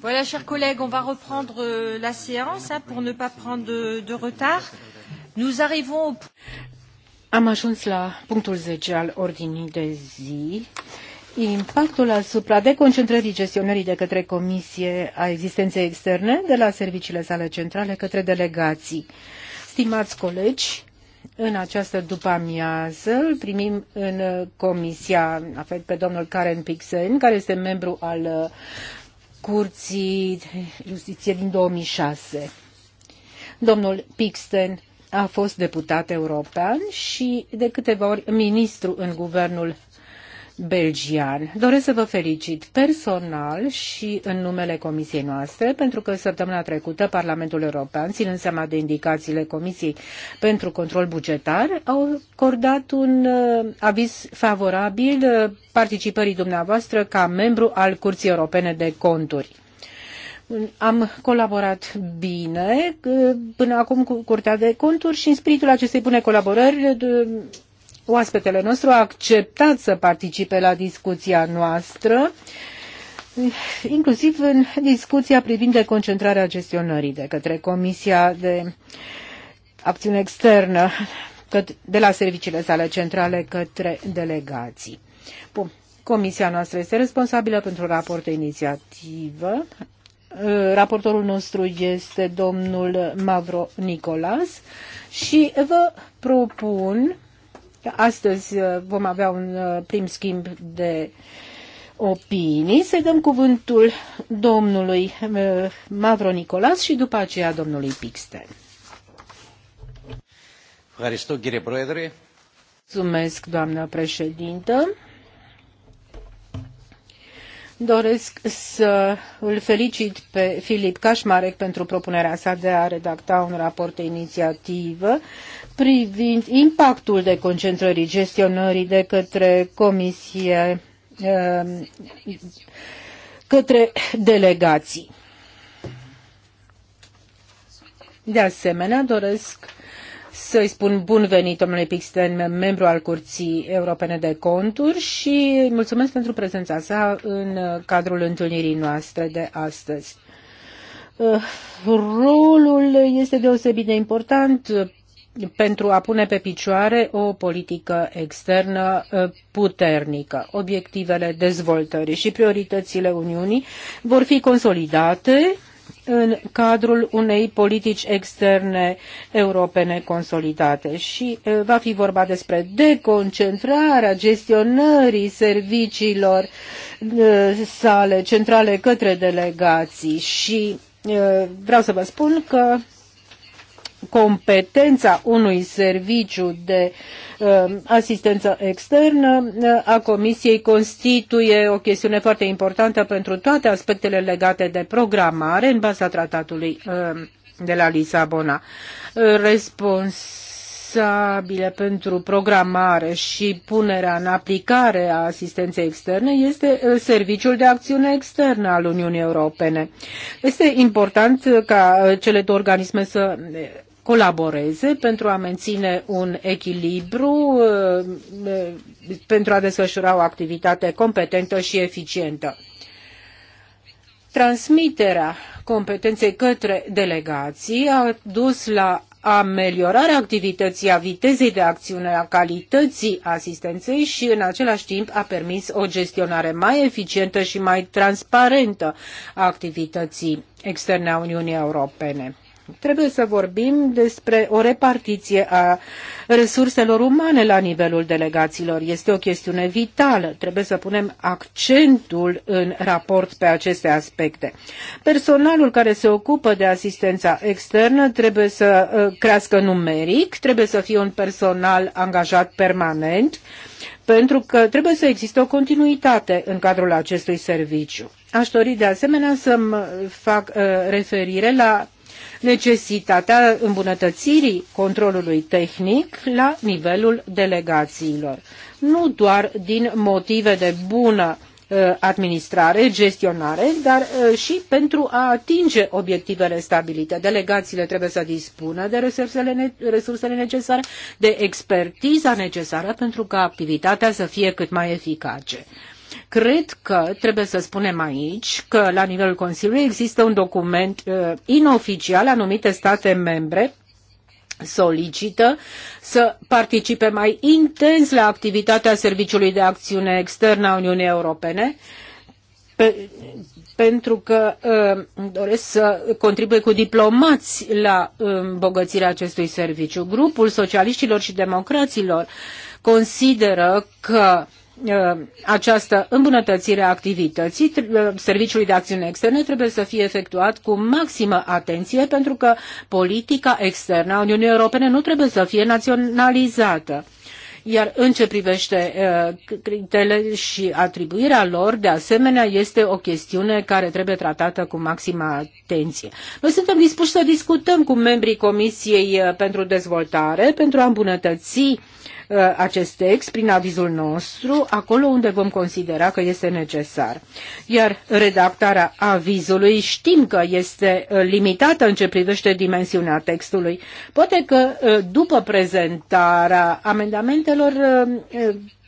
Voilà, chers collègues, on va reprendre euh, la séance hein, pour ne pas prendre de, de retard. Nous arrivons au... Am ajuns la punctul 10 al ordinii de zi. Impactul asupra deconcentrării gestionării de către Comisie a existenței externe de la serviciile sale centrale către delegații. Stimați colegi, în această după-amiază îl primim în comisia, pe domnul Karen Pixen, care este membru al Curții Justiție din 2006. Domnul Pixten a fost deputat european și de câteva ori ministru în guvernul belgian. Doresc să vă felicit personal și în numele comisiei noastre, pentru că săptămâna trecută Parlamentul European, ținând seama de indicațiile Comisiei pentru Control Bugetar, au acordat un uh, aviz favorabil uh, participării dumneavoastră ca membru al Curții Europene de Conturi. Am colaborat bine uh, până acum cu Curtea de Conturi și în spiritul acestei bune colaborări oaspetele nostru a acceptat să participe la discuția noastră, inclusiv în discuția privind deconcentrarea gestionării de către Comisia de Acțiune Externă de la serviciile sale centrale către delegații. Bun. Comisia noastră este responsabilă pentru raport de inițiativă. Raportorul nostru este domnul Mavro Nicolas și vă propun Astăzi uh, vom avea un uh, prim schimb de opinii. Să dăm cuvântul domnului uh, Mavro Nicolas și după aceea domnului Pixten. Mulțumesc, doamnă președintă. Doresc să îl felicit pe Filip Cașmarec pentru propunerea sa de a redacta un raport de inițiativă privind impactul de concentrării gestionării de către comisie, um, către delegații. De asemenea, doresc să-i spun bun venit domnule Pixten, membru al Curții Europene de Conturi și îi mulțumesc pentru prezența sa în cadrul întâlnirii noastre de astăzi. Uh, rolul este deosebit de important pentru a pune pe picioare o politică externă uh, puternică. Obiectivele dezvoltării și prioritățile Uniunii vor fi consolidate în cadrul unei politici externe europene consolidate și uh, va fi vorba despre deconcentrarea gestionării serviciilor uh, sale centrale către delegații și vreau să vă spun că competența unui serviciu de uh, asistență externă uh, a Comisiei constituie o chestiune foarte importantă pentru toate aspectele legate de programare în baza tratatului uh, de la Lisabona. Respons responsabile pentru programare și punerea în aplicare a asistenței externe este uh, Serviciul de Acțiune Externă al Uniunii Europene. Este important uh, ca cele două organisme să colaboreze pentru a menține un echilibru, eh, pentru a desfășura o activitate competentă și eficientă. Transmiterea competenței către delegații a dus la ameliorarea activității, a vitezei de acțiune, a calității asistenței și în același timp a permis o gestionare mai eficientă și mai transparentă a activității externe a Uniunii Europene. Trebuie să vorbim despre o repartiție a resurselor umane la nivelul delegațiilor. Este o chestiune vitală. Trebuie să punem accentul în raport pe aceste aspecte. Personalul care se ocupă de asistența externă trebuie să uh, crească numeric, trebuie să fie un personal angajat permanent, pentru că trebuie să existe o continuitate în cadrul acestui serviciu. Aș dori de asemenea să fac uh, referire la necesitatea îmbunătățirii controlului tehnic la nivelul delegațiilor. Nu doar din motive de bună uh, administrare, gestionare, dar uh, și pentru a atinge obiectivele stabilite. Delegațiile trebuie să dispună de resursele, resursele necesare, de expertiza necesară pentru ca activitatea să fie cât mai eficace. Cred că trebuie să spunem aici că la nivelul Consiliului există un document uh, inoficial, anumite state membre solicită să participe mai intens la activitatea Serviciului de Acțiune Externă a Uniunii Europene pe, pentru că uh, doresc să contribuie cu diplomați la îmbogățirea um, acestui serviciu. Grupul socialiștilor și democraților consideră că uh, Uh, această îmbunătățire a activității uh, Serviciului de Acțiune Externe trebuie să fie efectuat cu maximă atenție pentru că politica externă a Uniunii Europene nu trebuie să fie naționalizată. Iar în ce privește uh, criteriile și atribuirea lor, de asemenea, este o chestiune care trebuie tratată cu maximă atenție. Noi suntem dispuși să discutăm cu membrii Comisiei pentru Dezvoltare pentru a îmbunătăți uh, Uh, acest text prin avizul nostru, acolo unde vom considera că este necesar. Iar redactarea avizului știm că este uh, limitată în ce privește dimensiunea textului. Poate că uh, după prezentarea amendamentelor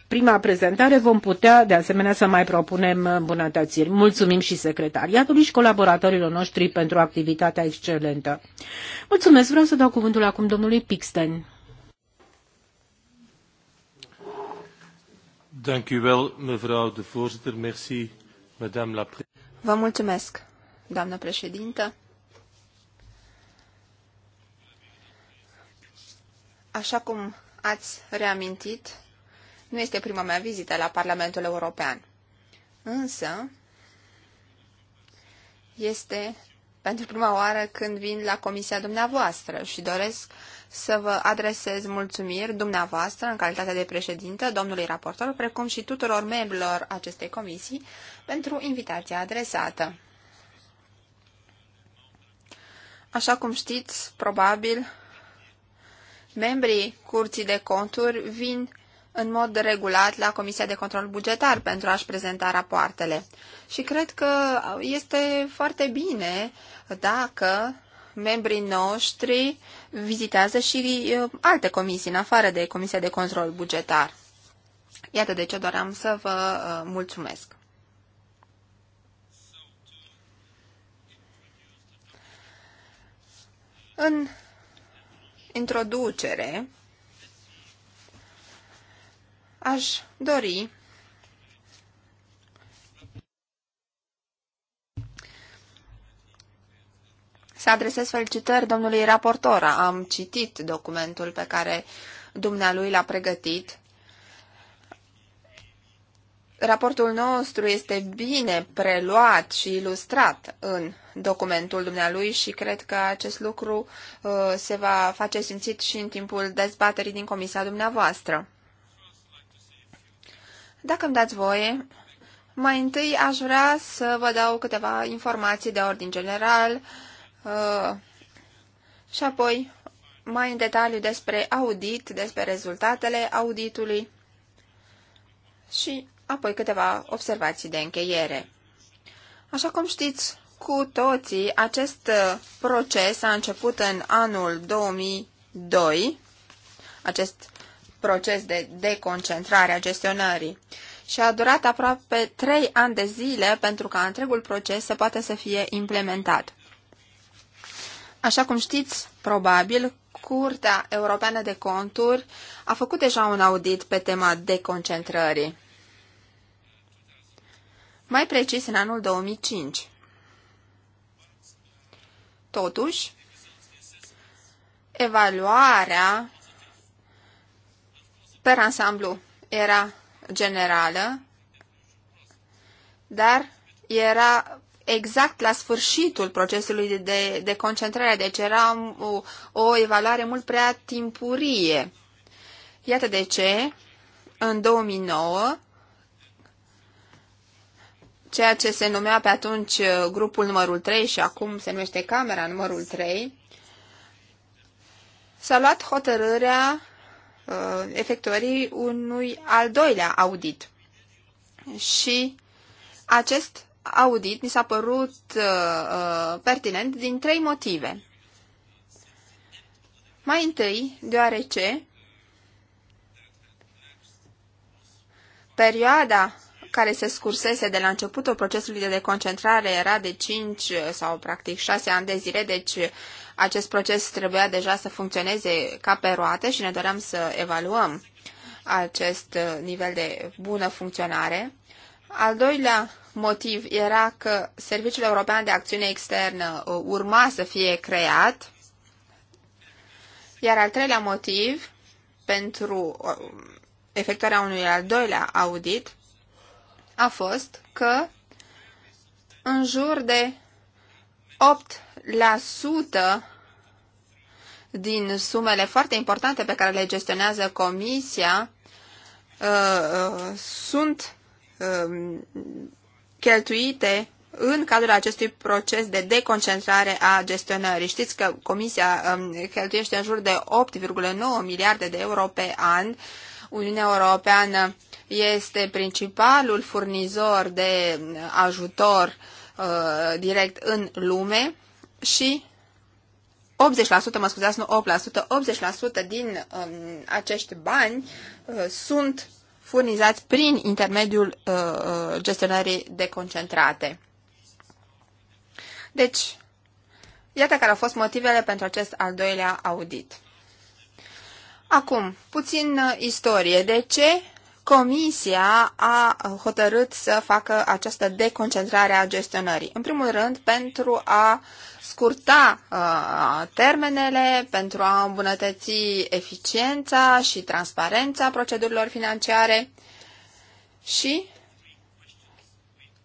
prima prezentare vom putea, de asemenea, să mai propunem îmbunătățiri. Mulțumim și secretariatului și colaboratorilor noștri pentru activitatea excelentă. Mulțumesc, vreau să dau cuvântul acum domnului Pixten. Vă mulțumesc, doamnă președintă. Așa cum ați reamintit, nu este prima mea vizită la Parlamentul European. Însă, este pentru prima oară când vin la comisia dumneavoastră și doresc să vă adresez mulțumiri dumneavoastră în calitate de președintă, domnului raportor, precum și tuturor membrilor acestei comisii pentru invitația adresată. Așa cum știți, probabil, membrii Curții de Conturi vin în mod regulat la Comisia de Control Bugetar pentru a-și prezenta rapoartele. Și cred că este foarte bine dacă membrii noștri vizitează și uh, alte comisii, în afară de Comisia de Control Bugetar. Iată de ce doream să vă uh, mulțumesc. În introducere, Aș dori să adresez felicitări domnului raportor. Am citit documentul pe care dumnealui l-a pregătit. Raportul nostru este bine preluat și ilustrat în documentul dumnealui și cred că acest lucru uh, se va face simțit și în timpul dezbaterii din comisia dumneavoastră. Dacă îmi dați voie, mai întâi aș vrea să vă dau câteva informații de ordin general uh, și apoi mai în detaliu despre audit, despre rezultatele auditului și apoi câteva observații de încheiere. Așa cum știți cu toții, acest uh, proces a început în anul 2002, acest proces de deconcentrare a gestionării și a durat aproape trei ani de zile pentru ca întregul proces să poată să fie implementat. Așa cum știți, probabil, Curtea Europeană de Conturi a făcut deja un audit pe tema deconcentrării. Mai precis, în anul 2005. Totuși, evaluarea per ansamblu era generală, dar era exact la sfârșitul procesului de, de concentrare, deci era o, o evaluare mult prea timpurie. Iată de ce, în 2009, ceea ce se numea pe atunci uh, grupul numărul 3 și acum se numește Camera numărul 3, s-a luat hotărârea Uh, efectuării unui al doilea audit. Și acest audit mi s-a părut uh, uh pertinent din trei motive. Mai întâi, deoarece perioada care se scursese de la începutul procesului de deconcentrare era de 5 sau practic 6 ani de zile, deci acest proces trebuia deja să funcționeze ca pe roate și ne doream să evaluăm acest nivel de bună funcționare. Al doilea motiv era că Serviciul European de Acțiune Externă uh, urma să fie creat, iar al treilea motiv pentru uh, efectuarea unui al doilea audit a fost că în jur de 8% din sumele foarte importante pe care le gestionează Comisia uh, uh sunt uh, cheltuite în cadrul acestui proces de deconcentrare a gestionării. Știți că Comisia um, cheltuiește în jur de 8,9 miliarde de euro pe an. Uniunea Europeană este principalul furnizor de ajutor uh, direct în lume și 80%, mă scuzați, nu 8%, 80% din um, acești bani uh, sunt furnizați prin intermediul uh, uh gestionării concentrate. Deci, iată care au fost motivele pentru acest al doilea audit. Acum, puțin uh, istorie. De ce Comisia a hotărât să facă această deconcentrare a gestionării. În primul rând, pentru a scurta uh, termenele, pentru a îmbunătăți eficiența și transparența procedurilor financiare și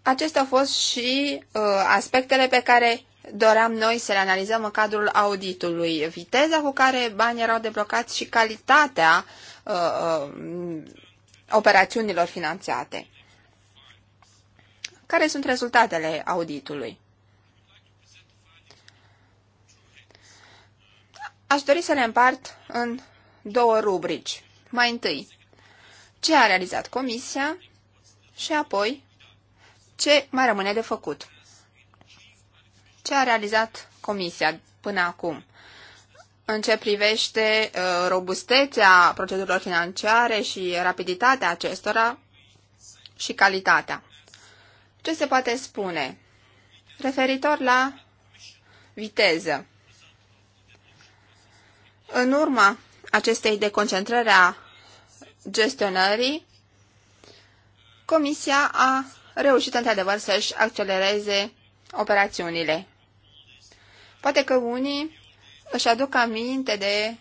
acestea au fost și uh, aspectele pe care doream noi să le analizăm în cadrul auditului. Viteza cu care banii erau deblocați și calitatea uh, uh operațiunilor finanțate. Care sunt rezultatele auditului? Aș dori să le împart în două rubrici. Mai întâi, ce a realizat comisia și apoi ce mai rămâne de făcut. Ce a realizat comisia până acum? în ce privește uh, robustețea procedurilor financiare și rapiditatea acestora și calitatea. Ce se poate spune referitor la viteză? În urma acestei deconcentrări a gestionării, Comisia a reușit într-adevăr să-și accelereze operațiunile. Poate că unii își aduc aminte de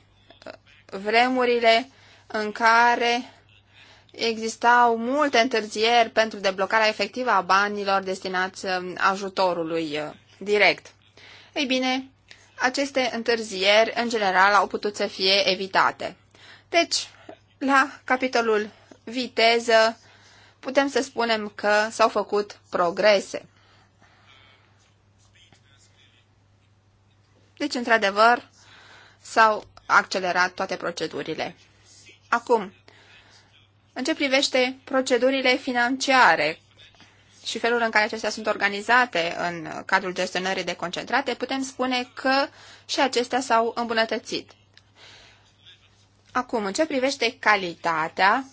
uh, vremurile în care existau multe întârzieri pentru deblocarea efectivă a banilor destinați um, ajutorului uh, direct. Ei bine, aceste întârzieri, în general, au putut să fie evitate. Deci, la capitolul viteză, putem să spunem că s-au făcut progrese. Deci, într-adevăr, s-au accelerat toate procedurile. Acum, în ce privește procedurile financiare și felul în care acestea sunt organizate în cadrul gestionării de concentrate, putem spune că și acestea s-au îmbunătățit. Acum, în ce privește calitatea,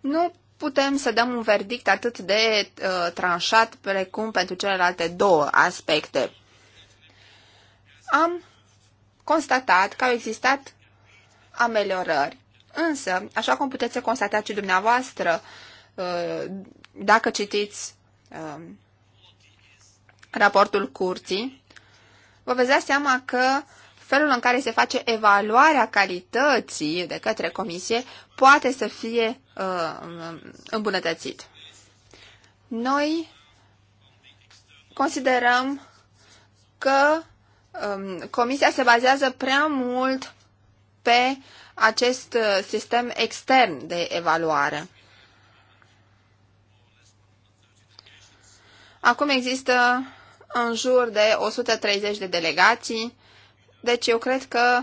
nu putem să dăm un verdict atât de uh, tranșat precum pentru celelalte două aspecte. Am constatat că au existat ameliorări, însă, așa cum puteți să constatați și dumneavoastră, uh, dacă citiți uh, raportul curții, vă veți da seama că uh, felul în care se face evaluarea calității de către comisie poate să fie uh, îmbunătățit. Noi considerăm că um, comisia se bazează prea mult pe acest uh, sistem extern de evaluare. Acum există în jur de 130 de delegații deci eu cred că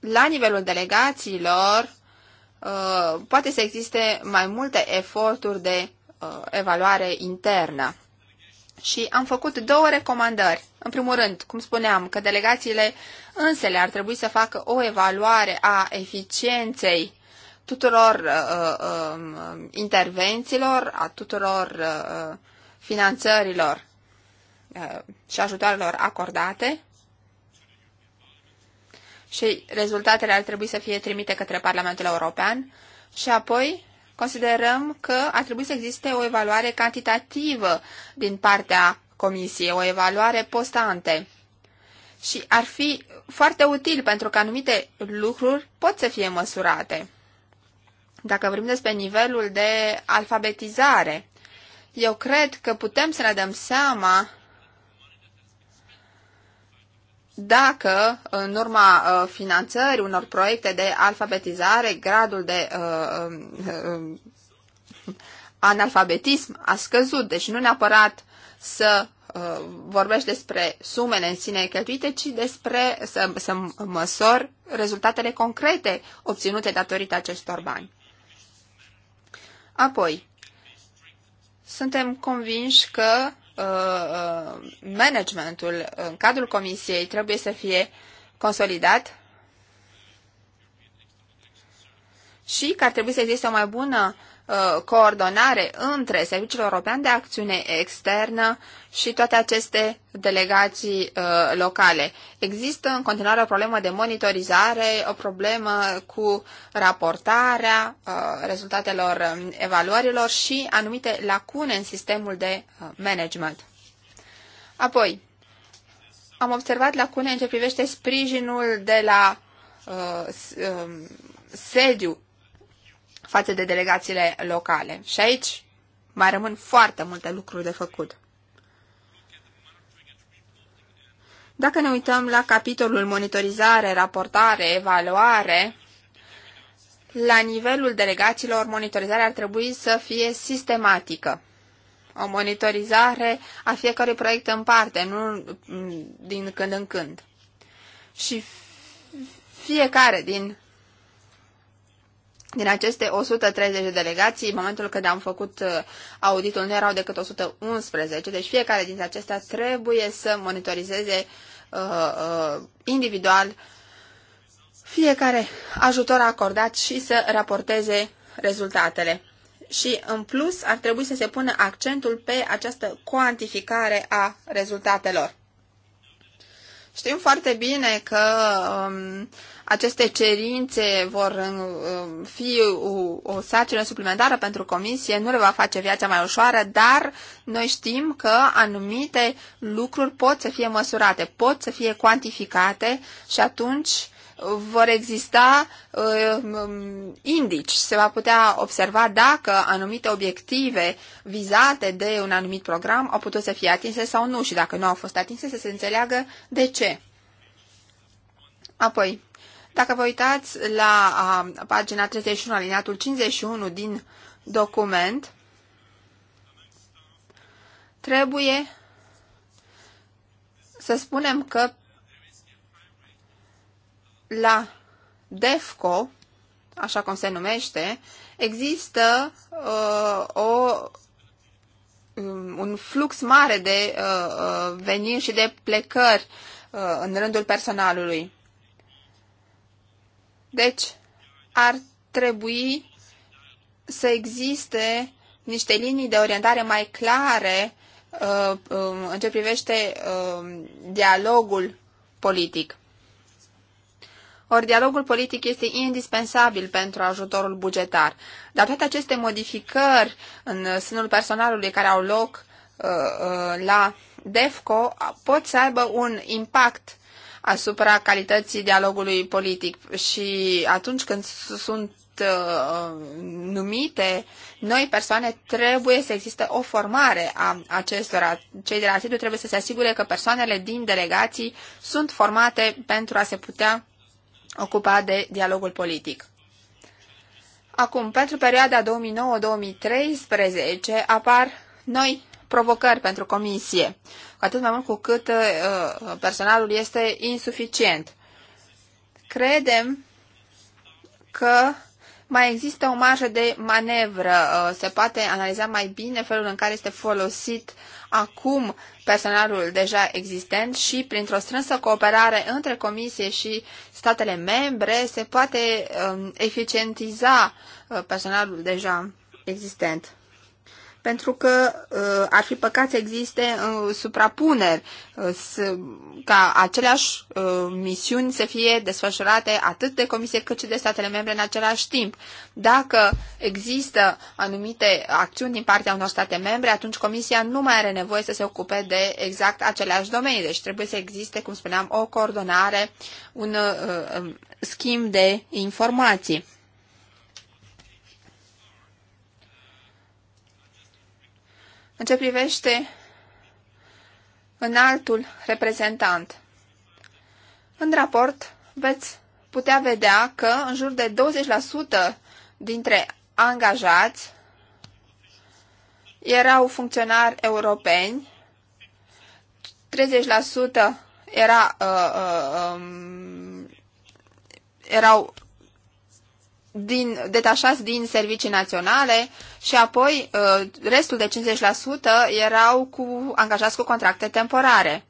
la nivelul delegațiilor uh, poate să existe mai multe eforturi de uh, evaluare internă. Și am făcut două recomandări. În primul rând, cum spuneam, că delegațiile însele ar trebui să facă o evaluare a eficienței tuturor uh, uh, um, intervențiilor, a tuturor uh, uh, finanțărilor uh, și ajutoarelor acordate și rezultatele ar trebui să fie trimite către Parlamentul European și apoi considerăm că ar trebui să existe o evaluare cantitativă din partea Comisiei, o evaluare postante. Și ar fi foarte util pentru că anumite lucruri pot să fie măsurate. Dacă vorbim despre nivelul de alfabetizare, eu cred că putem să ne dăm seama dacă în urma uh, finanțării unor proiecte de alfabetizare gradul de uh, uh, analfabetism a scăzut. Deci nu neapărat să uh, vorbești despre sumele în sine cheltuite, ci despre să, să măsori rezultatele concrete obținute datorită acestor bani. Apoi, suntem convinși că Uh, uh, managementul în cadrul comisiei trebuie să fie consolidat și că ar trebui să existe o mai bună Uh, coordonare între Serviciul European de Acțiune Externă și toate aceste delegații uh, locale. Există în continuare o problemă de monitorizare, o problemă cu raportarea uh, rezultatelor um, evaluărilor și anumite lacune în sistemul de management. Apoi, am observat lacune în ce privește sprijinul de la uh, um, sediu față de delegațiile locale. Și aici mai rămân foarte multe lucruri de făcut. Dacă ne uităm la capitolul monitorizare, raportare, evaluare, la nivelul delegațiilor, monitorizarea ar trebui să fie sistematică. O monitorizare a fiecărui proiect în parte, nu din când în când. Și fiecare din din aceste 130 de delegații, în momentul când am făcut uh, auditul, nu erau decât 111, deci fiecare dintre acestea trebuie să monitorizeze uh, uh, individual fiecare ajutor acordat și să raporteze rezultatele. Și, în plus, ar trebui să se pună accentul pe această cuantificare a rezultatelor. Știm foarte bine că um, aceste cerințe vor uh, fi o, o sarcină suplimentară pentru comisie, nu le va face viața mai ușoară, dar noi știm că anumite lucruri pot să fie măsurate, pot să fie cuantificate și atunci vor exista uh, um, indici, se va putea observa dacă anumite obiective vizate de un anumit program au putut să fie atinse sau nu și dacă nu au fost atinse să se înțeleagă de ce. Apoi, dacă vă uitați la a, pagina 31, alineatul 51 din document, trebuie să spunem că la DEFCO, așa cum se numește, există uh, o, um, un flux mare de uh, veniri și de plecări uh, în rândul personalului. Deci, ar trebui să existe niște linii de orientare mai clare uh, um, în ce privește um, dialogul politic. Ori dialogul politic este indispensabil pentru ajutorul bugetar, dar toate aceste modificări în sânul personalului care au loc uh, uh, la DEFCO pot să aibă un impact asupra calității dialogului politic și atunci când sunt uh, numite noi persoane, trebuie să existe o formare a acestora. Cei de la sediu trebuie să se asigure că persoanele din delegații sunt formate pentru a se putea ocupa de dialogul politic. Acum, pentru perioada 2009-2013 apar noi provocări pentru comisie, cu atât mai mult cu cât uh, personalul este insuficient. Credem că mai există o marjă de manevră. Uh, se poate analiza mai bine felul în care este folosit acum personalul deja existent și printr-o strânsă cooperare între comisie și statele membre se poate um, eficientiza uh, personalul deja existent pentru că uh, ar fi păcat să existe uh, suprapuneri, uh, ca aceleași uh, misiuni să fie desfășurate atât de comisie cât și de statele membre în același timp. Dacă există anumite acțiuni din partea unor state membre, atunci comisia nu mai are nevoie să se ocupe de exact aceleași domenii. Deci trebuie să existe, cum spuneam, o coordonare, un uh, uh schimb de informații. În ce privește înaltul reprezentant. În raport veți putea vedea că în jur de 20% dintre angajați erau funcționari europeni, 30% era, uh, uh, um, erau din, detașați din servicii naționale și apoi uh, restul de 50% erau cu, angajați cu contracte temporare.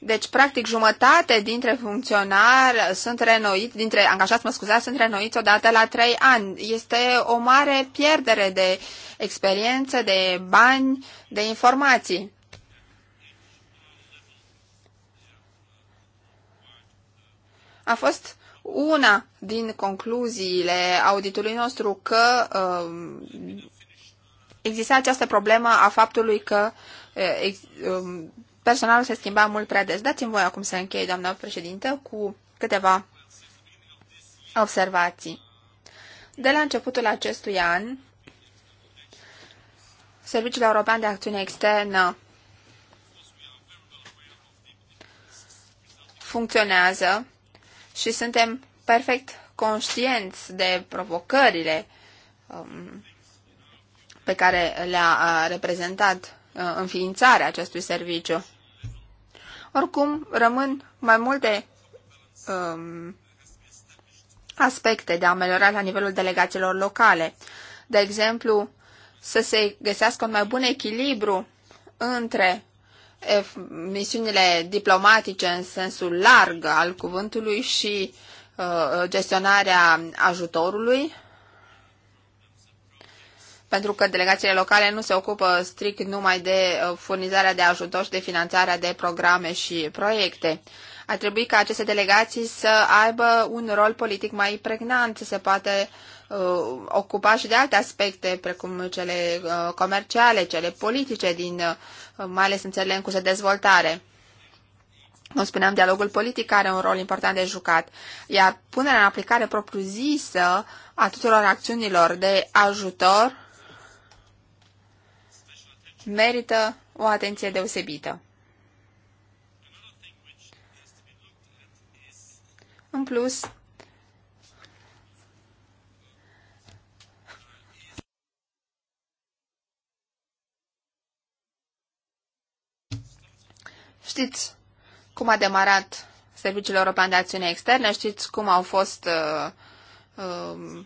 Deci, practic, jumătate dintre funcționari sunt renoiți, dintre angajați, mă scuzați, sunt renoiți odată la trei ani. Este o mare pierdere de experiență, de bani, de informații. A fost una din concluziile auditului nostru că uh, exista această problemă a faptului că uh, personalul se schimba mult prea des. Dați-mi voi acum să închei, doamna președintă, cu câteva observații. De la începutul acestui an, Serviciul European de Acțiune Externă funcționează și suntem perfect conștienți de provocările um, pe care le-a reprezentat uh, înființarea acestui serviciu. Oricum, rămân mai multe um, aspecte de ameliorat la nivelul delegațiilor locale. De exemplu, să se găsească un mai bun echilibru între misiunile diplomatice în sensul larg al cuvântului și uh, gestionarea ajutorului, pentru că delegațiile locale nu se ocupă strict numai de uh, furnizarea de ajutor și de finanțarea de programe și proiecte. Ar trebui ca aceste delegații să aibă un rol politic mai pregnant, să se poate uh, ocupa și de alte aspecte, precum cele uh, comerciale, cele politice din uh, mai ales în țările în curs de dezvoltare. Cum spuneam, dialogul politic are un rol important de jucat, iar punerea în aplicare propriu-zisă a tuturor acțiunilor de ajutor merită o atenție deosebită. În plus, Știți cum a demarat Serviciul European de Acțiune Externă, știți cum au fost uh, uh,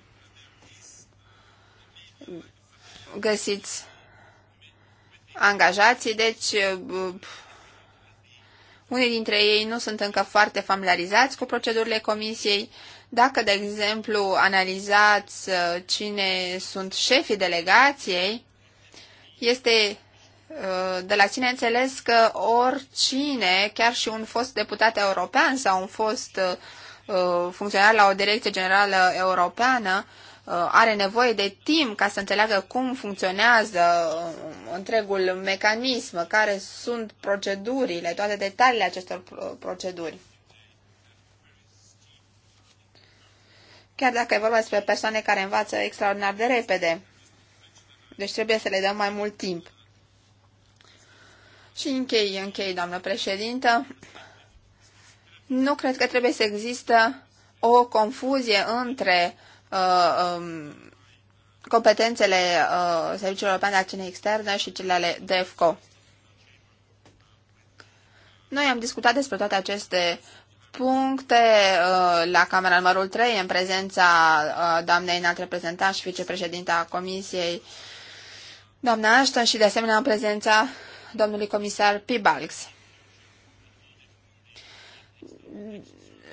găsiți angajații, deci uh, unii dintre ei nu sunt încă foarte familiarizați cu procedurile comisiei. Dacă, de exemplu, analizați uh, cine sunt șefii delegației, este Uh, de la sine înțeles că oricine, chiar și un fost deputat european sau un fost uh, uh, funcționar la o direcție generală europeană, are nevoie de timp ca să înțeleagă cum funcționează întregul mecanism, care sunt procedurile, toate detaliile acestor proceduri. Chiar dacă e vorba despre persoane care învață extraordinar de repede. Deci trebuie să le dăm mai mult timp. Și închei, închei, doamnă președintă. Nu cred că trebuie să există o confuzie între uh, um, competențele uh, Serviciului European de Acțiune Externă și cele ale DEFCO. Noi am discutat despre toate aceste puncte uh, la Camera numărul 3 în prezența uh, doamnei înalt reprezentant și vicepreședinta Comisiei, doamna Ashton și de asemenea în prezența domnului comisar Pibalgs.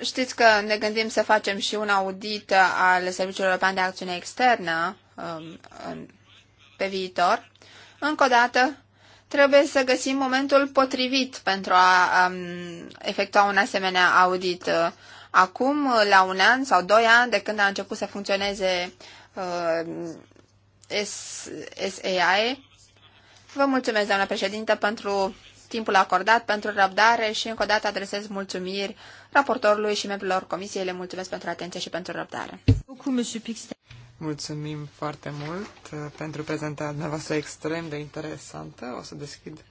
Știți că ne gândim să facem și un audit al Serviciului European de Acțiune Externă um, pe viitor. Încă o dată, trebuie să găsim momentul potrivit pentru a um, efectua un asemenea audit. Acum, la un an sau doi ani de când a început să funcționeze uh, SAI, Vă mulțumesc, doamna președintă, pentru timpul acordat, pentru răbdare și încă o dată adresez mulțumiri raportorului și membrilor comisiei. Le mulțumesc pentru atenție și pentru răbdare. Mulțumim foarte mult uh, pentru prezentarea dumneavoastră extrem de interesantă. O să deschid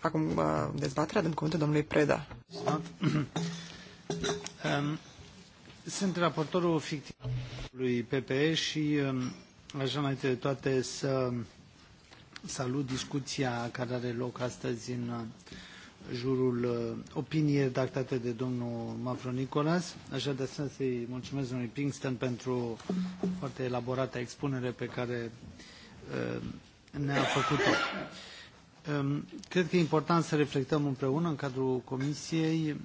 acum uh, dezbaterea, din cuvântul domnului Preda. Um, sunt raportorul fictiv lui PPE și um, aș înainte de toate să Salut discuția care are loc astăzi în uh, jurul uh, opiniei redactate de domnul Mavro Nicolas. Aș vrea de asemenea să-i mulțumesc domnului Pinkston pentru foarte elaborata expunere pe care uh, ne-a făcut-o. Um, cred că e important să reflectăm împreună în cadrul Comisiei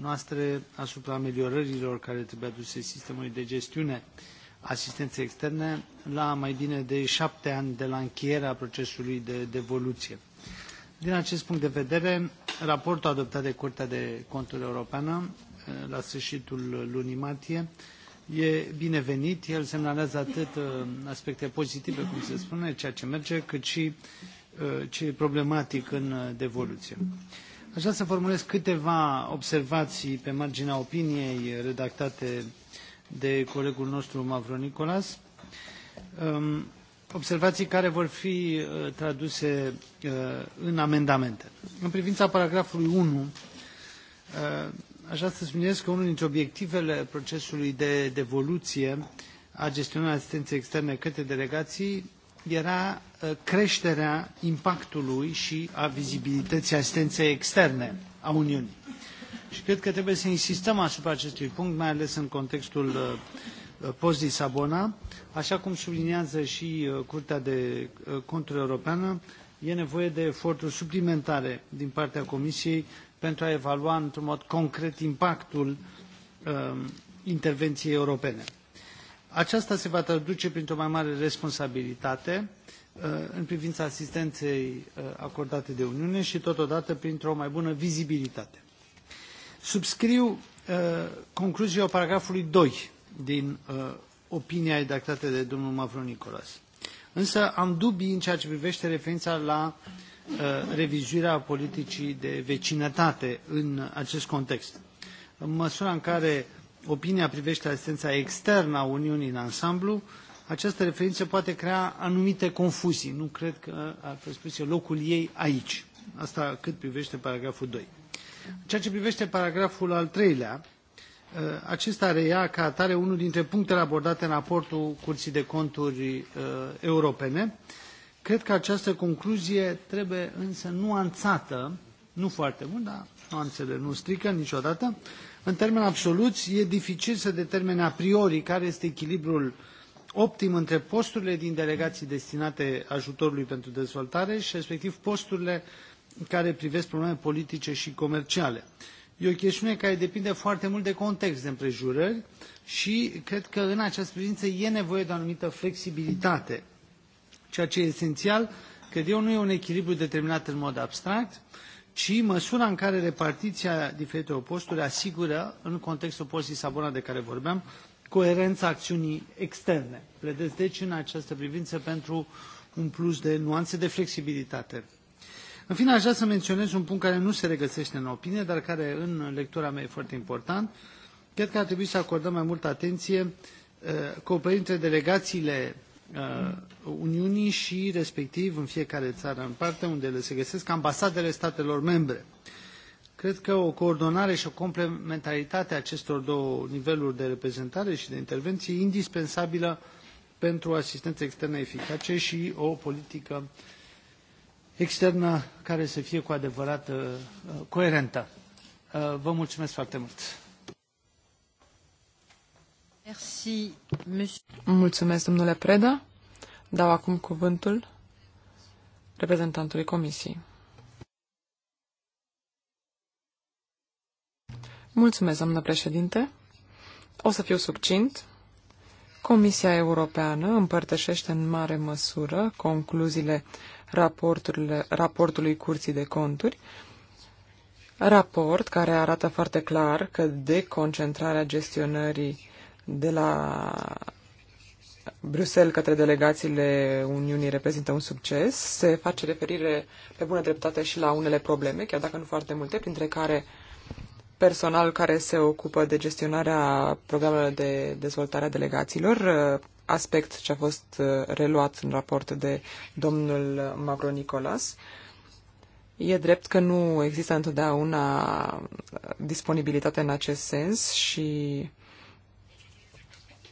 noastre asupra ameliorărilor care trebuie aduse sistemului de gestiune uh, asistenței externe la mai bine de șapte ani de la încheierea procesului de devoluție. Din acest punct de vedere, raportul adoptat de Curtea de Conturi Europeană eh, la sfârșitul lunii martie e binevenit. El semnalează atât eh, aspecte pozitive, cum se spune, ceea ce merge, cât și eh, ce e problematic în devoluție. Aș vrea să formulez câteva observații pe marginea opiniei redactate uh, de colegul nostru Mavro Nicolas. Um, observații care vor fi uh, traduse uh, în amendamente. În privința paragrafului 1, uh, aș vrea să subliniez că unul dintre obiectivele procesului de devoluție a gestionării asistenței externe către delegații era creșterea impactului și a vizibilității asistenței externe a Uniunii și cred că trebuie să insistăm asupra acestui punct, mai ales în contextul uh, uh, post-Lisabona. Așa cum subliniază și uh, Curtea de Conturi Europeană, e nevoie de eforturi suplimentare din partea Comisiei pentru a evalua într-un mod concret impactul um, intervenției europene. Aceasta se va traduce printr-o mai mare responsabilitate în privința asistenței acordate de Uniune și totodată printr-o mai bună vizibilitate. Subscriu uh, concluziile paragrafului 2 din uh, opinia redactată de domnul Nicolas. Însă am dubii în ceea ce privește referința la uh, revizuirea politicii de vecinătate în acest context. În măsura în care opinia privește asistența externă a Uniunii în ansamblu, această referință poate crea anumite confuzii. Nu cred că ar fi spus locul ei aici. Asta cât privește paragraful 2. În ceea ce privește paragraful al treilea, ă, acesta reia ca atare unul dintre punctele abordate în raportul Curții de Conturi ă, Europene. Cred că această concluzie trebuie însă nuanțată, nu foarte mult, dar nuanțele nu strică niciodată. În termeni absoluți, e dificil să determine a priori care este echilibrul optim între posturile din delegații destinate ajutorului pentru dezvoltare și respectiv posturile care privesc probleme politice și comerciale. E o chestiune care depinde foarte mult de context, de împrejurări și cred că în această privință e nevoie de o anumită flexibilitate. Ceea ce e esențial, cred eu, nu e un echilibru determinat în mod abstract, ci măsura în care repartiția diferitelor posturi asigură, în contextul postului Sabona de care vorbeam, coerența acțiunii externe. Pledez deci în această privință pentru un plus de nuanțe de flexibilitate. În fine, aș vrea să menționez un punct care nu se regăsește în opinie, dar care în lectura mea e foarte important. Cred că ar trebui să acordăm mai multă atenție uh, cooperării între delegațiile uh, Uniunii și respectiv în fiecare țară în parte unde le se găsesc ambasadele statelor membre. Cred că o coordonare și o complementaritate a acestor două niveluri de reprezentare și de intervenție e indispensabilă pentru o asistență externă eficace și o politică externă care să fie cu adevărat uh, uh, coerentă. Uh, vă mulțumesc foarte mult! Mulțumesc, domnule Preda. Dau acum cuvântul reprezentantului Comisiei. Mulțumesc, doamnă președinte. O să fiu succint. Comisia Europeană împărtășește în mare măsură concluziile raportului Curții de Conturi, raport care arată foarte clar că deconcentrarea gestionării de la Bruxelles către delegațiile Uniunii reprezintă un succes. Se face referire pe bună dreptate și la unele probleme, chiar dacă nu foarte multe, printre care personal care se ocupă de gestionarea programelor de dezvoltare a delegațiilor, uh, aspect ce a fost uh, reluat în raport de domnul Macron Nicolas. E drept că nu există întotdeauna uh, disponibilitate în acest sens și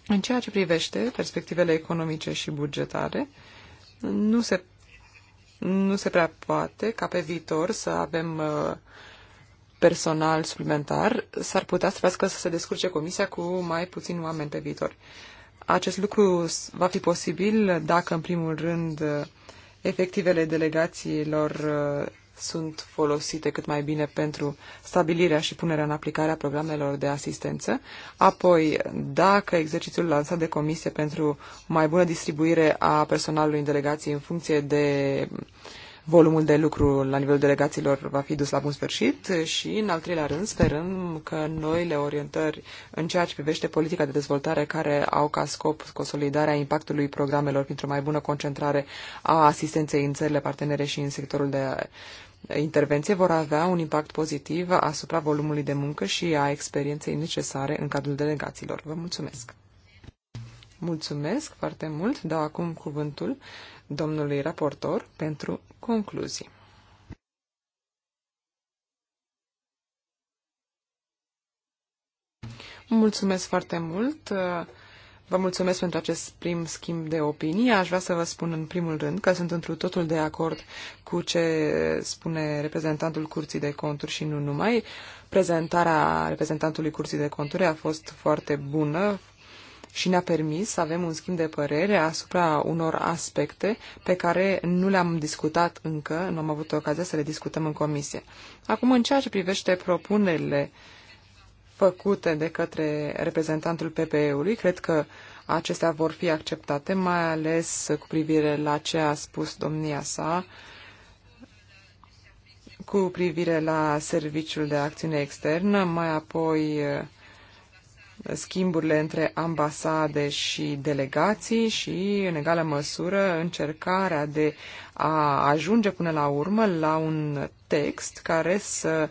în ceea ce privește perspectivele economice și bugetare, nu se, nu se prea poate ca pe viitor să avem uh, personal suplimentar, s-ar putea să facă să se descurce comisia cu mai puțin oameni pe viitor. Acest lucru va fi posibil dacă, în primul rând, efectivele delegațiilor uh, sunt folosite cât mai bine pentru stabilirea și punerea în aplicare a programelor de asistență. Apoi, dacă exercițiul lansat de comisie pentru mai bună distribuire a personalului în delegații în funcție de uh, volumul de lucru la nivelul delegațiilor va fi dus la bun sfârșit și, în al treilea rând, sperăm că noile orientări în ceea ce privește politica de dezvoltare care au ca scop consolidarea impactului programelor pentru o mai bună concentrare a asistenței în țările partenere și în sectorul de intervenție vor avea un impact pozitiv asupra volumului de muncă și a experienței necesare în cadrul delegațiilor. Vă mulțumesc! Mulțumesc foarte mult, dau acum cuvântul domnului raportor pentru concluzii. Mulțumesc foarte mult. Vă mulțumesc pentru acest prim schimb de opinie. Aș vrea să vă spun în primul rând că sunt întru totul de acord cu ce spune reprezentantul Curții de Conturi și nu numai. Prezentarea reprezentantului Curții de Conturi a fost foarte bună, și ne-a permis să avem un schimb de părere asupra unor aspecte pe care nu le-am discutat încă, nu am avut ocazia să le discutăm în comisie. Acum, în ceea ce privește propunerile făcute de către reprezentantul PPE-ului, cred că acestea vor fi acceptate, mai ales cu privire la ce a spus domnia sa, cu privire la serviciul de acțiune externă, mai apoi schimburile între ambasade și delegații și, în egală măsură, încercarea de a ajunge până la urmă la un text care să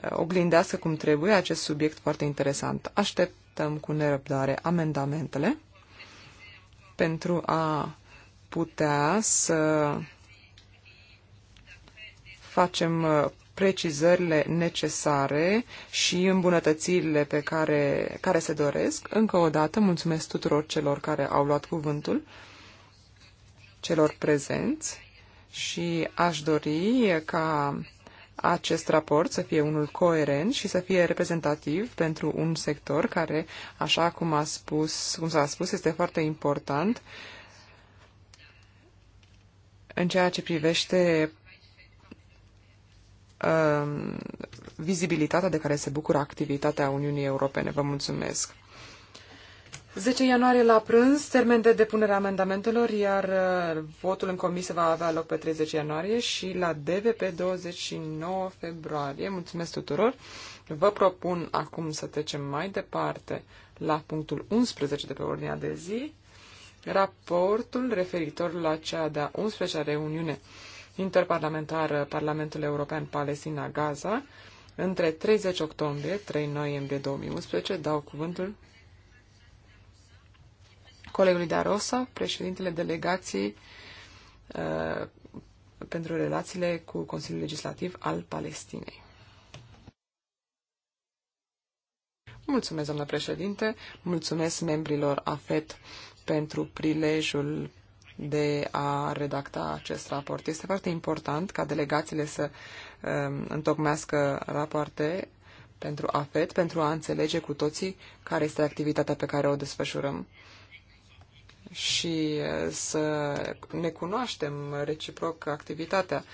eh, oglindească cum trebuie acest subiect foarte interesant. Așteptăm cu nerăbdare amendamentele pentru a putea să facem eh, precizările necesare și îmbunătățirile pe care, care se doresc. Încă o dată, mulțumesc tuturor celor care au luat cuvântul, celor prezenți și aș dori ca acest raport să fie unul coerent și să fie reprezentativ pentru un sector care, așa cum a spus, cum s-a spus, este foarte important în ceea ce privește Um, vizibilitatea de care se bucură activitatea Uniunii Europene. Vă mulțumesc! 10 ianuarie la prânz, termen de depunere a amendamentelor, iar uh, votul în comisie va avea loc pe 30 ianuarie și la DV pe 29 februarie. Mulțumesc tuturor! Vă propun acum să trecem mai departe la punctul 11 de pe ordinea de zi, raportul referitor la cea de-a 11-a reuniune interparlamentară uh, Parlamentul European Palestina-Gaza între 30 octombrie, 3 noiembrie 2011, dau cuvântul colegului Darosa, președintele delegației uh, pentru relațiile cu Consiliul Legislativ al Palestinei. Mulțumesc, doamnă președinte, mulțumesc membrilor AFET pentru prilejul de a redacta acest raport. Este foarte important ca delegațiile să um, întocmească rapoarte pentru AFET, pentru a înțelege cu toții care este activitatea pe care o desfășurăm și uh, să ne cunoaștem reciproc activitatea.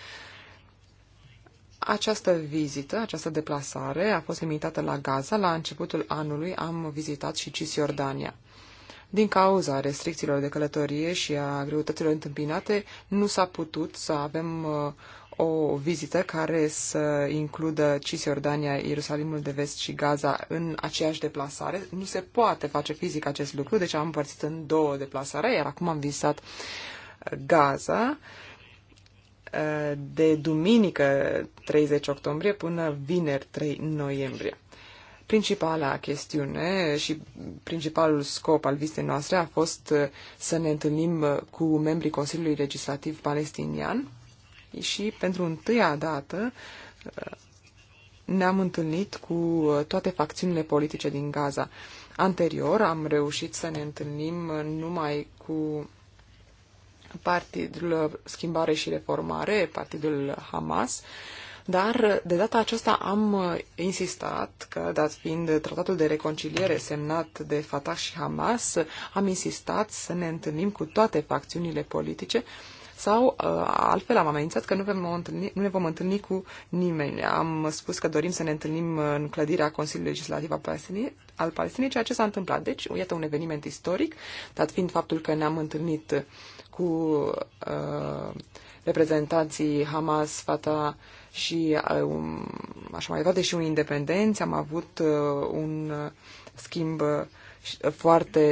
Această vizită, această deplasare a fost limitată la Gaza. La începutul anului am vizitat și Cisjordania. Din cauza restricțiilor de călătorie și a greutăților întâmpinate, nu s-a putut să avem uh, o vizită care să includă Cisjordania, Ierusalimul de Vest și Gaza în aceeași deplasare. Nu se poate face fizic acest lucru, deci am împărțit în două deplasare, iar acum am vizitat uh, Gaza uh, de duminică 30 octombrie până vineri 3 noiembrie. Principala chestiune și principalul scop al vizitei noastre a fost uh, să ne întâlnim uh, cu membrii Consiliului Legislativ Palestinian și pentru întâia dată uh, ne-am întâlnit cu toate facțiunile politice din Gaza. Anterior am reușit să ne întâlnim numai cu Partidul Schimbare și Reformare, Partidul Hamas, uh, dar de data aceasta am uh, insistat că, dat fiind tratatul de reconciliere semnat de Fatah și Hamas, am insistat să ne întâlnim cu toate facțiunile politice sau uh, altfel am amenințat că nu, vom întâlni, nu ne vom întâlni cu nimeni. Am spus că dorim să ne întâlnim în clădirea Consiliului Legislativ al Palestinei, al Palestinei ceea ce s-a întâmplat. Deci, iată un eveniment istoric, dat fiind faptul că ne-am întâlnit cu uh, reprezentanții Hamas, Fatah, și uh, așa mai departe și un independenți. Am avut uh, un uh, schimb foarte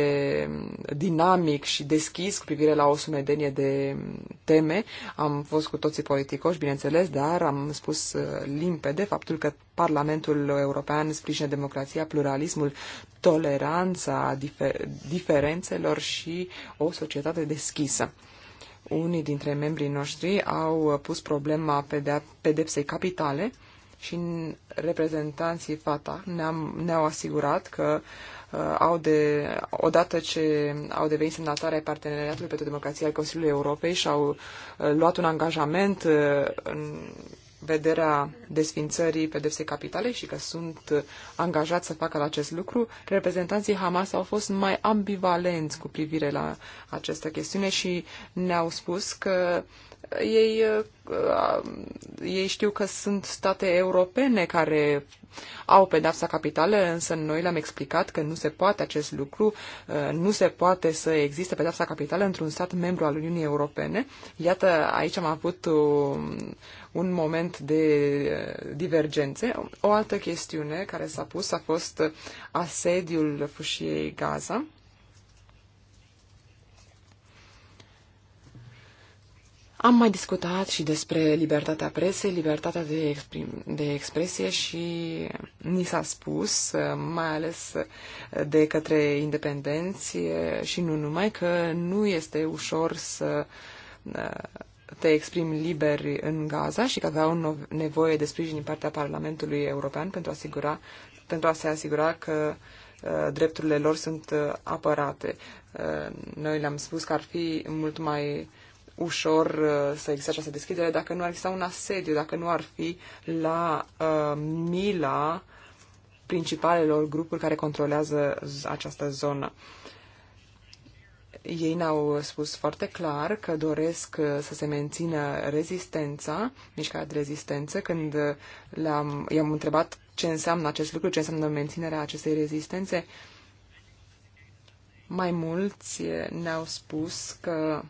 dinamic și deschis cu privire la o sumedenie de mm, teme. Am fost cu toții politicoși, bineînțeles, dar am spus limpede faptul că Parlamentul European sprijină democrația, pluralismul, toleranța difer- diferențelor și o societate deschisă. Unii dintre membrii noștri au pus problema pedepsei capitale și reprezentanții FATA ne-am, ne asigurat că uh, au de, odată ce au devenit semnatari ai Parteneriatului pentru Democrație al Consiliului Europei și au uh, luat un angajament uh, în vederea desfințării pedepsei capitale și că sunt angajați să facă acest lucru, reprezentanții Hamas au fost mai ambivalenți cu privire la această chestiune și ne-au spus că uh, ei, uh, uh, ei știu că sunt state europene care au pedapsa capitală, însă noi le-am explicat că nu se poate acest lucru, uh, nu se poate să existe pedapsa capitală într-un stat membru al Uniunii Europene. Iată, aici am avut un, moment de divergențe. O altă chestiune care s-a pus a fost asediul fâșiei Gaza. Am mai discutat și despre libertatea presei, libertatea de, exprim, de expresie și ni s-a spus, mai ales de către independenți și nu numai, că nu este ușor să te exprimi liber în Gaza și că aveau nevoie de sprijin din partea Parlamentului European pentru a, asigura, pentru a se asigura că uh, drepturile lor sunt uh, apărate. Uh, noi le-am spus că ar fi mult mai ușor uh, să existe această deschidere dacă nu ar exista un asediu, dacă nu ar fi la uh, mila principalelor grupuri care controlează această zonă. Ei ne-au spus foarte clar că doresc uh, să se mențină rezistența, mișcarea de rezistență. Când uh, le-am, i-am întrebat ce înseamnă acest lucru, ce înseamnă menținerea acestei rezistențe, mai mulți ne-au spus că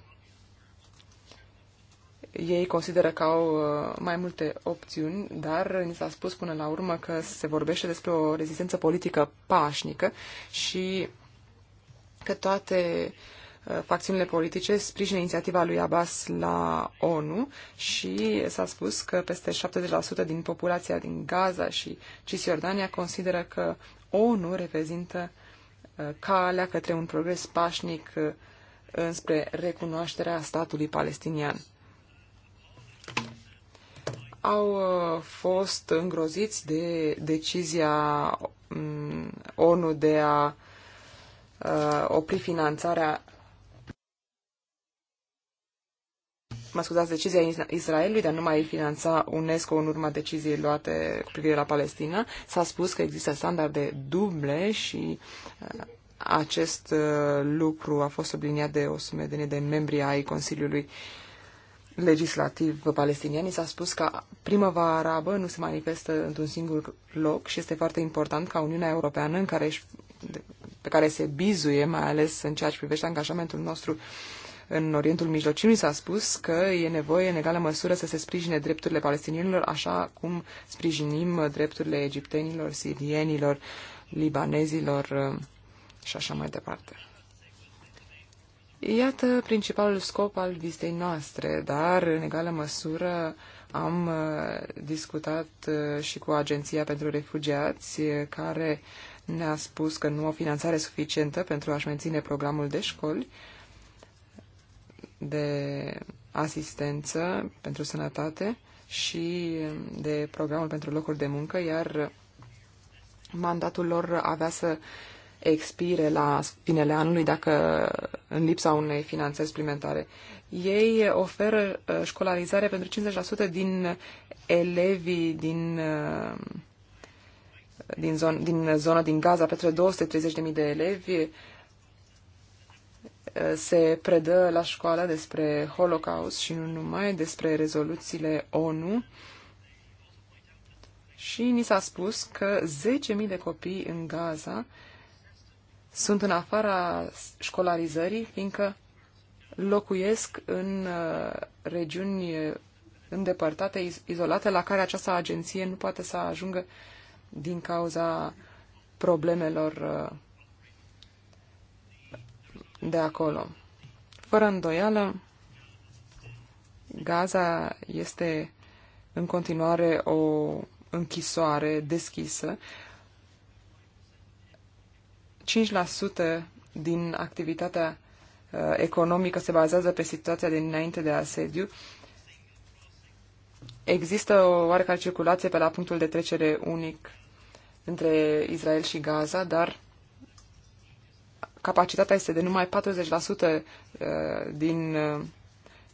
ei consideră că au uh, mai multe opțiuni, dar ni s-a spus până la urmă că se vorbește despre o rezistență politică pașnică și că toate uh, facțiunile politice sprijină inițiativa lui Abbas la ONU și s-a spus că peste 70% din populația din Gaza și Cisjordania consideră că ONU reprezintă uh, calea către un progres pașnic înspre recunoașterea statului palestinian au uh, fost îngroziți de decizia mm, ONU de a uh, opri finanțarea mă scuzați, decizia Israelului de a nu mai finanța UNESCO în urma deciziei luate cu privire la Palestina, s-a spus că există standarde duble și uh, acest lucru a fost subliniat de o sumedenie de membri ai Consiliului uh, legislativ palestinian, i s-a spus că primăvara arabă nu se manifestă într-un singur loc și este foarte important ca Uniunea Europeană, în care își, pe care se bizuie, mai ales în ceea ce privește angajamentul nostru în Orientul Mijlociu, s-a spus că e nevoie în egală măsură să se sprijine drepturile palestinienilor, așa cum sprijinim drepturile egiptenilor, sirienilor, libanezilor uh, și așa mai departe. Iată principalul scop al vizitei noastre, dar în egală măsură am uh, discutat uh, și cu Agenția pentru Refugiați, uh, care ne-a spus că nu o finanțare suficientă pentru a-și menține programul de școli de asistență pentru sănătate și um, de programul pentru locuri de muncă, iar mandatul lor avea să expire la finele anului dacă în lipsa unei finanțări suplimentare. Ei oferă uh, școlarizare pentru 50% din elevii din, uh, din, zon, din zona din Gaza, pentru 230.000 de elevi. Uh, se predă la școală despre Holocaust și nu numai, despre rezoluțiile ONU. Și ni s-a spus că 10.000 de copii în Gaza uh, sunt în afara școlarizării, fiindcă locuiesc în uh, regiuni uh, îndepărtate, izolate, la care această agenție nu poate să ajungă din cauza problemelor uh, de acolo. Fără îndoială, Gaza este în continuare o închisoare deschisă, 5% din activitatea uh, economică se bazează pe situația dinainte de asediu, există o oarecare circulație pe la punctul de trecere unic între Israel și Gaza, dar capacitatea este de numai 40% uh, din uh,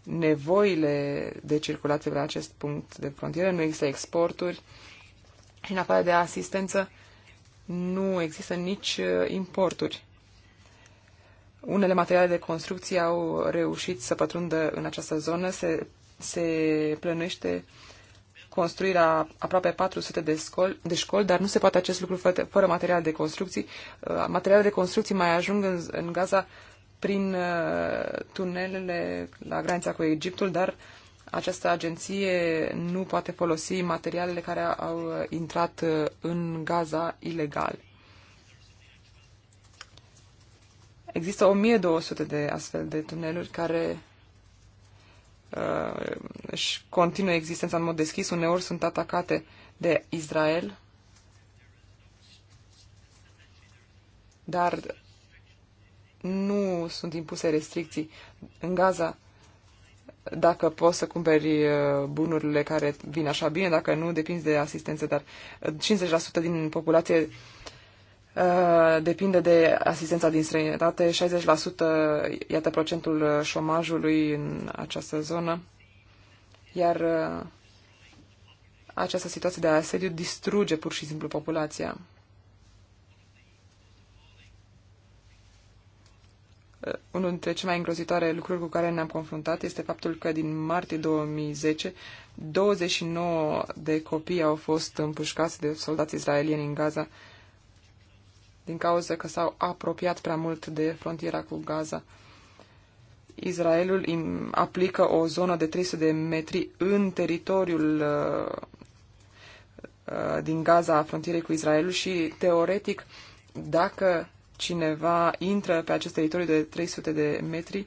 nevoile de circulație pe la acest punct de frontieră. Nu există exporturi. În afară de asistență, nu există nici uh, importuri. Unele materiale de construcție au reușit să pătrundă în această zonă. Se, se plănuiește construirea aproape 400 de, scol, de școli, dar nu se poate acest lucru fără, fără material de construcții. Uh, Materialele de construcții mai ajung în, în Gaza prin uh, tunelele la granița cu Egiptul, dar această agenție nu poate folosi materialele care au intrat în Gaza ilegal. Există 1200 de astfel de tuneluri care uh, își continuă existența în mod deschis. Uneori sunt atacate de Israel, dar nu sunt impuse restricții. În Gaza dacă poți să cumperi uh, bunurile care vin așa bine, dacă nu, depinzi de asistență, dar 50% uh, din populație uh, depinde de asistența din străinătate, 60% iată procentul uh, șomajului în această zonă, iar uh, această situație de asediu distruge pur și simplu populația. Uh, unul dintre cele mai îngrozitoare lucruri cu care ne-am confruntat este faptul că din martie 2010 29 de copii au fost împușcați de soldați israelieni în Gaza din cauza că s-au apropiat prea mult de frontiera cu Gaza. Israelul aplică o zonă de 300 de metri în teritoriul uh, uh, din Gaza, a frontierei cu Israelul și, teoretic, dacă cineva intră pe acest teritoriu de 300 de metri,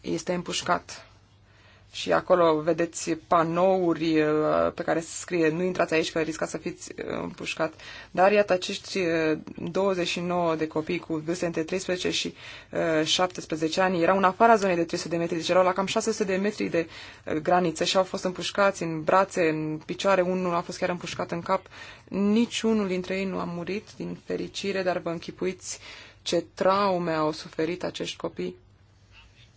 este împușcat și acolo vedeți panouri uh, pe care se scrie nu intrați aici că riscați să fiți uh, împușcat. Dar iată acești 29 uh, de copii cu vârste între 13 și 17 ani erau în afara zonei de 300 de metri, deci erau la cam 600 de metri de graniță și au fost împușcați în brațe, în picioare, unul a fost chiar împușcat în cap. Niciunul dintre ei nu a murit, din fericire, dar vă închipuiți ce traume au suferit acești copii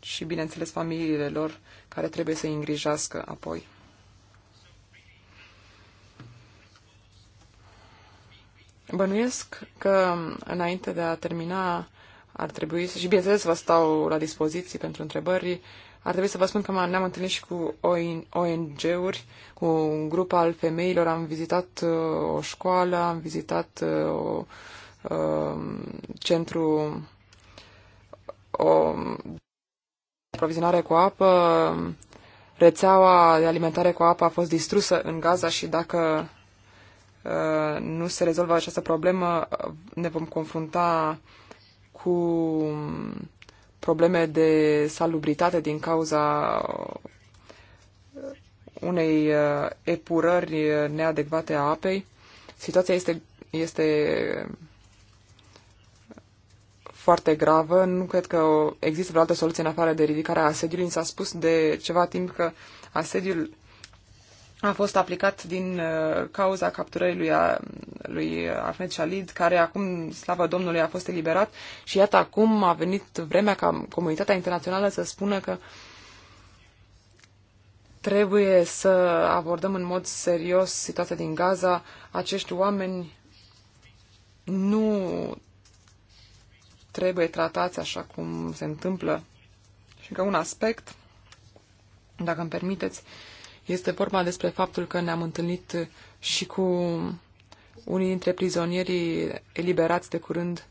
și, bineînțeles, familiile lor care trebuie să îi îngrijească apoi. Bănuiesc că, înainte de a termina, ar trebui să, și bineînțeles vă stau la dispoziție pentru întrebări, ar trebui să vă spun că ne-am întâlnit și cu ONG-uri, cu un grup al femeilor, am vizitat uh, o școală, am vizitat uh, o, o um, centru o, aprovizionare cu apă, rețeaua de alimentare cu apă a fost distrusă în Gaza și dacă uh, nu se rezolvă această problemă, ne vom confrunta cu probleme de salubritate din cauza unei uh, epurări neadecvate a apei. Situația este, este foarte gravă. Nu cred că există vreo altă soluție în afară de ridicarea asediului. s-a spus de ceva timp că asediul a fost aplicat din uh, cauza capturării lui, a, uh, lui Ahmed Shalid, care acum, slavă Domnului, a fost eliberat. Și iată, acum a venit vremea ca comunitatea internațională să spună că trebuie să abordăm în mod serios situația din Gaza. Acești oameni nu trebuie tratați așa cum se întâmplă. Și că un aspect, dacă îmi permiteți, este vorba despre faptul că ne-am întâlnit și cu unii dintre prizonierii eliberați de curând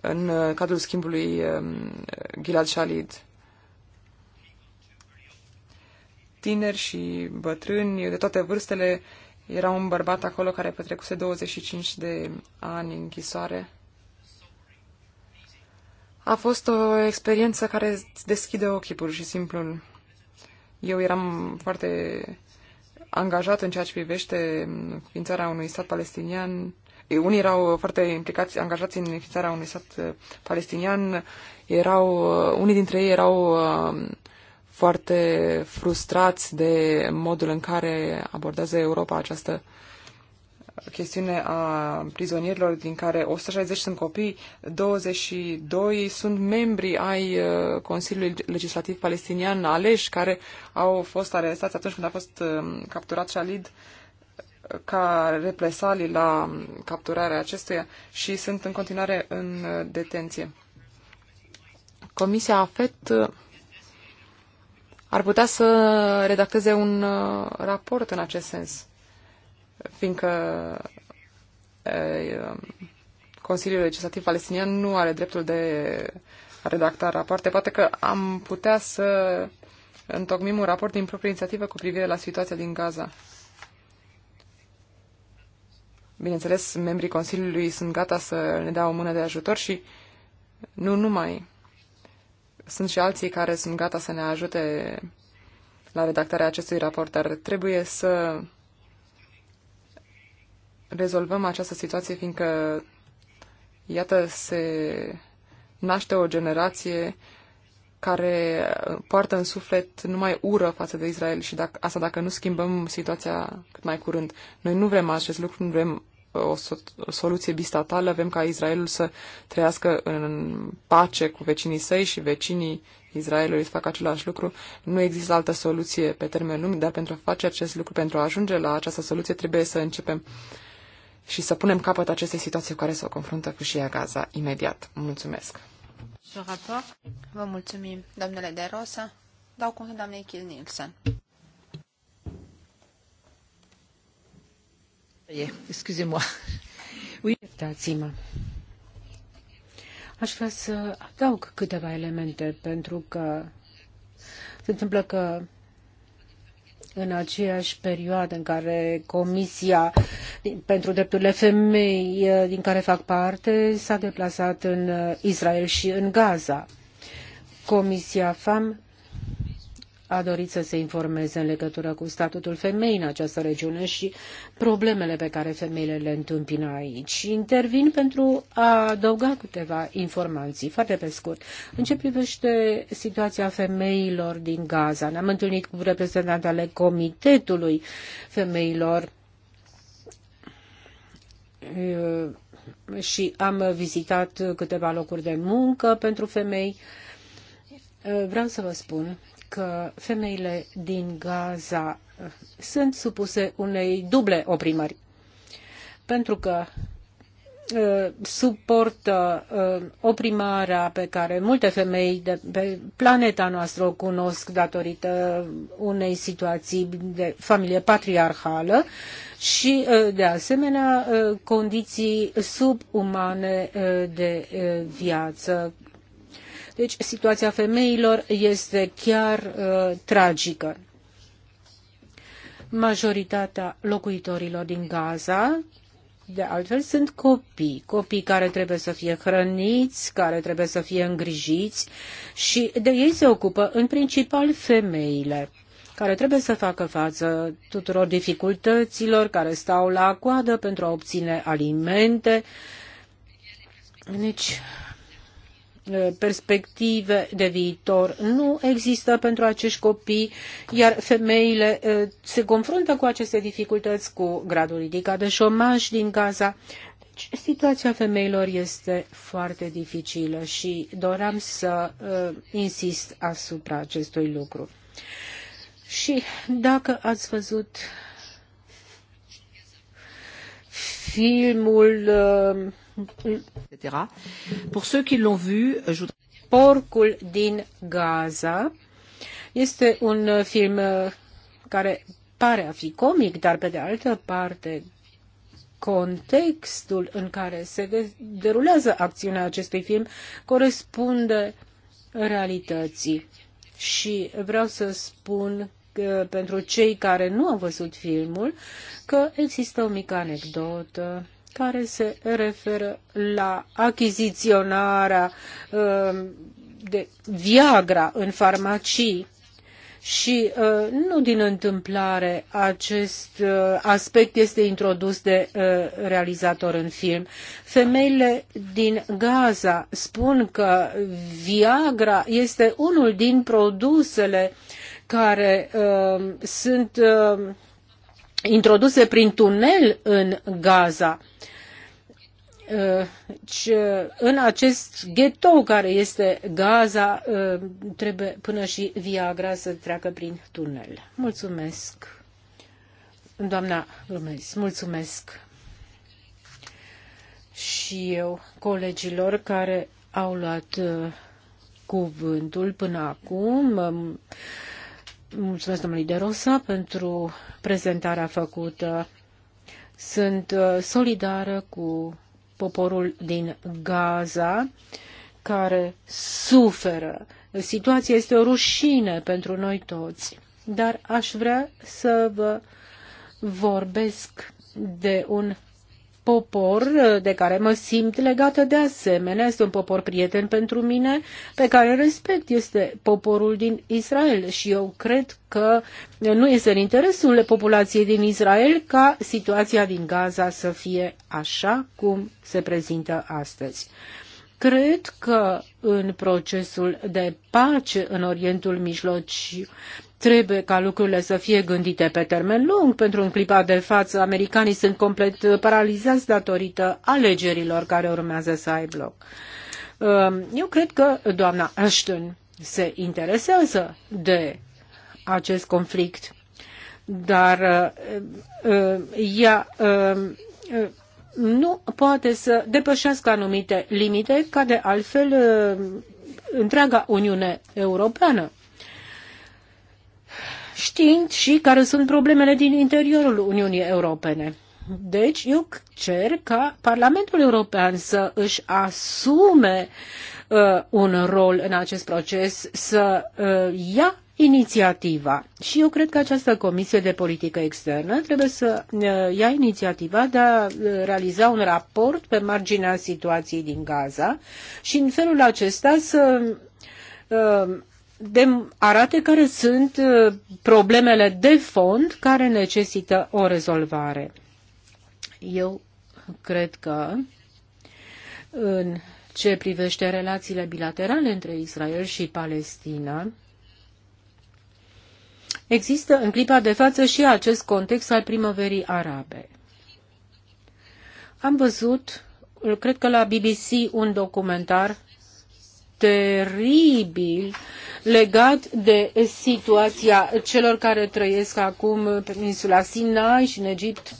în cadrul schimbului um, Gilad Shalit. Tineri și bătrâni, de toate vârstele, era un bărbat acolo care petrecuse 25 de ani în închisoare a fost o experiență care îți deschide ochii, pur și simplu. Eu eram foarte angajat în ceea ce privește ființarea unui stat palestinian. Unii erau foarte implicați, angajați în ființarea unui stat uh, palestinian. Erau, uh, unii dintre ei erau uh, foarte frustrați de modul în care abordează Europa această chestiune a prizonierilor, din care 160 sunt copii, 22 sunt membri ai uh, Consiliului Legislativ Palestinian aleși, care au fost arestați atunci când a fost um, capturat Shalid ca represalii la um, capturarea acestuia și sunt în continuare în uh, detenție. Comisia AFET uh, ar putea să redacteze un raport în acest sens fiindcă Consiliul Legislativ Palestinian nu are dreptul de a redacta rapoarte. Poate că am putea să întocmim un raport din proprie inițiativă cu privire la situația din Gaza. Bineînțeles, membrii Consiliului sunt gata să ne dea o mână de ajutor și nu numai. Sunt și alții care sunt gata să ne ajute la redactarea acestui raport, dar trebuie să rezolvăm această situație, fiindcă, iată, se naște o generație care poartă în suflet numai ură față de Israel și dacă, asta dacă nu schimbăm situația cât mai curând. Noi nu vrem acest lucru, nu vrem uh, o, so- o soluție bistatală, vrem ca Israelul să trăiască în pace cu vecinii săi și vecinii Israelului să facă același lucru. Nu există altă soluție pe termen lung, dar pentru a face acest lucru, pentru a ajunge la această soluție, trebuie să începem uh, și să punem capăt acestei situații cu care se confruntă ea Gaza imediat. Mulțumesc! Vă mulțumim, domnule De Rosa. Dau cu doamnei Kiel Nielsen. Eh, excusez-moi. Iertați-mă. Aș vrea să adaug câteva elemente, pentru că se întâmplă că în aceeași perioadă în care Comisia pentru Drepturile Femei, eh, din care fac parte, s-a deplasat în eh, Israel și în Gaza. Comisia FAM a dorit să se informeze în legătură cu statutul femeii în această regiune și problemele pe care femeile le întâmpină aici. Intervin pentru a adăuga câteva informații, foarte pe scurt. În ce privește situația femeilor din Gaza, ne-am întâlnit cu ale Comitetului Femeilor eh, și am vizitat câteva locuri de muncă pentru femei. Eh, vreau să vă spun că femeile din Gaza eh, sunt supuse unei duble oprimări. Pentru că eh, suportă eh, oprimarea pe care multe femei de pe planeta noastră o cunosc datorită unei situații de familie patriarhală și, de asemenea, condiții subumane de viață deci situația femeilor este chiar uh, tragică. Majoritatea locuitorilor din Gaza de altfel, sunt copii, copii care trebuie să fie hrăniți, care trebuie să fie îngrijiți și de ei se ocupă în principal femeile care trebuie să facă față tuturor dificultăților, care stau la coadă pentru a obține alimente. Deci, Uh, perspective de viitor nu există pentru acești copii, iar femeile uh, se confruntă cu aceste dificultăți, cu gradul ridicat de șomaj din Gaza. Deci, situația femeilor este foarte dificilă și doream să uh, insist asupra acestui lucru. Și dacă ați văzut filmul etc. Pour ceux qui l'ont vu, je... Porcul din Gaza este un film care pare a fi comic, dar pe de altă parte contextul în care se derulează acțiunea acestui film corespunde realității. Și vreau să spun pentru cei care nu au văzut filmul că există o mică anecdotă care se referă la achiziționarea um, de Viagra în farmacii. Și uh, nu din întâmplare acest uh, aspect este introdus de uh, realizator în film. Femeile din Gaza spun că Viagra este unul din produsele care uh, sunt uh, introduse prin tunel în Gaza. Uh, uh, în acest ghetto care este Gaza, uh, trebuie până și Viagra să treacă prin tunel. Mulțumesc. Doamna Lumez, mulțumesc și eu colegilor care au luat cuvântul până acum. Um, Mulțumesc domnului De Rosa pentru prezentarea făcută. Sunt uh, solidară cu poporul din Gaza care suferă. Situația este o rușine pentru noi toți, dar aș vrea să vă vorbesc de un popor uh, de care mă simt legată de asemenea. Este un popor prieten pentru mine, pe care îl respect. Este poporul din Israel și eu cred că nu este în interesul populației din Israel ca situația din Gaza să fie așa cum se prezintă astăzi. Cred că în procesul de pace în Orientul Mijlociu trebuie ca lucrurile să fie gândite pe termen lung. Pentru un clipa de față, americanii sunt complet paralizați datorită alegerilor care urmează să aibă loc. Um, eu cred că doamna Ashton se interesează de acest conflict, dar uh, uh, ea um, uh, nu poate să depășească anumite limite, ca de altfel întreaga Uniune Europeană știind și care sunt problemele din interiorul Uniunii Europene. Deci eu cer ca Parlamentul European să își asume uh, un rol în acest proces, să uh, ia inițiativa. Și eu cred că această Comisie de Politică Externă trebuie să uh, ia inițiativa de a uh, realiza un raport pe marginea situației din Gaza și în felul acesta să uh, arate care sunt uh, problemele de fond care necesită o rezolvare. Eu cred că în ce privește relațiile bilaterale între Israel și Palestina, există în clipa de față și acest context al primăverii arabe. Am văzut, cred că la BBC, un documentar teribil legat de situația celor care trăiesc acum pe insula Sinai și în Egipt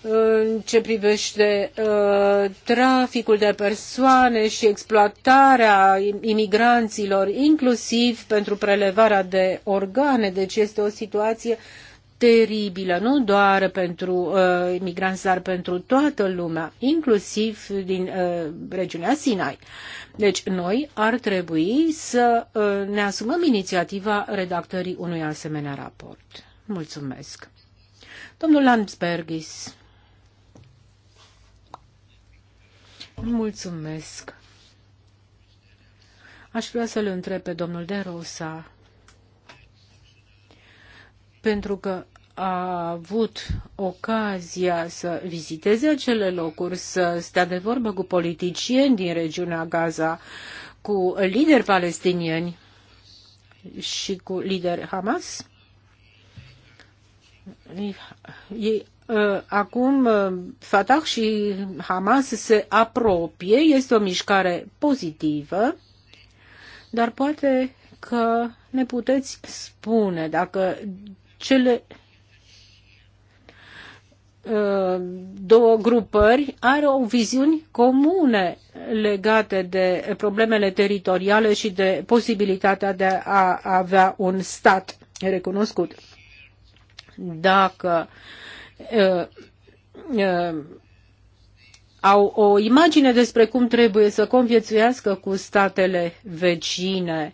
în ce privește uh, traficul de persoane și exploatarea imigranților, inclusiv pentru prelevarea de organe. Deci este o situație teribilă, nu doar pentru uh, imigranți, dar pentru toată lumea, inclusiv din uh, regiunea Sinai. Deci noi ar trebui să uh, ne asumăm inițiativa redactării unui asemenea raport. Mulțumesc. Domnul Landsbergis. Mulțumesc. Aș vrea să-l întreb pe domnul De Rosa, pentru că a avut ocazia să viziteze acele locuri, să stea de vorbă cu politicieni din regiunea Gaza, cu lideri palestinieni și cu lideri Hamas. Ei, ă, acum ă, Fatah și Hamas se apropie, este o mișcare pozitivă, dar poate că ne puteți spune dacă cele Uh, două grupări are o viziune comune legate de problemele teritoriale și de posibilitatea de a avea un stat recunoscut. Dacă uh, uh, au o imagine despre cum trebuie să conviețuiască cu statele vecine,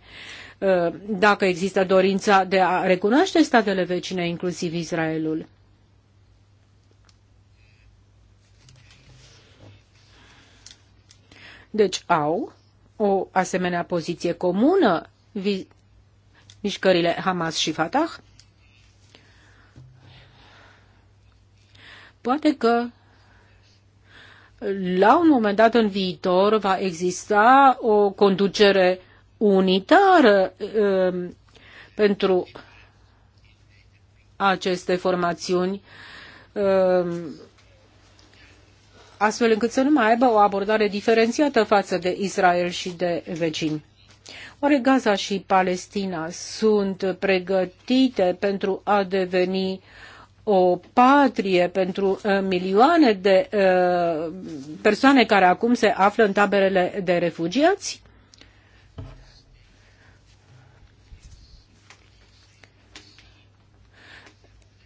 uh, dacă există dorința de a recunoaște statele vecine, inclusiv Israelul Deci au o asemenea poziție comună mișcările Hamas și Fatah? Poate că la un moment dat în viitor va exista o conducere unitară uh, pentru aceste formațiuni uh, astfel încât să nu mai aibă o abordare diferențiată față de Israel și de vecini. Oare Gaza și Palestina sunt pregătite pentru a deveni o patrie pentru uh, milioane de uh, persoane care acum se află în taberele de refugiați?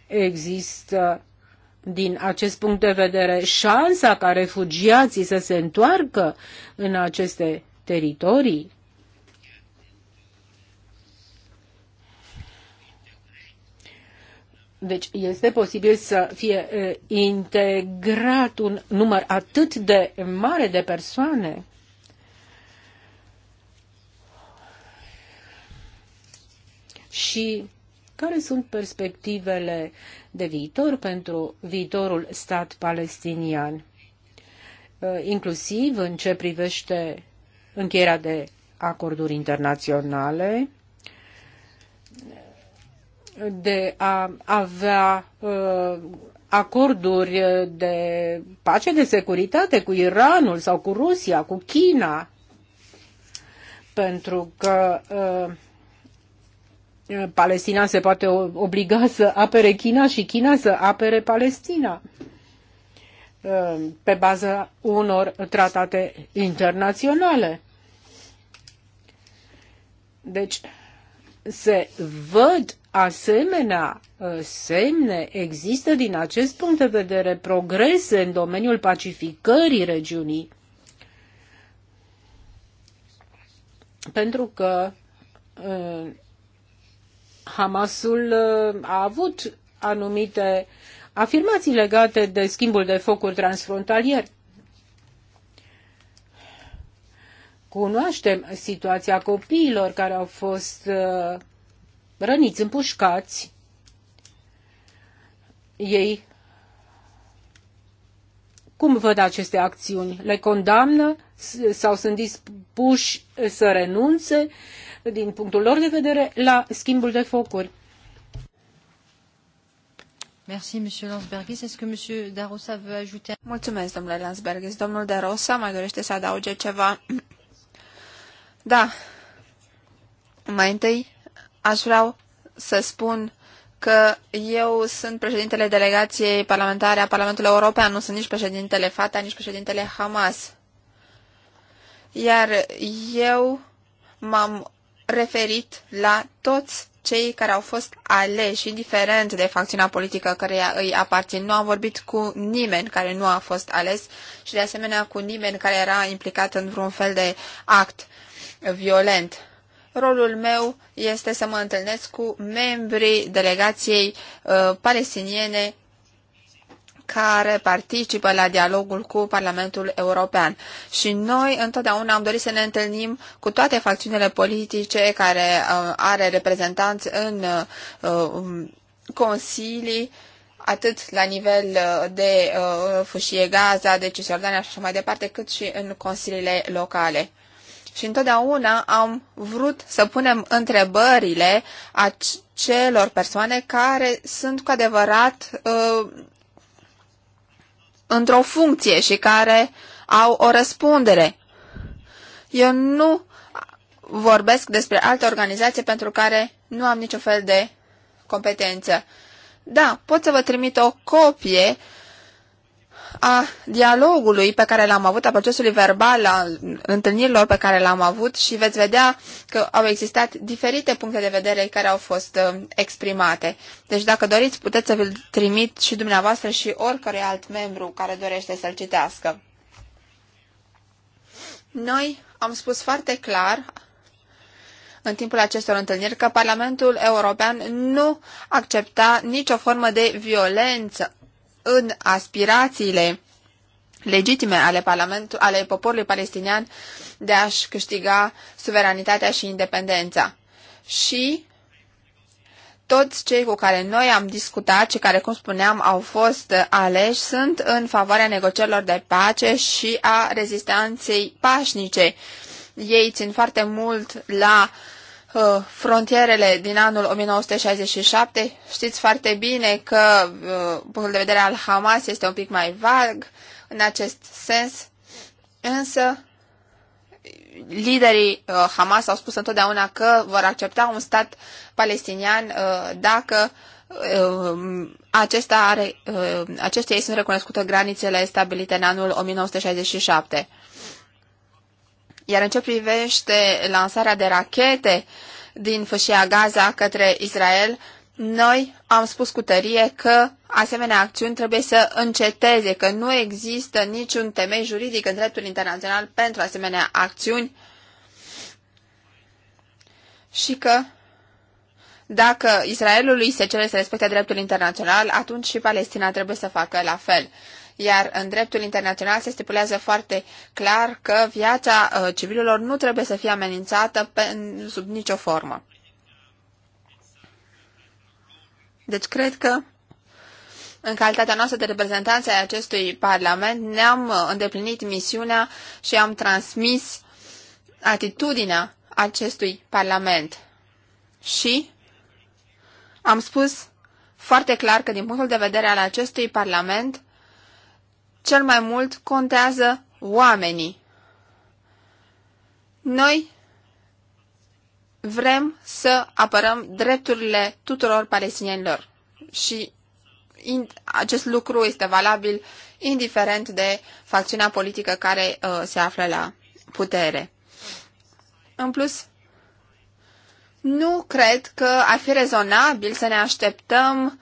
Există din acest punct de vedere, șansa ca refugiații să se întoarcă în aceste teritorii? Deci este posibil să fie integrat un număr atât de mare de persoane? Și care sunt perspectivele de viitor pentru viitorul stat palestinian, uh, inclusiv în ce privește încheierea de acorduri internaționale, de a avea uh, acorduri de pace, de securitate cu Iranul sau cu Rusia, cu China, pentru că uh, Palestina se poate obliga să apere China și China să apere Palestina uh, pe baza unor tratate internaționale. Deci se văd asemenea uh, semne, există din acest punct de vedere progrese în domeniul pacificării regiunii. Pentru că uh, Hamasul uh, a avut anumite afirmații legate de schimbul de focuri transfrontalier. Cunoaștem situația copiilor care au fost uh, răniți, împușcați. Ei cum văd aceste acțiuni? Le condamnă sau sunt dispuși să renunțe? din punctul lor de vedere, la schimbul de focuri. Da Mulțumesc, domnule Lansbergis. Domnul De da Rosa mai dorește să adauge ceva? Da. Mai întâi aș vrea să spun că eu sunt președintele delegației parlamentare a Parlamentului European, nu sunt nici președintele FATA, nici președintele Hamas. Iar eu m-am referit la toți cei care au fost aleși, indiferent de facțiunea politică care îi aparțin. Nu am vorbit cu nimeni care nu a fost ales și de asemenea cu nimeni care era implicat în vreun fel de act violent. Rolul meu este să mă întâlnesc cu membrii delegației uh, palestiniene care participă la dialogul cu Parlamentul European. Și noi întotdeauna am dorit să ne întâlnim cu toate facțiunile politice care uh, are reprezentanți în uh, consilii, atât la nivel uh, de uh, Fâșie Gaza, de Cisjordania și așa mai departe, cât și în consiliile locale. Și întotdeauna am vrut să punem întrebările acelor persoane care sunt cu adevărat uh, într-o funcție și care au o răspundere. Eu nu vorbesc despre alte organizații pentru care nu am niciun fel de competență. Da, pot să vă trimit o copie a dialogului pe care l-am avut, a procesului verbal, a întâlnirilor pe care l-am avut și veți vedea că au existat diferite puncte de vedere care au fost uh, exprimate. Deci dacă doriți, puteți să vi-l trimit și dumneavoastră și oricărui alt membru care dorește să-l citească. Noi am spus foarte clar în timpul acestor întâlniri că Parlamentul European nu accepta nicio formă de violență în aspirațiile legitime ale, parlamentului, ale poporului palestinian de a-și câștiga suveranitatea și independența. Și toți cei cu care noi am discutat, și care, cum spuneam, au fost aleși, sunt în favoarea negocierilor de pace și a rezistanței pașnice. Ei țin foarte mult la uh, Uh, frontierele din anul 1967, știți foarte bine că uh, punctul de vedere al Hamas este un pic mai vag în acest sens, însă liderii uh, Hamas au spus întotdeauna că vor accepta un stat palestinian dacă acesta are, acestea sunt recunoscute granițele stabilite în anul 1967. Iar în ce privește lansarea de rachete din fâșia Gaza către Israel, noi am spus cu tărie că asemenea acțiuni trebuie să înceteze, că nu există niciun temei juridic în dreptul internațional pentru asemenea acțiuni și că dacă Israelului se cere să respecte dreptul internațional, atunci și Palestina trebuie să facă la fel iar în dreptul internațional se stipulează foarte clar că viața uh, civililor nu trebuie să fie amenințată pe, sub nicio formă. Deci cred că în calitatea noastră de reprezentanți ai acestui Parlament ne-am uh, îndeplinit misiunea și am transmis atitudinea acestui Parlament. Și am spus foarte clar că din punctul de vedere al acestui Parlament cel mai mult contează oamenii. Noi vrem să apărăm drepturile tuturor palestinienilor și acest lucru este valabil indiferent de facțiunea politică care uh, se află la putere. În plus, nu cred că ar fi rezonabil să ne așteptăm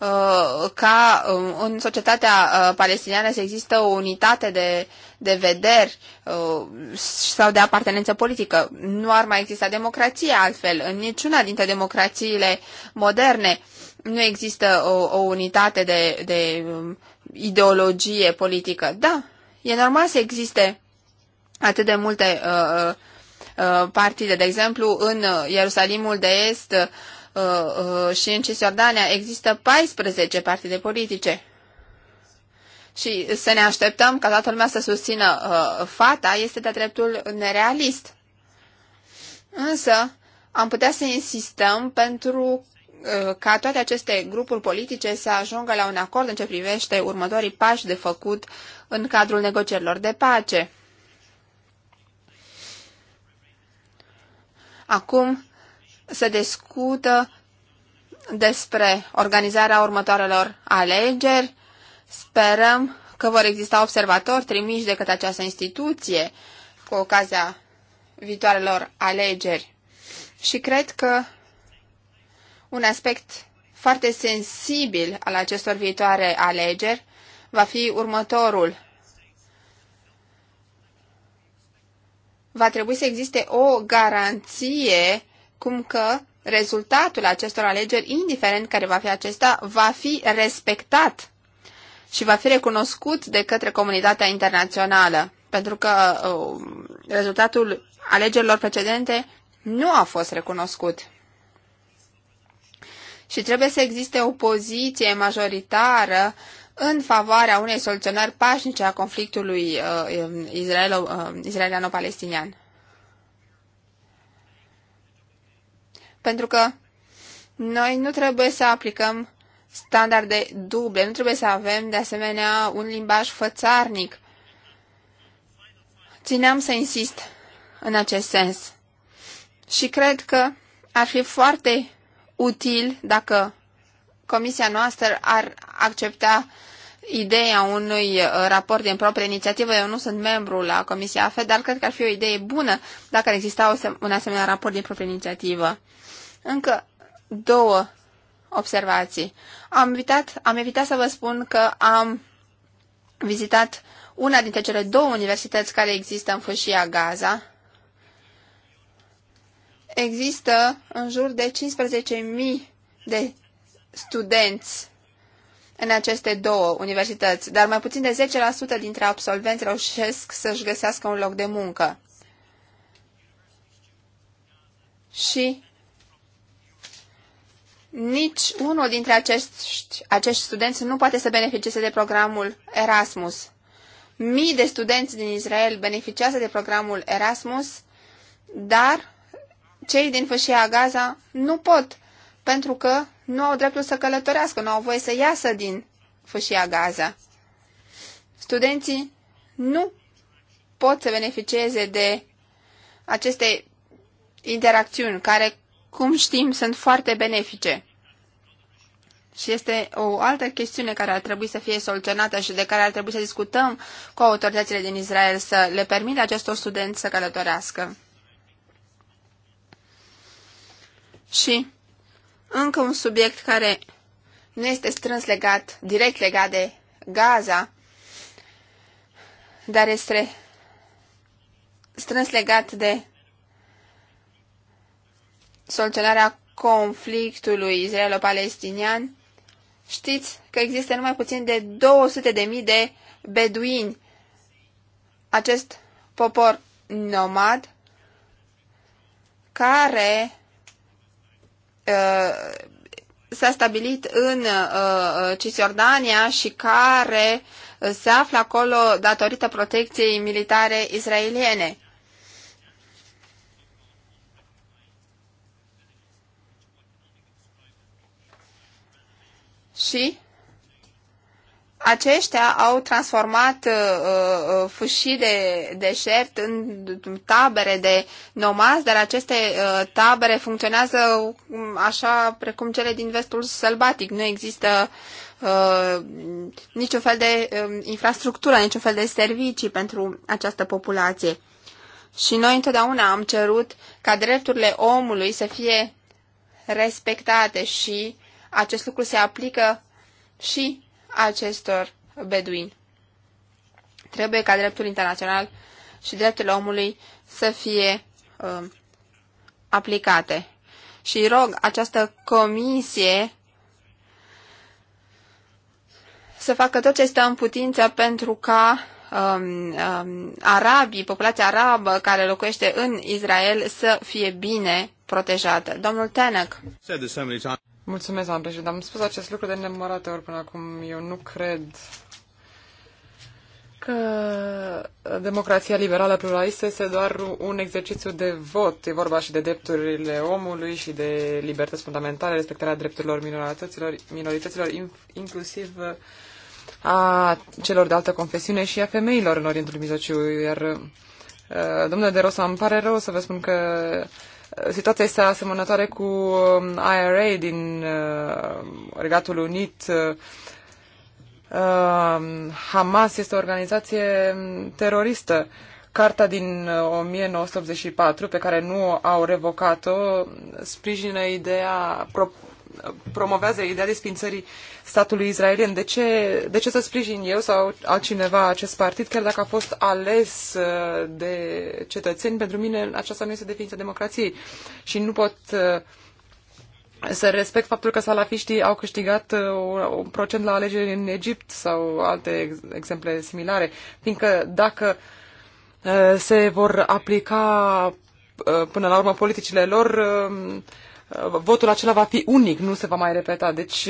Uh, ca um, în societatea uh, palestiniană să există o unitate de, de vederi uh, sau de apartenență politică. Nu ar mai exista democrație altfel. În niciuna dintre democrațiile moderne nu există o, o unitate de, de um, ideologie politică. Da, e normal să existe atât de multe uh, uh, partide. De exemplu, în Ierusalimul de Est Uh, uh, și în Cisjordania există 14 partide politice. Și să ne așteptăm ca toată lumea să susțină uh, fata este de dreptul nerealist. Însă am putea să insistăm pentru uh, ca toate aceste grupuri politice să ajungă la un acord în ce privește următorii pași de făcut în cadrul negocierilor de pace. Acum, se discută despre organizarea următoarelor alegeri. Sperăm că vor exista observatori trimiși de către această instituție cu ocazia viitoarelor alegeri. Și cred că un aspect foarte sensibil al acestor viitoare alegeri va fi următorul. Va trebui să existe o garanție cum că rezultatul acestor alegeri, indiferent care va fi acesta, va fi respectat și va fi recunoscut de către comunitatea internațională, pentru că uh, rezultatul alegerilor precedente nu a fost recunoscut. Și trebuie să existe o poziție majoritară în favoarea unei soluționări pașnice a conflictului uh, israelo-palestinian. Uh, pentru că noi nu trebuie să aplicăm standarde duble, nu trebuie să avem, de asemenea, un limbaj fățarnic. Țineam să insist în acest sens. Și cred că ar fi foarte util dacă comisia noastră ar accepta ideea unui uh, raport din proprie inițiativă. Eu nu sunt membru la Comisia AFE, dar cred că ar fi o idee bună dacă ar exista un asemenea raport din proprie inițiativă. Încă două observații. Am evitat, am evitat să vă spun că am vizitat una dintre cele două universități care există în fâșia Gaza. Există în jur de 15.000 de studenți în aceste două universități, dar mai puțin de 10% dintre absolvenți reușesc să-și găsească un loc de muncă. Și nici unul dintre acești, acești studenți nu poate să beneficieze de programul Erasmus. Mii de studenți din Israel beneficiază de programul Erasmus, dar cei din fâșia Gaza nu pot, pentru că nu au dreptul să călătorească, nu au voie să iasă din fâșia Gaza. Studenții nu pot să beneficieze de aceste interacțiuni care cum știm, sunt foarte benefice. Și este o altă chestiune care ar trebui să fie soluționată și de care ar trebui să discutăm cu autoritățile din Israel să le permită acestor studenți să călătorească. Și încă un subiect care nu este strâns legat, direct legat de Gaza, dar este strâns legat de soluționarea conflictului israelo-palestinian, știți că există numai puțin de 200.000 de, de beduini. Acest popor nomad care uh, s-a stabilit în uh, Cisjordania și care se află acolo datorită protecției militare israeliene. și aceștia au transformat uh, uh, fâșii de deșert în tabere de nomazi, dar aceste uh, tabere funcționează um, așa precum cele din vestul sălbatic. Nu există uh, niciun fel de uh, infrastructură, niciun fel de servicii pentru această populație. Și noi întotdeauna am cerut ca drepturile omului să fie respectate și uh, acest lucru se aplică și acestor beduini. Trebuie ca dreptul internațional și dreptul omului să fie uh, aplicate. Și rog această comisie să facă tot ce stă în putință pentru ca um, um, arabii, populația arabă care locuiește în Israel să fie bine protejată. Domnul Tenek. Mulțumesc, doamnă președinte. Am spus acest lucru de nemărate ori până acum. Eu nu cred că democrația liberală pluralistă este doar un exercițiu de vot. E vorba și de drepturile omului și de libertăți fundamentale, respectarea drepturilor minorităților, minorităților inclusiv a celor de altă confesiune și a femeilor în Orientul Mijlociu. Iar, uh, domnule de Rosa, îmi pare rău să vă spun că situația este asemănătoare cu um, IRA din uh, Regatul Unit. Uh, um, Hamas este o organizație um, teroristă. Carta din 1984, uh, pe care nu au revocat-o, sprijină ideea, promovează ideea desfințării statului israelien. De ce, de ce să sprijin eu sau altcineva acest partid, chiar dacă a fost ales uh, de cetățeni? Pentru mine aceasta nu este definiția democrației și nu pot uh, să respect faptul că salafiștii au câștigat uh, un procent la alegeri în Egipt sau alte exemple similare, fiindcă dacă se vor aplica până la urmă politicile lor, votul acela va fi unic, nu se va mai repeta. Deci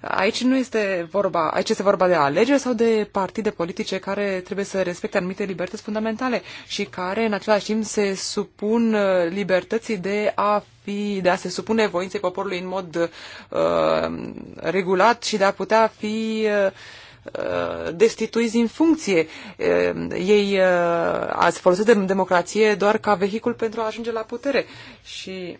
aici nu este vorba, aici este vorba de alegeri sau de partide politice care trebuie să respecte anumite libertăți fundamentale și care în același timp se supun uh, libertății de a fi, de a se supune voinței poporului în mod uh, regulat și de a putea fi uh, uh destituiți din funcție. Uh, ei ați folosit de democrație doar ca vehicul pentru a ajunge la putere. Și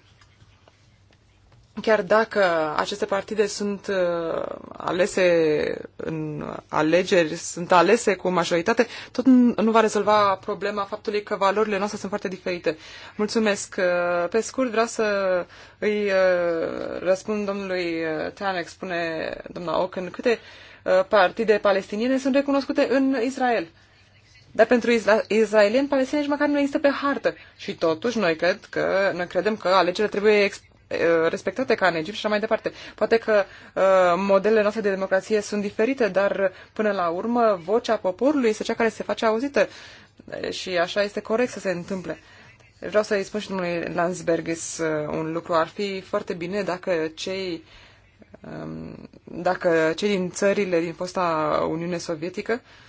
chiar dacă aceste partide sunt uh, alese în alegeri, sunt alese cu majoritate, tot nu va rezolva problema faptului că valorile noastre sunt foarte diferite. Mulțumesc. Uh, pe scurt, vreau să îi uh, răspund domnului Tanek, spune doamna Ocan, câte partide palestiniene sunt recunoscute în Israel. Dar pentru israelieni, palestinieni nici măcar nu există pe hartă. Și totuși, noi, cred că, noi credem că alegerile trebuie exp- Eh, respectate ca în Egipt și așa mai departe. Poate că uh, modelele noastre de democrație sunt diferite, dar până la urmă vocea poporului este cea care se face auzită eh, și așa este corect să se întâmple. Vreau să-i spun și domnului Landsbergis un lucru. Ar fi foarte bine dacă cei ehm, dacă cei din țările din fosta Uniune Sovietică uh,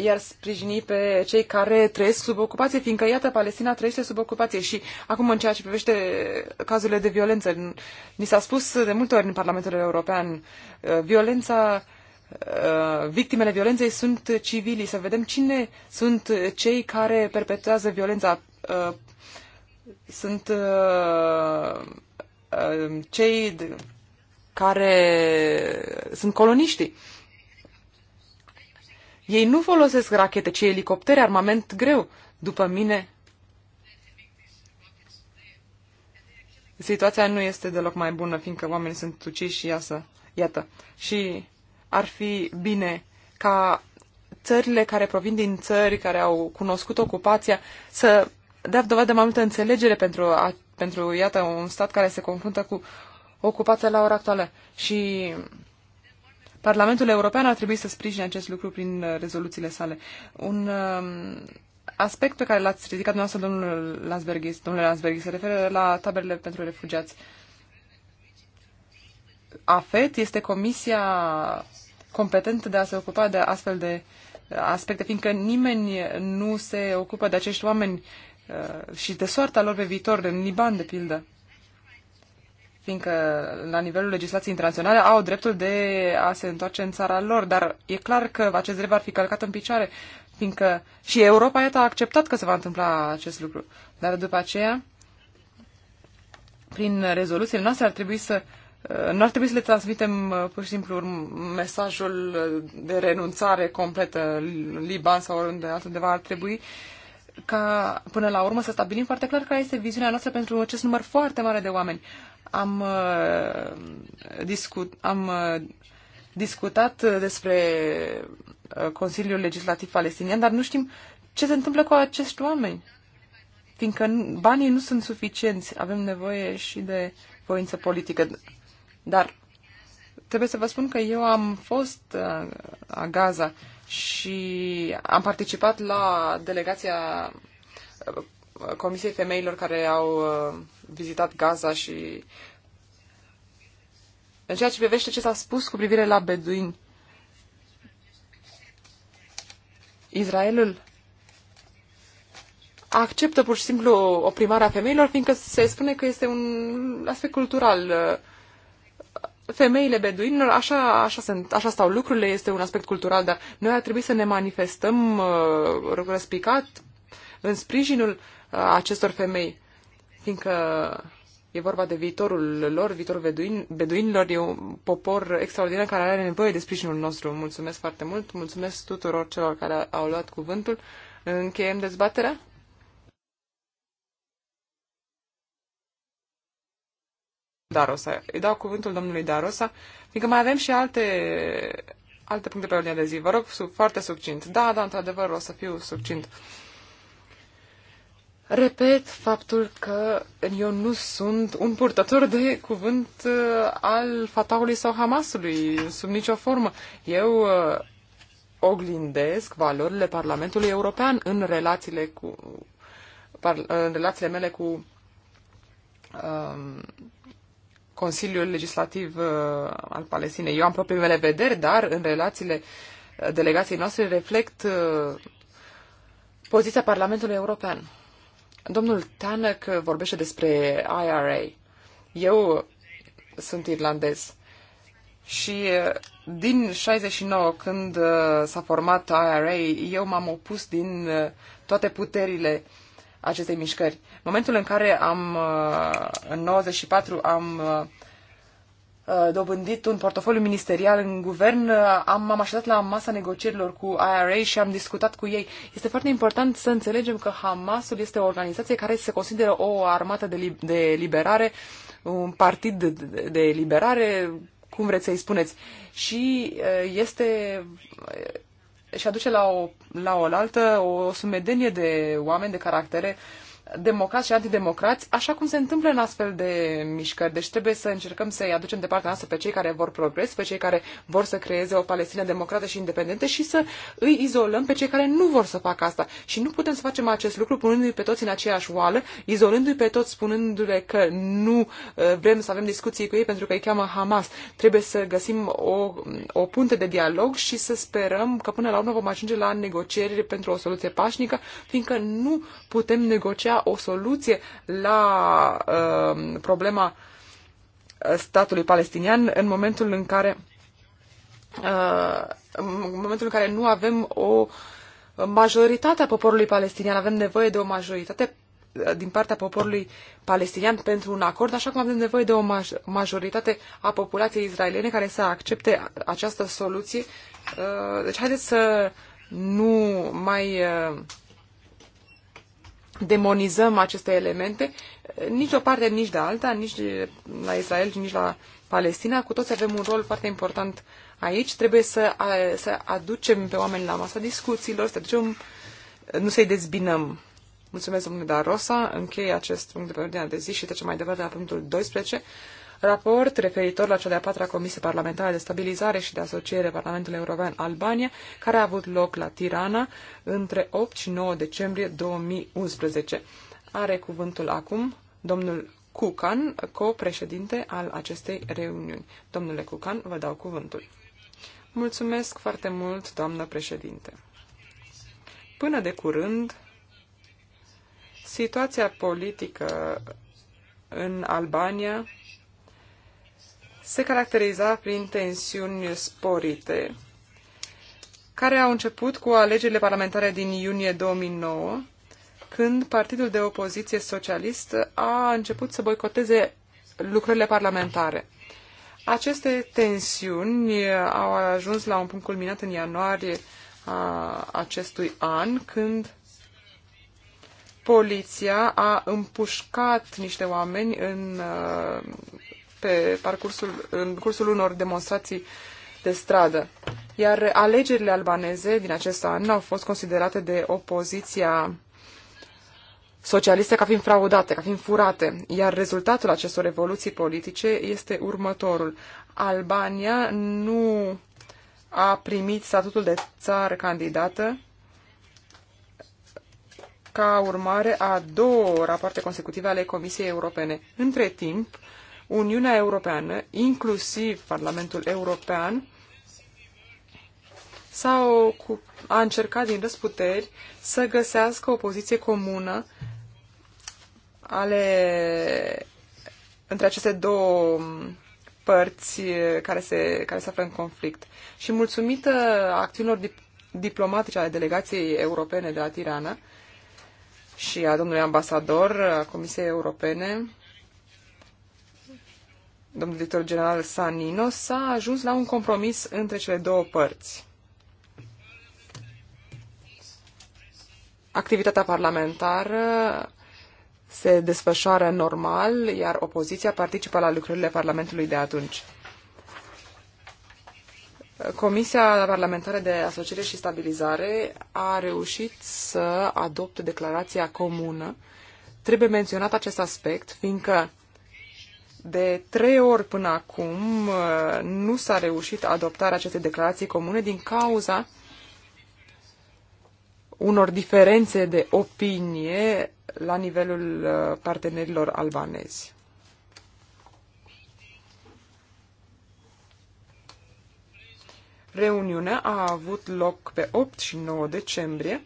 iar sprijini pe cei care trăiesc sub ocupație, fiindcă, iată, Palestina trăiește sub ocupație. Și acum, în ceea ce privește cazurile de violență, ni s-a spus de multe ori în Parlamentul European, uh, violența, uh, victimele violenței sunt civili. Să vedem cine sunt cei care perpetuează violența. Uh, sunt cei care sunt coloniștii. Ei nu folosesc rachete, ci elicoptere, armament greu. După mine, situația nu este deloc mai bună, fiindcă oamenii sunt uciși și iasă. Iată. Și ar fi bine ca țările care provin din țări, care au cunoscut ocupația, să dea dovadă mai multă înțelegere pentru, a, pentru, iată, un stat care se confruntă cu ocupația la ora actuală. Și Parlamentul European ar trebui să sprijine acest lucru prin uh, rezoluțiile sale. Un um, aspect pe care l-ați ridicat dumneavoastră, domnul Lansbergis, domnule Lansbergis, se referă la taberele pentru refugiați. AFET este comisia competentă de a se ocupa de astfel de uh, aspecte, fiindcă nimeni nu se ocupă de acești oameni uh, și de soarta lor pe viitor, în Liban, de pildă fiindcă la nivelul legislației internaționale au dreptul de a se întoarce în țara lor, dar e clar că acest drept ar fi călcat în picioare, fiindcă și Europa, iată, a acceptat că se va întâmpla acest lucru. Dar după aceea, prin rezoluțiile noastre ar trebui să uh, nu ar trebui să le transmitem uh, pur și simplu mesajul uh, de renunțare completă în Liban sau oriunde altundeva ar trebui ca până la urmă să stabilim foarte clar care este viziunea noastră pentru acest număr foarte mare de oameni am, uh, discut, am uh, discutat despre uh, Consiliul Legislativ Palestinian, dar nu știm ce se întâmplă cu acești oameni. Fiindcă banii nu sunt suficienți, avem nevoie și de voință politică. Dar trebuie să vă spun că eu am fost a Gaza și am participat la delegația Comisiei Femeilor care au uh, vizitat Gaza și în ceea ce privește ce s-a spus cu privire la Beduin, Israelul acceptă pur și simplu oprimarea femeilor, fiindcă se spune că este un aspect cultural. Femeile beduinilor, așa, așa, sunt, așa stau lucrurile, este un aspect cultural, dar noi ar trebui să ne manifestăm uh, răspicat în sprijinul acestor femei, fiindcă e vorba de viitorul lor, viitorul beduin, beduinilor. E un popor extraordinar care are nevoie de sprijinul nostru. Mulțumesc foarte mult, mulțumesc tuturor celor care au luat cuvântul. Încheiem dezbaterea? Darosa. Îi dau cuvântul domnului Darosa, fiindcă mai avem și alte, alte puncte pe ordinea de zi. Vă rog, sub, foarte succint. Da, da, într-adevăr, o să fiu succint. Repet faptul că eu nu sunt un purtător de cuvânt uh, al Fataului sau Hamasului, sub nicio formă. Eu uh, oglindesc valorile Parlamentului European în relațiile, cu, uh, în relațiile mele cu um, Consiliul Legislativ uh, al Palestinei. Eu am propriile mele vederi, dar în relațiile delegației noastre reflect uh, poziția Parlamentului European. Domnul Tanăc vorbește despre IRA. Eu sunt irlandez și uh, din 69, când uh, s-a format IRA, eu m-am opus din uh, toate puterile acestei mișcări. Momentul în care am, în 94, am Uh, dobândit un portofoliu ministerial în guvern, uh, am, am așezat la masa negocierilor cu IRA și am discutat cu ei. Este foarte important să înțelegem că Hamasul este o organizație care se consideră o armată de, li- de liberare, un partid de, de, liberare, cum vreți să-i spuneți. Și uh, este și aduce la o, la o altă o sumedenie de oameni de caractere uh, democrați și antidemocrați, așa cum se întâmplă în astfel de mișcări. Deci trebuie să încercăm să-i aducem de partea noastră pe cei care vor progres, pe cei care vor să creeze o Palestina democrată și independentă și să îi izolăm pe cei care nu vor să facă asta. Și nu putem să facem acest lucru punându-i pe toți în aceeași oală, izolându-i pe toți, spunându-le că nu uh, vrem să avem discuții cu ei pentru că îi cheamă Hamas. Trebuie să găsim o, o punte de dialog și să sperăm că până la urmă vom ajunge la negocieri pentru o soluție pașnică, fiindcă nu putem negocia o soluție la uh, problema statului palestinian în momentul în care uh, în momentul în care nu avem o majoritate a poporului palestinian, avem nevoie de o majoritate uh, din partea poporului palestinian pentru un acord, așa cum avem nevoie de o majoritate a populației israeliene care să accepte această soluție. Uh, deci haideți să nu mai uh, demonizăm aceste elemente, nici o parte, nici de alta, nici la Israel, nici la Palestina. Cu toți avem un rol foarte important aici. Trebuie să, să aducem pe oameni la masa discuțiilor, să aducem, nu să-i dezbinăm. Mulțumesc, domnule Darosa. Închei acest punct de pe ordinea de zi și trecem mai departe la punctul 12 raport referitor la cea de-a patra Comisie Parlamentară de Stabilizare și de Asociere Parlamentului European Albania, care a avut loc la Tirana între 8 și 9 decembrie 2011. Are cuvântul acum domnul Cucan, co-președinte al acestei reuniuni. Domnule Cucan, vă dau cuvântul. Mulțumesc foarte mult, doamnă președinte. Până de curând, situația politică în Albania se caracteriza prin tensiuni sporite, care au început cu alegerile parlamentare din iunie 2009, când partidul de opoziție socialist a început să boicoteze lucrările parlamentare. Aceste tensiuni au ajuns la un punct culminat în ianuarie a acestui an, când poliția a împușcat niște oameni în pe parcursul, în cursul unor demonstrații de stradă. Iar alegerile albaneze din acest an au fost considerate de opoziția socialiste ca fiind fraudate, ca fiind furate, iar rezultatul acestor revoluții politice este următorul. Albania nu a primit statutul de țară candidată ca urmare a două rapoarte consecutive ale Comisiei Europene. Între timp, Uniunea Europeană, inclusiv Parlamentul European, sau au a încercat din răsputeri să găsească o poziție comună ale între aceste două părți care se, care se află în conflict. Și mulțumită acțiunilor dip- diplomatice ale delegației europene de la Tirana și a domnului ambasador a Comisiei Europene, domnul director general Sanino, s-a ajuns la un compromis între cele două părți. Activitatea parlamentară se desfășoară normal, iar opoziția participă la lucrările Parlamentului de atunci. Comisia Parlamentară de Asociere și Stabilizare a reușit să adopte declarația comună. Trebuie menționat acest aspect, fiindcă de trei ori până acum uh, nu s-a reușit adoptarea acestei declarații comune din cauza unor diferențe de opinie la nivelul uh, partenerilor albanezi. Reuniunea a avut loc pe 8 și 9 decembrie.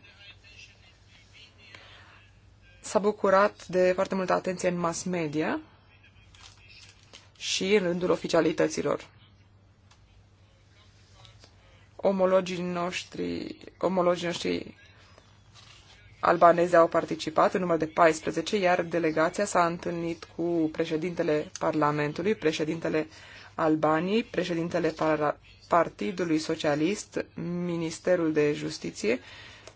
S-a bucurat de foarte multă atenție în mass media și în rândul oficialităților. Omologii noștri, omologii noștri albanezi au participat în număr de 14, iar delegația s-a întâlnit cu președintele Parlamentului, președintele albanii, președintele Partidului Socialist, Ministerul de Justiție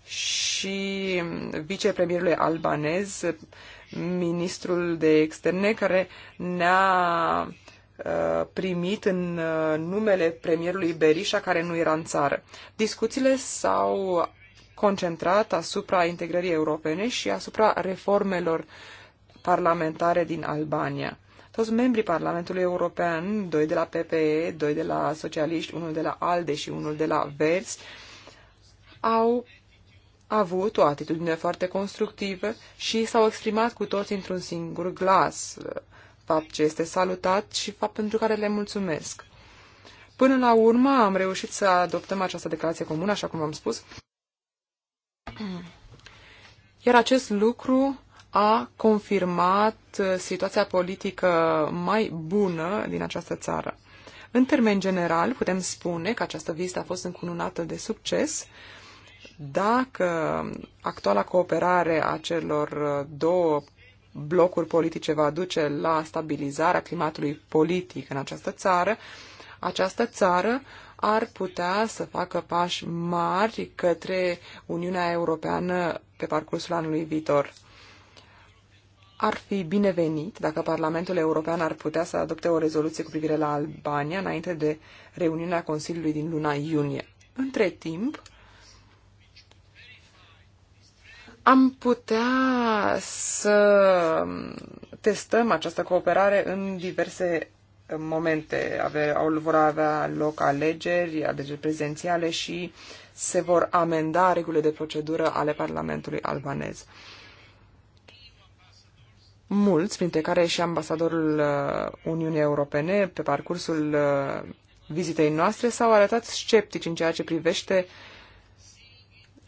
și vicepremierul albanez, ministrul de externe, care ne-a uh, primit în uh, numele premierului Berisha, care nu era în țară. Discuțiile s-au concentrat asupra integrării europene și asupra reformelor parlamentare din Albania. Toți membrii Parlamentului European, doi de la PPE, doi de la Socialiști, unul de la ALDE și unul de la Verzi, au a avut o atitudine foarte constructivă și s-au exprimat cu toți într-un singur glas, fapt ce este salutat și fapt pentru care le mulțumesc. Până la urmă am reușit să adoptăm această declarație comună, așa cum am spus, iar acest lucru a confirmat situația politică mai bună din această țară. În termen general, putem spune că această vizită a fost încununată de succes, dacă actuala cooperare a celor două blocuri politice va duce la stabilizarea climatului politic în această țară, această țară ar putea să facă pași mari către Uniunea Europeană pe parcursul anului viitor. Ar fi binevenit dacă Parlamentul European ar putea să adopte o rezoluție cu privire la Albania înainte de reuniunea Consiliului din luna iunie. Între timp, am putea să testăm această cooperare în diverse momente. Ave, au, vor avea loc alegeri, alegeri prezențiale și se vor amenda regulile de procedură ale Parlamentului albanez. Mulți, printre care și ambasadorul uh, Uniunii Europene, pe parcursul uh, vizitei noastre, s-au arătat sceptici în ceea ce privește uh,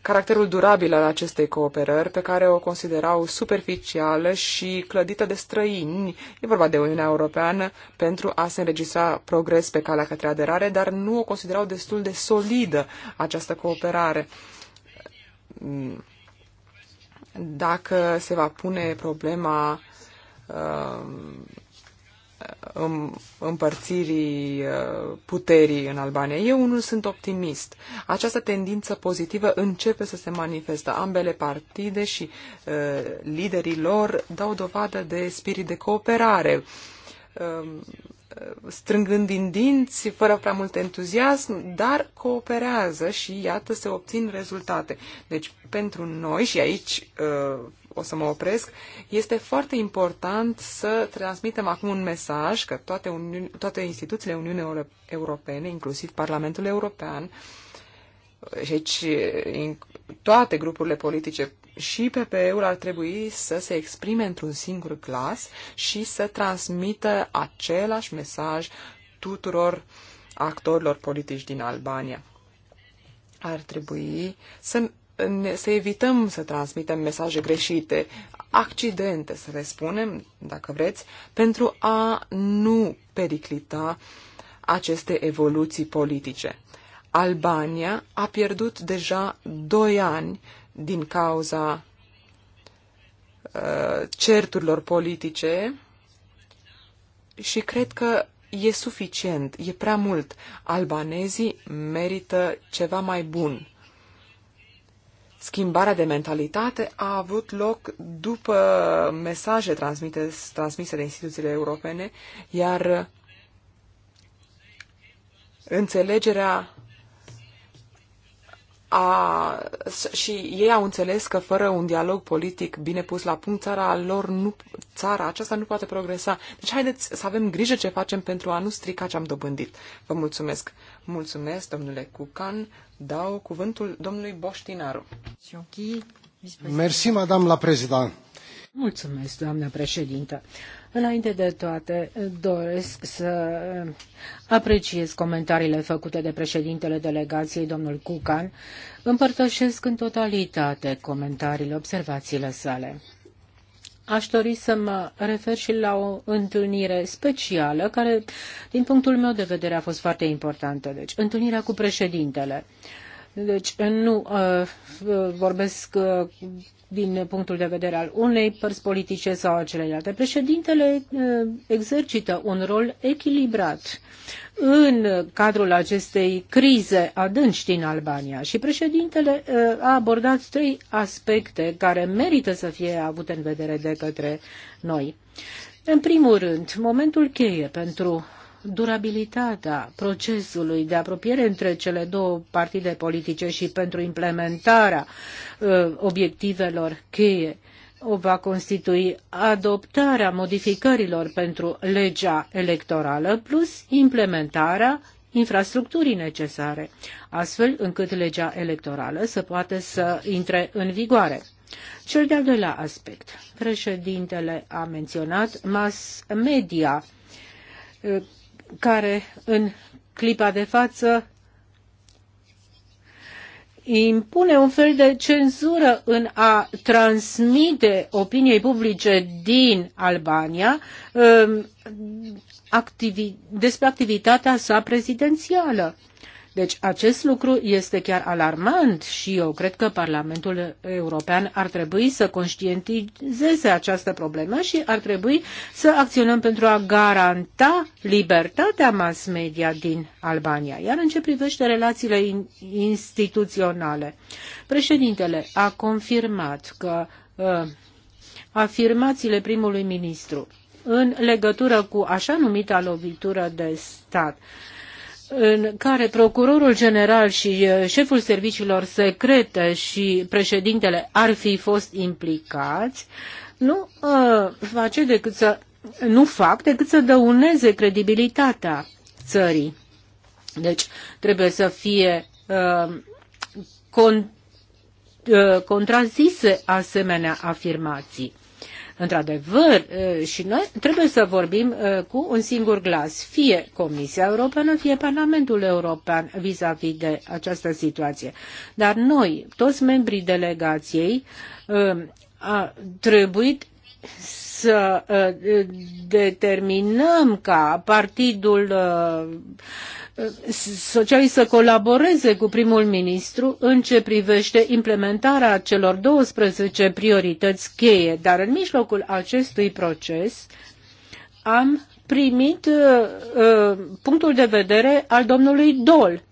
caracterul durabil al acestei cooperări, pe care o considerau superficială și clădită de străini. E vorba de Uniunea Europeană pentru a se înregistra progres pe calea către aderare, dar nu o considerau destul de solidă această cooperare. Dacă se va pune problema uh, împărțirii uh, puterii în Albania. Eu unul sunt optimist. Această tendință pozitivă începe să se manifestă. Ambele partide și uh, liderii lor dau dovadă de spirit de cooperare, uh, strângând din dinți, fără prea mult entuziasm, dar cooperează și iată se obțin rezultate. Deci pentru noi și aici uh, o să mă opresc, este foarte important să transmitem acum un mesaj că toate, Uniune, toate instituțiile Uniunii Europene, inclusiv Parlamentul European, și aici deci, toate grupurile politice și PPE-ul ar trebui să se exprime într-un singur glas și să transmită același mesaj tuturor actorilor politici din Albania. Ar trebui să să evităm să transmitem mesaje greșite, accidente, să le spunem, dacă vreți, pentru a nu periclita aceste evoluții politice. Albania a pierdut deja doi ani din cauza uh, certurilor politice și cred că e suficient, e prea mult. Albanezii merită ceva mai bun schimbarea de mentalitate a avut loc după mesaje transmite, transmise de instituțiile europene, iar înțelegerea a, și ei au înțeles că fără un dialog politic bine pus la punct, țara lor nu, țara aceasta nu poate progresa. Deci haideți să avem grijă ce facem pentru a nu strica ce am dobândit. Vă mulțumesc. Mulțumesc, domnule Cucan. Dau cuvântul domnului Boștinaru. Mersi, madame la prezident. Mulțumesc, doamnă președintă. Înainte de toate, doresc să apreciez comentariile făcute de președintele delegației, domnul Cucan. Împărtășesc în totalitate comentariile, observațiile sale aș dori să mă refer și la o întâlnire specială care, din punctul meu de vedere, a fost foarte importantă. Deci, întâlnirea cu președintele. Deci, nu uh, vorbesc uh, din punctul de vedere al unei părți politice sau a celelalte. Președintele eh, exercită un rol echilibrat în cadrul acestei crize adânci din Albania și președintele eh, a abordat trei aspecte care merită să fie avute în vedere de către noi. În primul rând, momentul cheie pentru durabilitatea procesului de apropiere între cele două partide politice și pentru implementarea uh, obiectivelor cheie o va constitui adoptarea modificărilor pentru legea electorală plus implementarea infrastructurii necesare, astfel încât legea electorală să poată să intre în vigoare. Cel de-al doilea aspect. Președintele a menționat mass media uh, care în clipa de față impune un fel de cenzură în a transmite opiniei publice din Albania um, activi despre activitatea sa prezidențială. Deci acest lucru este chiar alarmant și eu cred că Parlamentul European ar trebui să conștientizeze această problemă și ar trebui să acționăm pentru a garanta libertatea mass media din Albania. Iar în ce privește relațiile instituționale, președintele a confirmat că uh, afirmațiile primului ministru în legătură cu așa numita lovitură de stat uh, în care procurorul general și uh, șeful serviciilor secrete și președintele ar fi fost implicați, nu uh, face decât să nu fac decât să dăuneze credibilitatea țării. Deci trebuie să fie uh, con, uh, contrazise asemenea afirmații. Într-adevăr, și noi trebuie să vorbim cu un singur glas, fie Comisia Europeană, fie Parlamentul European vis-a-vis -vis de această situație. Dar noi, toți membrii delegației, a trebuit să uh, determinăm ca Partidul uh, Socialist să colaboreze cu primul ministru în ce privește implementarea celor 12 priorități cheie, dar în mijlocul acestui proces am primit uh, punctul de vedere al domnului Dol,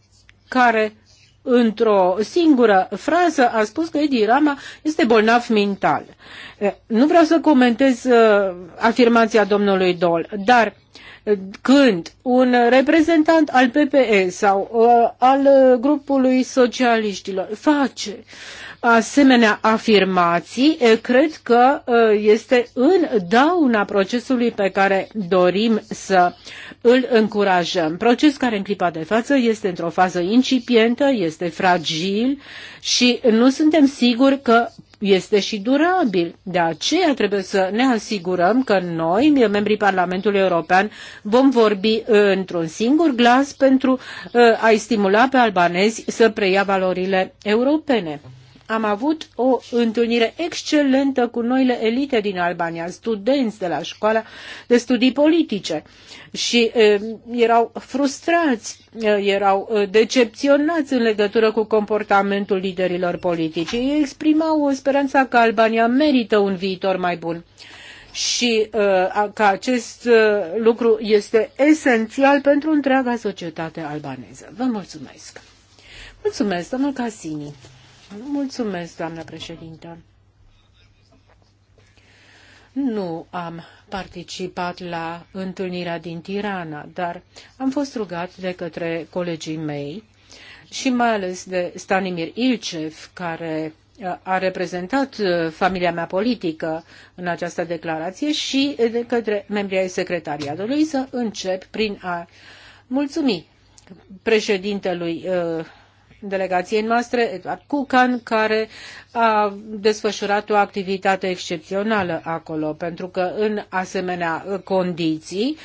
care într-o singură frază a spus că Edi Rama este bolnav mental. Nu vreau să comentez afirmația domnului Dol, dar când un reprezentant al PPE sau al grupului socialiștilor face uh, asemenea afirmații, cred că este în dauna procesului pe care dorim să îl încurajăm. Proces care în clipa de față este într-o fază incipientă, este fragil și nu suntem siguri că este și durabil. De aceea trebuie să ne asigurăm că noi, membrii Parlamentului European, vom vorbi într-un singur glas pentru a-i stimula pe albanezi să preia valorile europene am avut o întâlnire excelentă cu noile elite din Albania, studenți de la școala de studii politice și e, erau frustrați, erau decepționați în legătură cu comportamentul liderilor politici. Ei exprimau o speranță că Albania merită un viitor mai bun și uh, că acest uh, lucru este esențial pentru întreaga societate albaneză. Vă mulțumesc! Mulțumesc, domnul Casini! Mulțumesc, doamnă președintă. Nu am participat la întâlnirea din Tirana, dar am fost rugat de către colegii mei și mai ales de Stanimir Ilcev, care uh, a reprezentat uh, familia mea politică în această declarație și de către membrii ai secretariatului să încep prin a mulțumi președintelui uh, delegației noastre, Eduard Cucan, care a desfășurat o activitate excepțională acolo, pentru că în asemenea condiții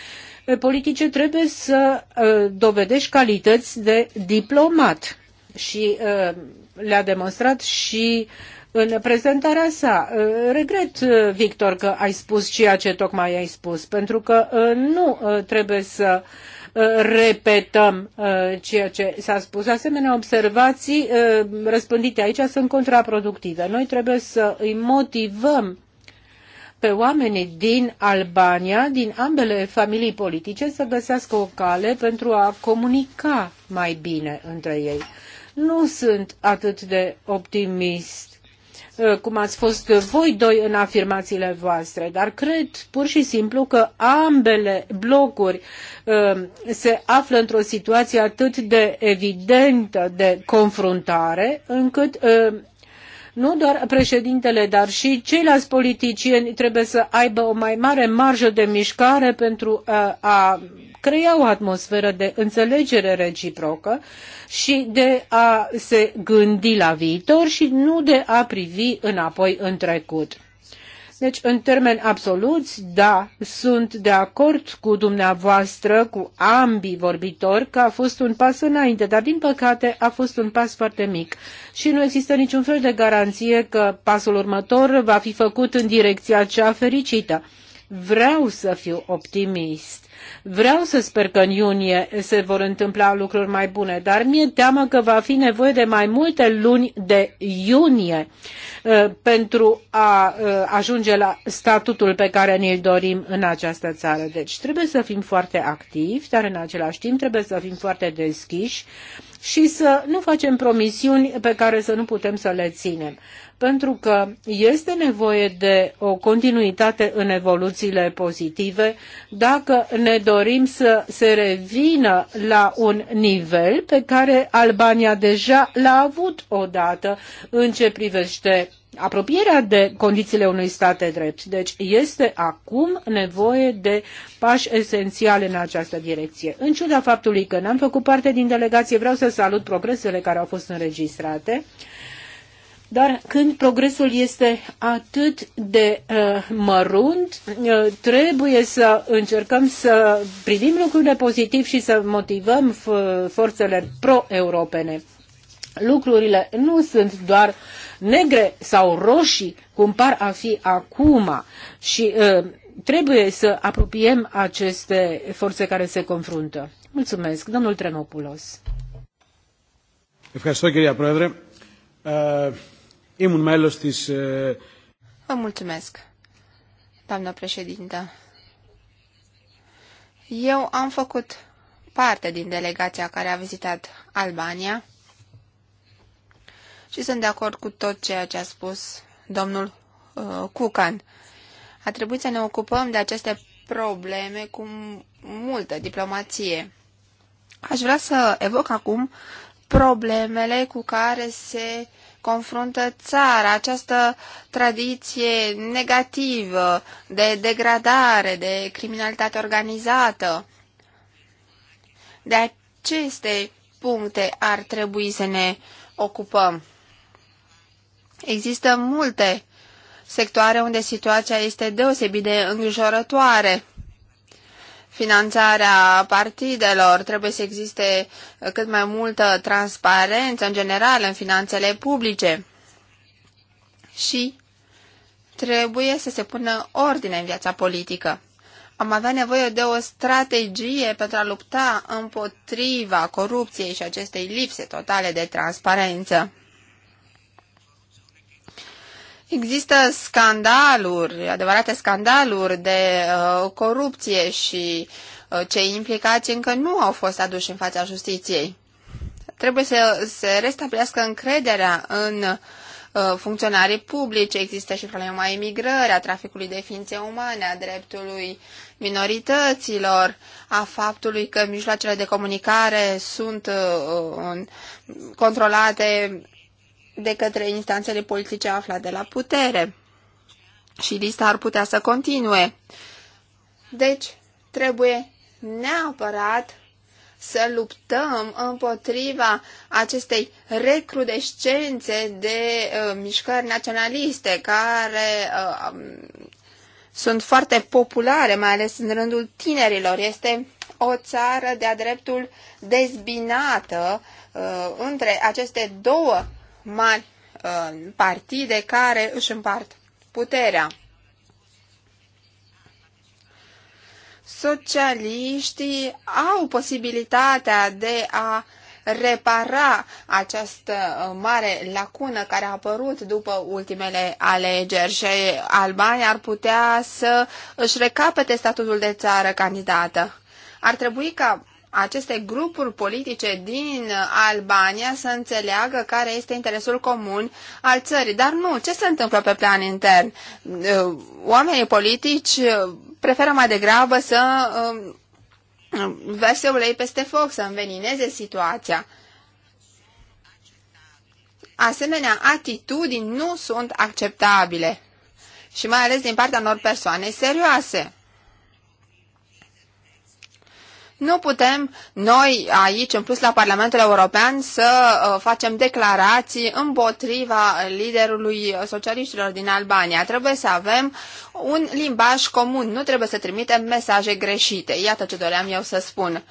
eh, politice trebuie să eh, dovedești calități de diplomat și eh, le-a demonstrat și în prezentarea sa. Regret, Victor, că ai spus ceea ce tocmai ai spus, pentru că nu trebuie să uh, repetăm uh, ceea ce s-a spus. Asemenea, observații uh, răspândite aici sunt contraproductive. Noi trebuie să îi motivăm pe oamenii din Albania, din ambele familii politice, să găsească o cale pentru a comunica mai bine între ei. Nu sunt atât de optimist Eh, cum ați fost voi doi în afirmațiile voastre, dar cred pur și simplu că ambele blocuri eh, se află într-o situație atât de evidentă de confruntare, încât eh, nu doar președintele, dar și ceilalți politicieni trebuie să aibă o mai mare marjă de mișcare pentru a crea o atmosferă de înțelegere reciprocă și de a se gândi la viitor și nu de a privi înapoi în trecut. Deci, în termeni absoluți, da, sunt de acord cu dumneavoastră, cu ambii vorbitori, că a fost un pas înainte, dar din păcate a fost un pas foarte mic și nu există niciun fel de garanție că pasul următor va fi făcut în direcția cea fericită vreau să fiu optimist. Vreau să sper că în iunie se vor întâmpla lucruri mai bune, dar mi-e teamă că va fi nevoie de mai multe luni de iunie uh, pentru a uh, ajunge la statutul pe care ne l dorim în această țară. Deci trebuie să fim foarte activi, dar în același timp trebuie să fim foarte deschiși și să nu facem promisiuni pe care să nu putem să le ținem. Pentru că este nevoie de o continuitate în evoluțiile pozitive dacă ne dorim să se revină la un nivel pe care Albania deja l-a avut odată în ce privește apropierea de condițiile unui stat de drept. Deci este acum nevoie de pași esențiale în această direcție. În ciuda faptului că n-am făcut parte din delegație, vreau să salut progresele care au fost înregistrate. Dar când progresul este atât de uh, mărunt, uh, trebuie să încercăm să privim lucrurile pozitiv și să motivăm forțele pro-europene lucrurile nu sunt doar negre sau roșii, cum par a fi acum. Și ă, trebuie să apropiem aceste forțe care se confruntă. Mulțumesc, domnul Trenopulos. Vă mulțumesc, doamnă președintă. Eu am făcut parte din delegația care a vizitat Albania și sunt de acord cu tot ceea ce a spus domnul uh, Cucan. A trebuit să ne ocupăm de aceste probleme cu multă diplomație. Aș vrea să evoc acum problemele cu care se confruntă țara, această tradiție negativă de degradare, de criminalitate organizată. De aceste puncte ar trebui să ne ocupăm. Există multe sectoare unde situația este deosebit de îngrijorătoare. Finanțarea partidelor, trebuie să existe cât mai multă transparență în general în finanțele publice și trebuie să se pună ordine în viața politică. Am avea nevoie de o strategie pentru a lupta împotriva corupției și acestei lipse totale de transparență. Există scandaluri, adevărate scandaluri de uh, corupție și uh, cei implicați încă nu au fost aduși în fața justiției. Trebuie să se restabilească încrederea în uh, funcționarii publici. Există și problema emigrării, a traficului de ființe umane, a dreptului minorităților, a faptului că mijloacele de comunicare sunt uh, controlate de către instanțele politice aflate la putere. Și lista ar putea să continue. Deci, trebuie neapărat să luptăm împotriva acestei recrudescențe de uh, mișcări naționaliste care uh, sunt foarte populare, mai ales în rândul tinerilor. Este o țară de-a dreptul dezbinată uh, între aceste două mari uh, partide care își împart puterea. Socialiștii au posibilitatea de a repara această uh, mare lacună care a apărut după ultimele alegeri și Albania ar putea să își recapete statutul de țară candidată. Ar trebui ca aceste grupuri politice din Albania să înțeleagă care este interesul comun al țării. Dar nu, ce se întâmplă pe plan intern? Uh, oamenii politici uh, preferă mai degrabă să um, verse ulei peste foc, să învenineze situația. Asemenea, atitudini nu sunt acceptabile și mai ales din partea unor persoane serioase. Nu putem noi aici, în plus la Parlamentul European, să uh, facem declarații împotriva liderului socialiștilor din Albania. Trebuie să avem un limbaj comun, nu trebuie să trimitem mesaje greșite. Iată ce doream eu să spun.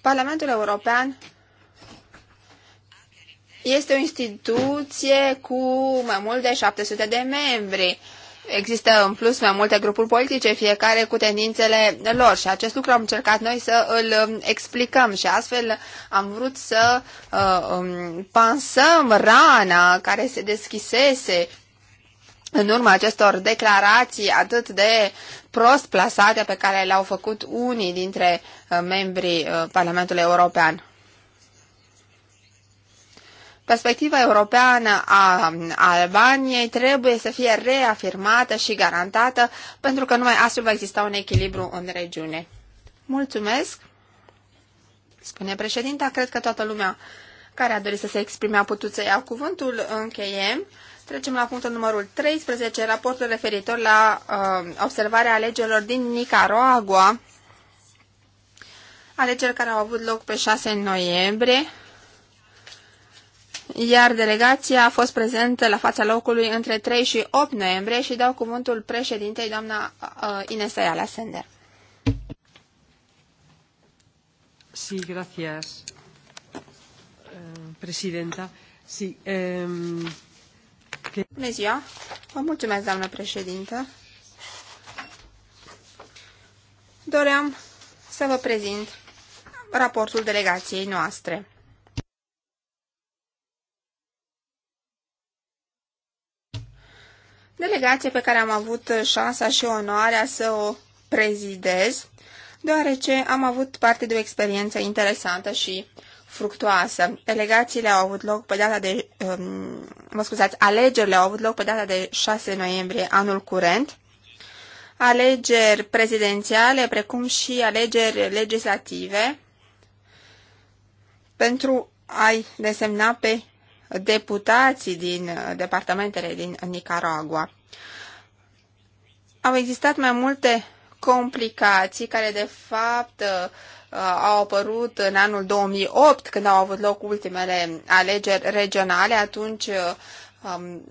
Parlamentul European este o instituție cu mai mult de 700 de membri Există în plus mai multe grupuri politice, fiecare cu tendințele lor și acest lucru am încercat noi să îl um, explicăm și astfel am vrut să uh, um, pansăm rana care se deschisese în urma acestor declarații atât de prost plasate pe care le-au făcut unii dintre uh, membrii uh, Parlamentului European. Perspectiva europeană a Albaniei trebuie să fie reafirmată și garantată, pentru că numai astfel va exista un echilibru în regiune. Mulțumesc, spune președinta. Cred că toată lumea care a dorit să se exprime a putut să ia cuvântul. Încheiem. Trecem la punctul numărul 13, raportul referitor la uh, observarea alegerilor din Nicaragua, alegeri care au avut loc pe 6 noiembrie iar delegația a fost prezentă la fața locului între 3 și 8 noiembrie și dau cuvântul președintei doamna uh, Ines Ayala Sender. Sí, gracias, eh, presidenta. Sí, um... Bună ziua! Vă mulțumesc, doamnă președintă. Doream să vă prezint raportul delegației noastre. delegație pe care am avut șansa și onoarea să o prezidez, deoarece am avut parte de o experiență interesantă și fructoasă. Delegațiile au avut loc pe data de, um, mă scuzați, alegerile au avut loc pe data de 6 noiembrie anul curent, alegeri prezidențiale precum și alegeri legislative pentru a-i desemna pe deputații din departamentele din Nicaragua. Au existat mai multe complicații care, de fapt, uh, au apărut în anul 2008, când au avut loc ultimele alegeri regionale. Atunci uh, um,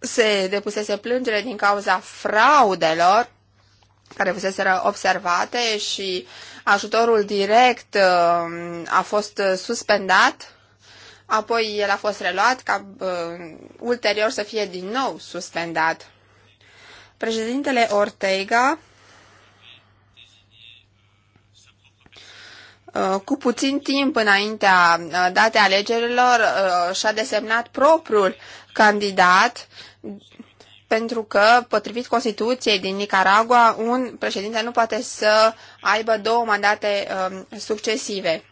se depusese plângere din cauza fraudelor care fusese observate și ajutorul direct uh, a fost suspendat apoi el a fost reluat ca uh, ulterior să fie din nou suspendat. Președintele Ortega cu puțin timp înaintea datei alegerilor și-a desemnat propriul candidat pentru că, potrivit Constituției din Nicaragua, un președinte nu poate să aibă două mandate succesive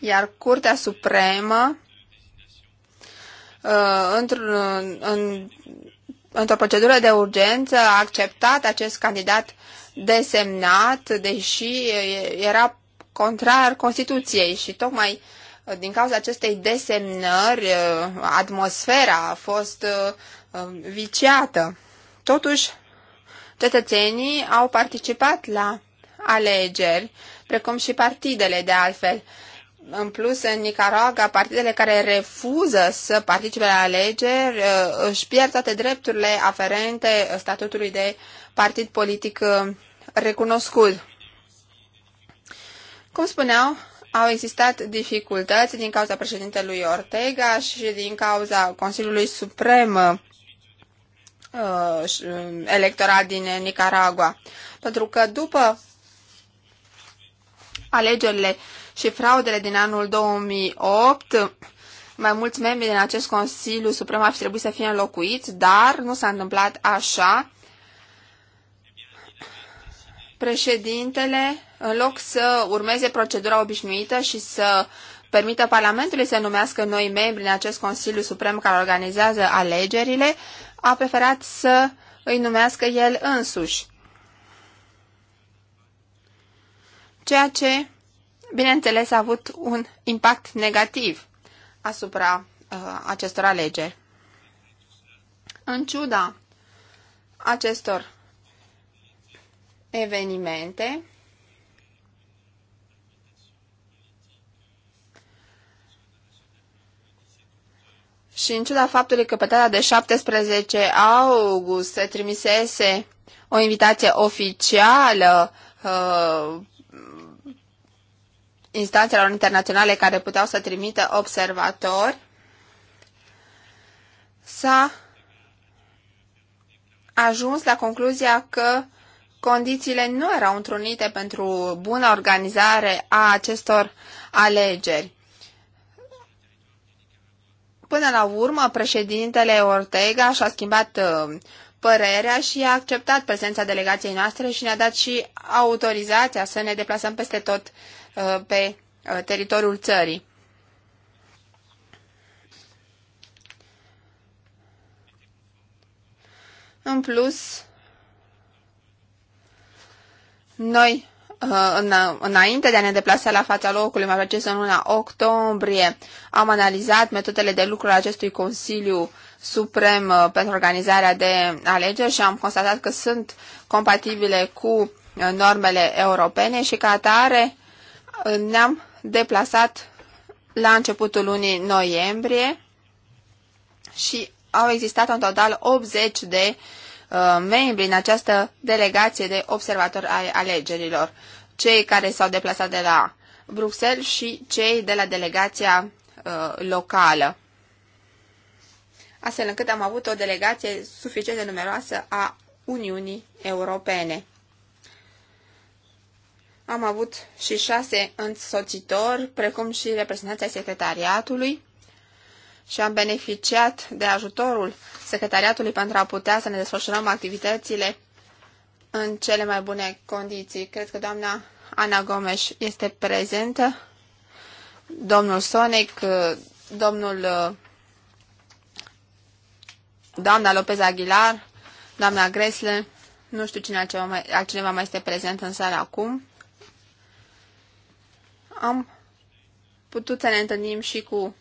iar Curtea Supremă uh, într o în, într-o procedură de urgență a acceptat acest candidat desemnat, deși era contrar Constituției și tocmai uh, din cauza acestei desemnări uh, atmosfera a fost viciată. Totuși, cetățenii au participat la alegeri, precum și partidele de altfel, în plus, în Nicaragua, partidele care refuză să participe la alegeri uh, își pierd toate drepturile aferente statutului de partid politic uh, recunoscut. Cum spuneau, au existat dificultăți din cauza președintelui Ortega și din cauza Consiliului Suprem uh, um, electoral din Nicaragua. Pentru că după alegerile și fraudele din anul 2008. Mai mulți membri din acest Consiliu Suprem ar fi trebuit să fie înlocuiți, dar nu s-a întâmplat așa. Președintele, în loc să urmeze procedura obișnuită și să permită Parlamentului să numească noi membri în acest Consiliu Suprem care organizează alegerile, a preferat să îi numească el însuși. Ceea ce bineînțeles, a avut un impact negativ asupra uh, acestor alegeri. În ciuda acestor evenimente, Și în ciuda faptului că pe data de 17 august se trimisese o invitație oficială uh, instanțelor internaționale care puteau să trimită observatori, s-a ajuns la concluzia că condițiile nu erau întrunite pentru bună organizare a acestor alegeri. Până la urmă, președintele Ortega și-a schimbat uh, părerea și a acceptat prezența delegației noastre și ne-a dat și autorizația să ne deplasăm peste tot uh, pe uh, teritoriul țării. În plus, noi, uh, înainte de a ne deplasa la fața locului, mai precis în luna octombrie, am analizat metodele de lucru al acestui Consiliu Suprem uh, pentru organizarea de alegeri și am constatat că sunt compatibile cu uh, normele europene și ca atare uh, ne-am deplasat la începutul lunii noiembrie și au existat în total 80 de uh, membri în această delegație de observatori ai alegerilor, cei care s-au deplasat de la Bruxelles și cei de la delegația uh, locală astfel încât am avut o delegație suficient de numeroasă a Uniunii Europene. Am avut și șase însoțitori, precum și reprezentanții secretariatului și am beneficiat de ajutorul secretariatului pentru a putea să ne desfășurăm activitățile în cele mai bune condiții. Cred că doamna Ana Gomes este prezentă, domnul Sonic, domnul doamna Lopez Aguilar, doamna Gresle, nu știu cine altceva mai, altcineva mai este prezent în sală acum. Am putut să ne întâlnim și cu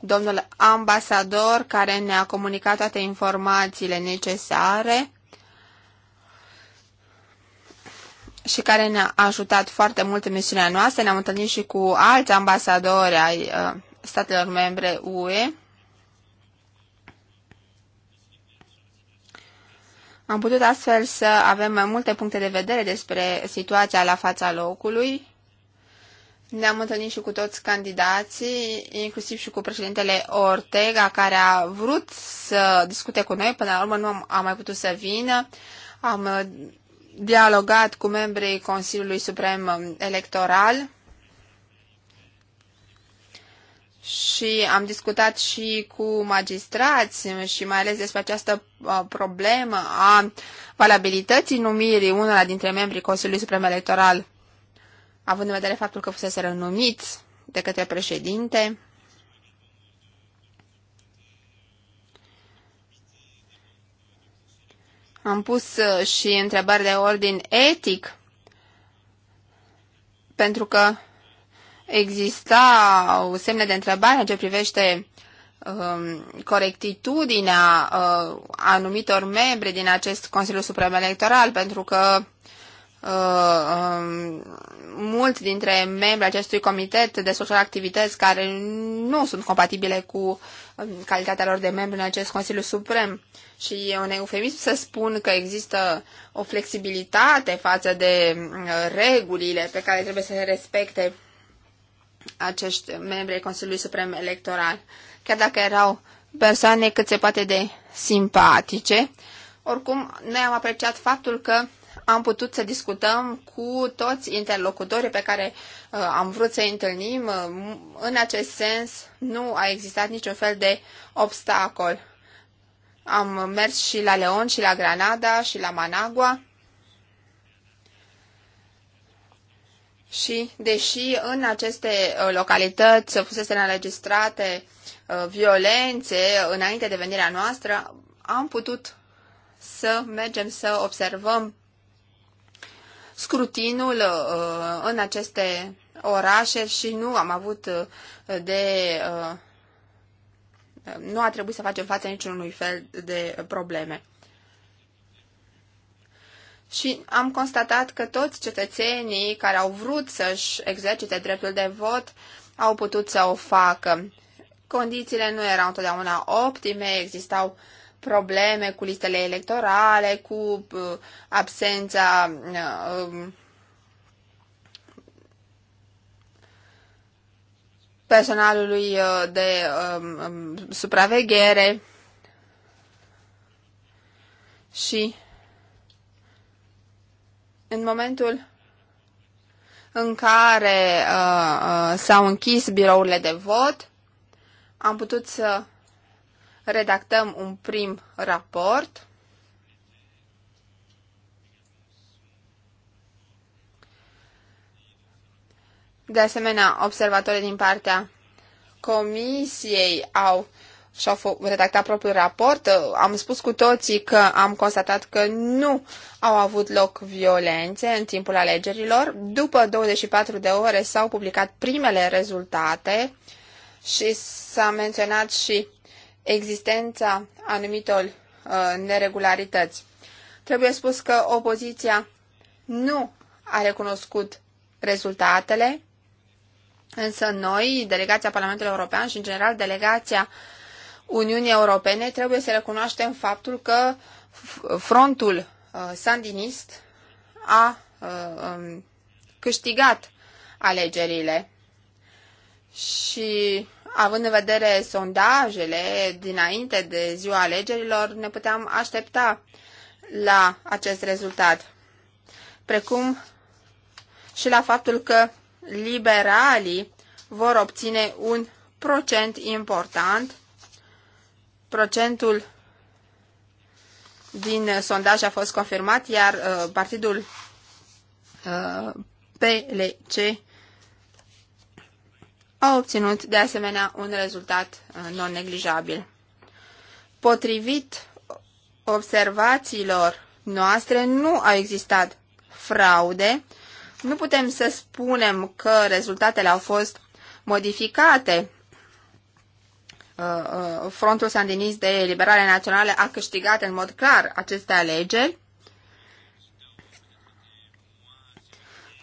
domnul ambasador care ne-a comunicat toate informațiile necesare și care ne-a ajutat foarte mult în misiunea noastră. Ne-am întâlnit și cu alți ambasadori ai uh, statelor membre UE Am putut astfel să avem mai multe puncte de vedere despre situația la fața locului. Ne-am întâlnit și cu toți candidații, inclusiv și cu președintele Ortega, care a vrut să discute cu noi, până la urmă nu am, am mai putut să vină. Am uh, dialogat cu membrii Consiliului Suprem Electoral și am discutat și cu magistrați și mai ales despre această uh, problemă a valabilității numirii unora dintre membrii Consiliului Suprem Electoral, având în vedere faptul că fusese renumiți de către președinte. Am pus uh, și întrebări de ordin etic, pentru că exista o semne de întrebare în ce privește um, corectitudinea uh, anumitor membri din acest Consiliu Suprem Electoral, pentru că uh, um, mulți dintre membrii acestui comitet de social activități care nu sunt compatibile cu um, calitatea lor de membru în acest Consiliu Suprem. Și e un eufemism să spun că există o flexibilitate față de uh, regulile pe care trebuie să le respecte acești membri ai Consiliului Suprem Electoral, chiar dacă erau persoane cât se poate de simpatice. Oricum, noi am apreciat faptul că am putut să discutăm cu toți interlocutorii pe care uh, am vrut să-i întâlnim. Uh, în acest sens, nu a existat niciun fel de obstacol. Am mers și la Leon, și la Granada, și la Managua Și deși în aceste uh, localități fusese înregistrate uh, violențe înainte de venirea noastră, am putut să mergem să observăm scrutinul uh, în aceste orașe și nu am avut de nu a trebuit să facem față niciunui fel de probleme și am constatat că toți cetățenii care au vrut să-și exercite dreptul de vot au putut să o facă. Condițiile nu erau întotdeauna optime, existau probleme cu listele electorale, cu uh, absența uh, um, personalului uh, de um, um, supraveghere și în momentul în care uh, uh, s-au închis birourile de vot, am putut să redactăm un prim raport. De asemenea, observatorii din partea comisiei au și-au redactat propriul raport. Uh, am spus cu toții că am constatat că nu au avut loc violențe în timpul alegerilor. După 24 de ore s-au publicat primele rezultate și s-a menționat și existența anumitor uh, neregularități. Trebuie spus că opoziția nu a recunoscut rezultatele, însă noi, delegația Parlamentului European și, în general, delegația uh, Uniunii Europene, trebuie să recunoaștem faptul că frontul uh, sandinist a uh, um, câștigat alegerile. Și având în vedere sondajele dinainte de ziua alegerilor, ne puteam aștepta la acest rezultat, precum și la faptul că liberalii vor obține un procent important procentul din sondaj a fost confirmat, iar uh, partidul uh, PLC a obținut de asemenea un rezultat uh, non-neglijabil. Potrivit observațiilor noastre, nu a existat fraude. Nu putem să spunem că rezultatele au fost modificate Uh, uh, Frontul Sandinist de Eliberare Națională a câștigat în mod clar aceste alegeri.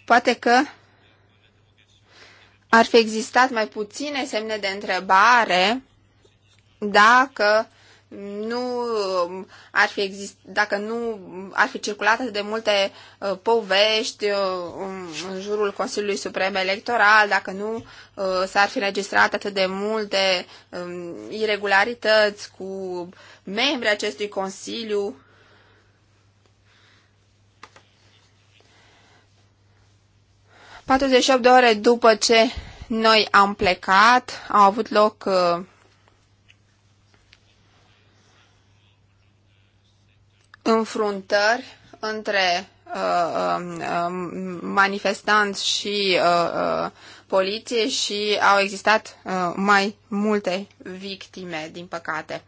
Poate că ar fi existat mai puține semne de întrebare dacă nu um, ar fi exist, dacă nu ar fi circulat atât de multe uh, povești uh, în jurul Consiliului Suprem Electoral, dacă nu uh, s-ar fi registrat atât de multe um, irregularități cu membrii acestui Consiliu. opt de ore după ce noi am plecat, au avut loc uh, înfruntări între uh, um, um, manifestanți și uh, uh, poliție și au existat mai multe victime, din păcate.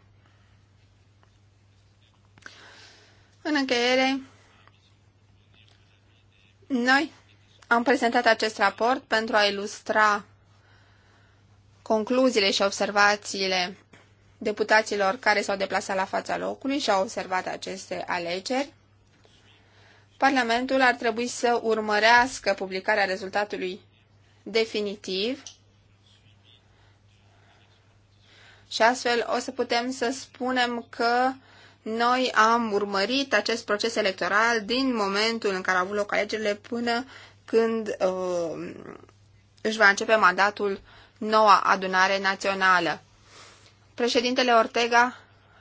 În încheiere, noi am prezentat acest raport pentru a ilustra concluziile și observațiile deputaților care s-au deplasat la fața locului și au observat aceste alegeri. Parlamentul ar trebui să urmărească publicarea rezultatului definitiv și astfel o să putem să spunem că noi am urmărit acest proces electoral din momentul în care au avut loc alegerile până când uh, își va începe mandatul noua adunare națională. Președintele Ortega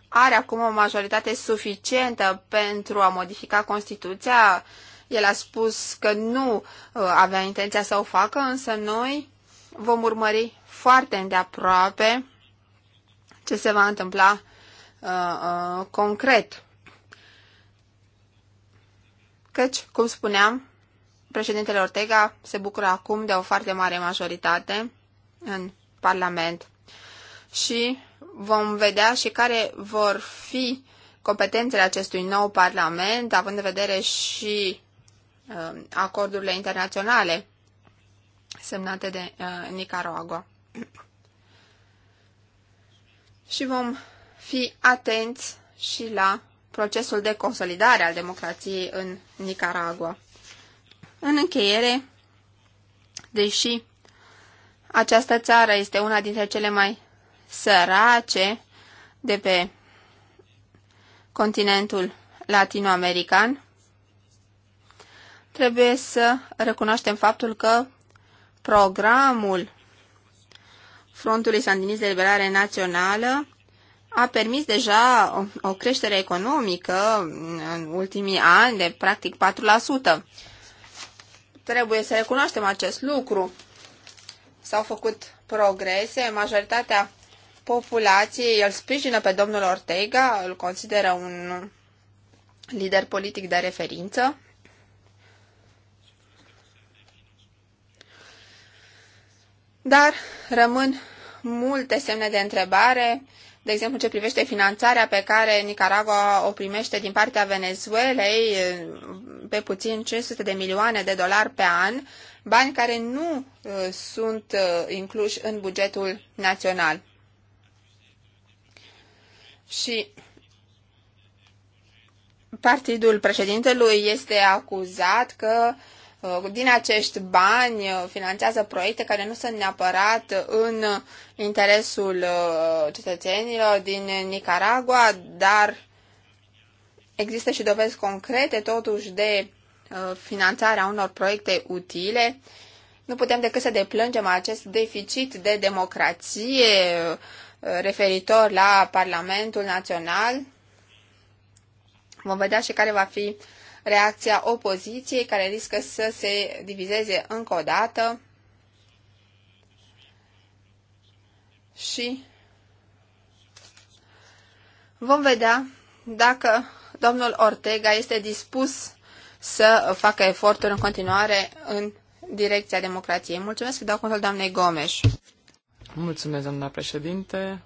are acum o majoritate suficientă pentru a modifica Constituția. El a spus că nu uh, avea intenția să o facă, însă noi vom urmări foarte îndeaproape ce se va întâmpla uh, uh, concret. Căci, cum spuneam, președintele Ortega se bucură acum de o foarte mare majoritate în Parlament și vom vedea și care vor fi competențele acestui nou Parlament, având în vedere și uh, acordurile internaționale semnate de uh, Nicaragua. și vom fi atenți și la procesul de consolidare al democrației în Nicaragua. În încheiere, deși această țară este una dintre cele mai sărace de pe continentul latinoamerican, trebuie să recunoaștem faptul că programul Frontului Sandinist de Liberare Națională a permis deja o, creștere economică în ultimii ani de practic 4%. Trebuie să recunoaștem acest lucru. S-au făcut progrese, majoritatea populației îl sprijină pe domnul Ortega, îl consideră un lider politic de referință. Dar rămân multe semne de întrebare, de exemplu ce privește finanțarea pe care Nicaragua o primește din partea Venezuelei, pe puțin 500 de milioane de dolari pe an, bani care nu uh, sunt uh, incluși în bugetul național. Și partidul președintelui este acuzat că uh, din acești bani uh, finanțează proiecte care nu sunt neapărat în interesul uh, cetățenilor din Nicaragua, dar există și dovezi concrete totuși de finanțarea unor proiecte utile. Nu putem decât să deplângem acest deficit de democrație, referitor la Parlamentul Național. Vom vedea și care va fi reacția opoziției, care riscă să se divizeze încă o dată. Și vom vedea dacă domnul Ortega este dispus să facă eforturi în continuare în direcția democrației. Mulțumesc doamnei Gomes. Mulțumesc, doamna președinte.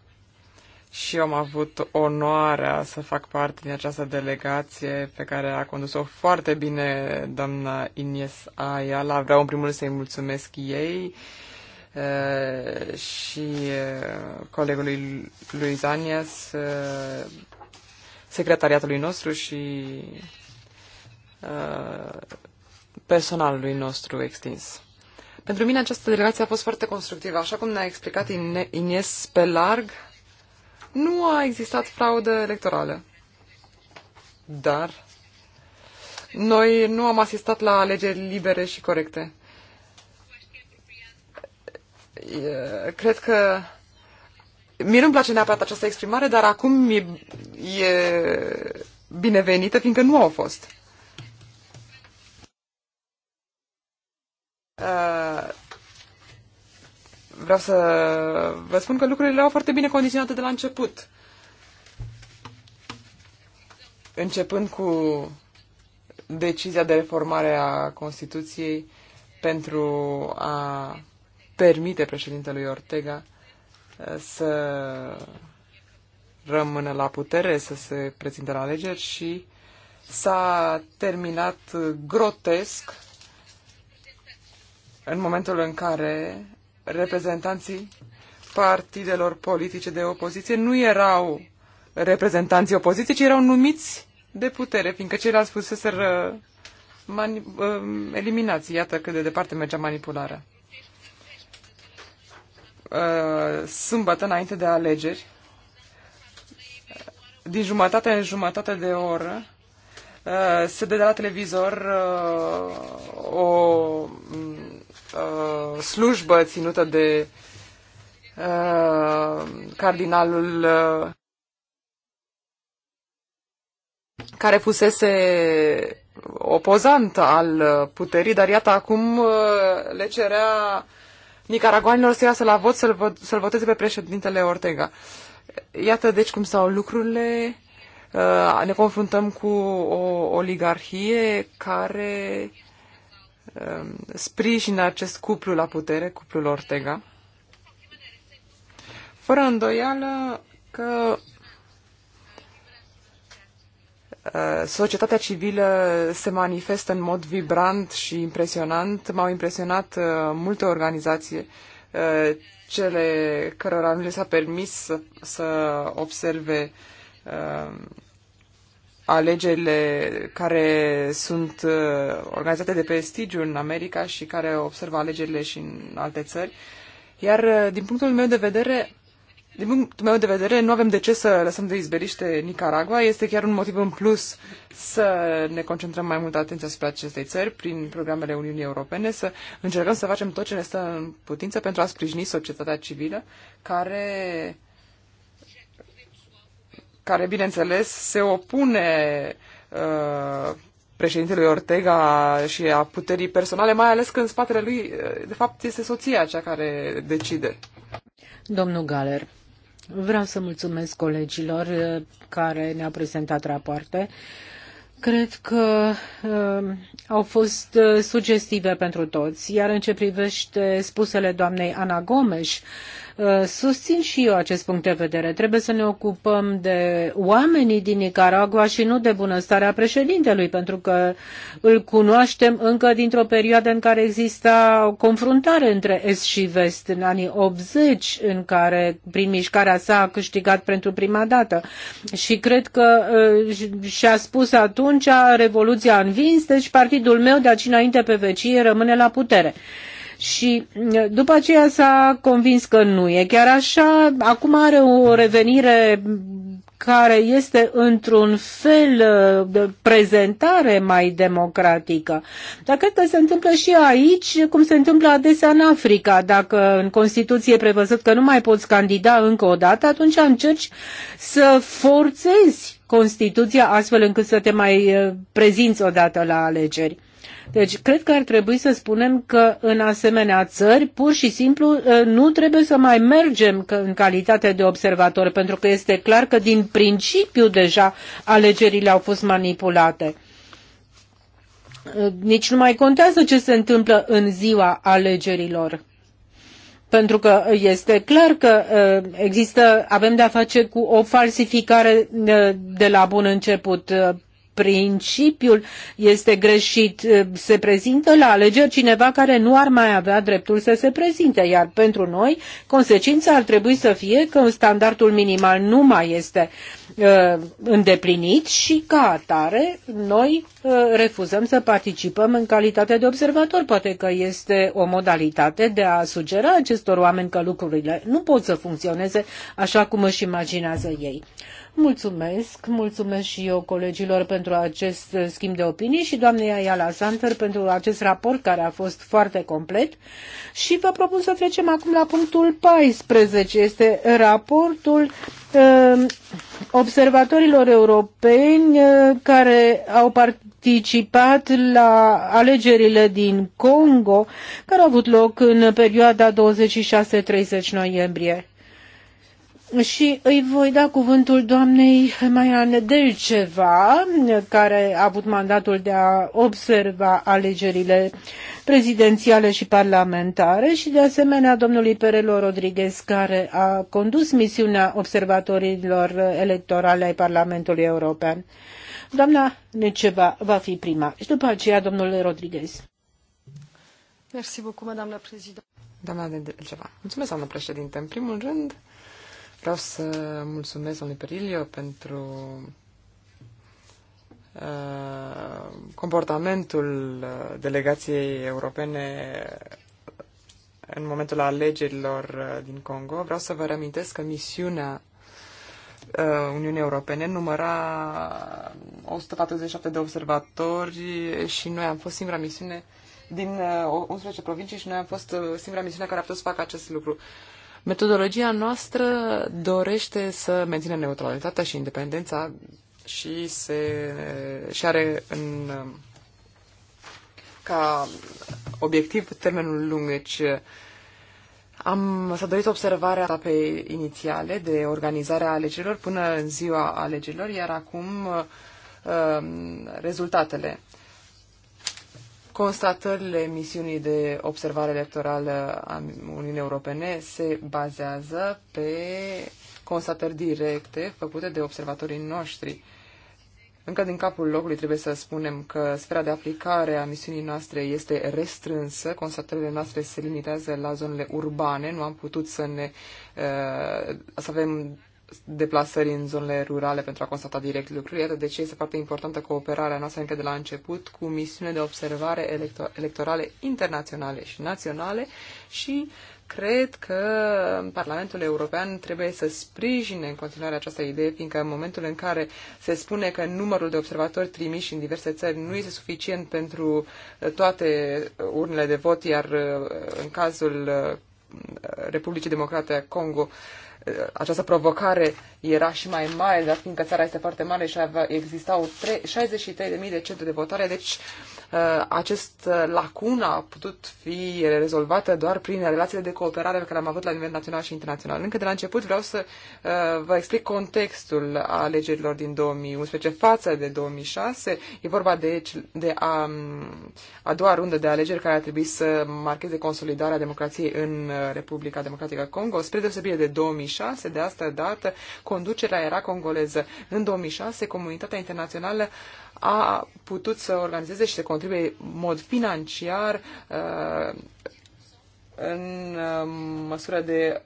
Și eu am avut onoarea să fac parte din această delegație pe care a condus-o foarte bine doamna Ines Ayala. Vreau în primul rând să-i mulțumesc ei eh, și eh, colegului lui Zanias, eh, secretariatului nostru și personalului nostru extins. Pentru mine această delegație a fost foarte constructivă. Așa cum ne-a explicat Ines pe larg, nu a existat fraudă electorală. Dar noi nu am asistat la alegeri libere și corecte. Cred că Mie nu-mi place neapărat această exprimare, dar acum e, e binevenită, fiindcă nu au fost. Uh, vreau să vă spun că lucrurile erau foarte bine condiționate de la început. Începând cu decizia de reformare a Constituției pentru a permite președintelui Ortega uh, să rămână la putere, să se prezinte la alegeri și s-a terminat grotesc în momentul în care reprezentanții partidelor politice de opoziție nu erau reprezentanții opoziției, ci erau numiți de putere, fiindcă ceilalți fuseseră mani- um, eliminați. Iată cât de departe mergea manipularea. Uh, sâmbătă, înainte de alegeri, din jumătate în jumătate de oră, uh, se dă de la televizor uh, o uh, slujbă ținută de uh, cardinalul uh, care fusese opozant al puterii, dar iată acum uh, le cerea nicaraguanilor să iasă la vot să-l, vo- să -l voteze pe președintele Ortega. Iată deci cum stau lucrurile uh, ne confruntăm cu o oligarhie care Um, sprijină acest cuplu la putere, cuplul Ortega, fără îndoială că uh, societatea civilă se manifestă în mod vibrant și impresionant. M-au impresionat uh, multe organizații uh, cele cărora nu le s-a permis să, să observe alegerile care sunt uh, organizate de prestigiu în America și care observă alegerile și în alte țări. Iar uh, din punctul meu de vedere, din punctul meu de vedere, nu avem de ce să lăsăm de izberiște Nicaragua. Este chiar un motiv în plus să ne concentrăm mai mult atenția asupra acestei țări prin programele Uniunii Europene, să încercăm să facem tot ce ne stă în putință pentru a sprijini societatea civilă care care, bineînțeles, se opune uh, președintelui Ortega și a puterii personale, mai ales că în spatele lui, uh, de fapt, este soția cea care decide. Domnul Galer, vreau să mulțumesc colegilor uh, care ne-au prezentat rapoarte. Cred că uh, au fost uh, sugestive pentru toți, iar în ce privește spusele doamnei Ana Gomes, uh, Uh, susțin și eu acest punct de vedere. Trebuie să ne ocupăm de oamenii din Nicaragua și nu de bunăstarea președintelui, pentru că îl cunoaștem încă dintr-o perioadă în care exista o confruntare între Est și Vest, în anii 80, în care prin mișcarea sa a câștigat pentru prima dată. Și cred că uh, și-a spus atunci, Revoluția a învins, deci partidul meu de aici înainte pe vecie rămâne la putere și după aceea s-a convins că nu e chiar așa. Acum are o revenire care este într-un fel de prezentare mai democratică. Dar cred că se întâmplă și aici, cum se întâmplă adesea în Africa. Dacă în Constituție e prevăzut că nu mai poți candida încă o dată, atunci încerci să forțezi Constituția astfel încât să te mai prezinți odată la alegeri. Deci, cred că ar trebui să spunem că în asemenea țări, pur și simplu, uh, nu trebuie să mai mergem în calitate de observator, pentru că este clar că din principiu deja alegerile au fost manipulate. Uh, nici nu mai contează ce se întâmplă în ziua alegerilor pentru că este clar că uh, există, avem de-a face cu o falsificare de la bun început principiul este greșit. Eh, se prezintă la alegeri cineva care nu ar mai avea dreptul să se prezinte, iar pentru noi consecința ar trebui să fie că standardul minimal nu mai este uh, îndeplinit și ca atare noi uh, refuzăm să participăm în calitate de observator. Poate că este o modalitate de a sugera acestor oameni că lucrurile nu pot să funcționeze așa cum își imaginează ei. Mulțumesc, mulțumesc și eu colegilor pentru acest schimb de opinii și doamnei Ayala Santer pentru acest raport care a fost foarte complet. Și vă propun să trecem acum la punctul 14. Este raportul uh, observatorilor europeni uh, care au participat la alegerile din Congo, care au avut loc în perioada 26-30 noiembrie și îi voi da cuvântul doamnei Maian Delceva, care a avut mandatul de a observa alegerile prezidențiale și parlamentare și de asemenea domnului Perelo Rodriguez, care a condus misiunea observatorilor electorale ai Parlamentului European. Doamna Delceva va fi prima și după aceea domnul Rodriguez. Mersi beaucoup, doamna președinte. Doamna Delceva, mulțumesc, doamnă președinte. În primul rând, Vreau să mulțumesc domnului Perilio pentru uh, comportamentul uh, delegației europene în momentul alegerilor uh, din Congo. Vreau să vă reamintesc că misiunea uh, Uniunii Europene număra 147 de observatori și noi am fost singura misiune din 11 provincii și noi am fost singura misiune care a putut să facă acest lucru. Metodologia noastră dorește să mențină neutralitatea și independența și, se, și are în, ca obiectiv termenul lung. Deci, am, s-a dorit observarea etapei inițiale de organizarea alegerilor până în ziua alegerilor, iar acum uh, rezultatele constatările misiunii de observare electorală a Uniunii Europene se bazează pe constatări directe făcute de observatorii noștri. Încă din capul locului trebuie să spunem că sfera de aplicare a misiunii noastre este restrânsă, constatările noastre se limitează la zonele urbane, nu am putut să ne uh, să avem deplasări în zonele rurale pentru a constata direct lucrurile. Iată de ce este foarte importantă cooperarea noastră încă de la început cu misiune de observare elector- electorale internaționale și naționale și cred că Parlamentul European trebuie să sprijine în continuare această idee, fiindcă în momentul în care se spune că numărul de observatori trimiși în diverse țări nu este suficient pentru uh, toate uh, urnele de vot, iar uh, în cazul Republicii Democrate a Congo, uh, această provocare era și mai mare, dar fiindcă țara este foarte mare și avea, existau 63.000 de centre de votare, deci uh, acest uh, lacună a putut fi rezolvată doar prin relațiile de cooperare pe care am avut la nivel național și internațional. Încă de la început vreau să uh, vă explic contextul alegerilor din 2011 față de 2006. E vorba de, deci, de a, a doua rundă de alegeri care a trebuit să marcheze consolidarea democrației în Republica Democratică Congo. Spre deosebire de 2006, de asta dată, conducerea era congoleză. În 2006, comunitatea internațională a putut să organizeze și să contribuie în mod financiar uh, în uh, măsură de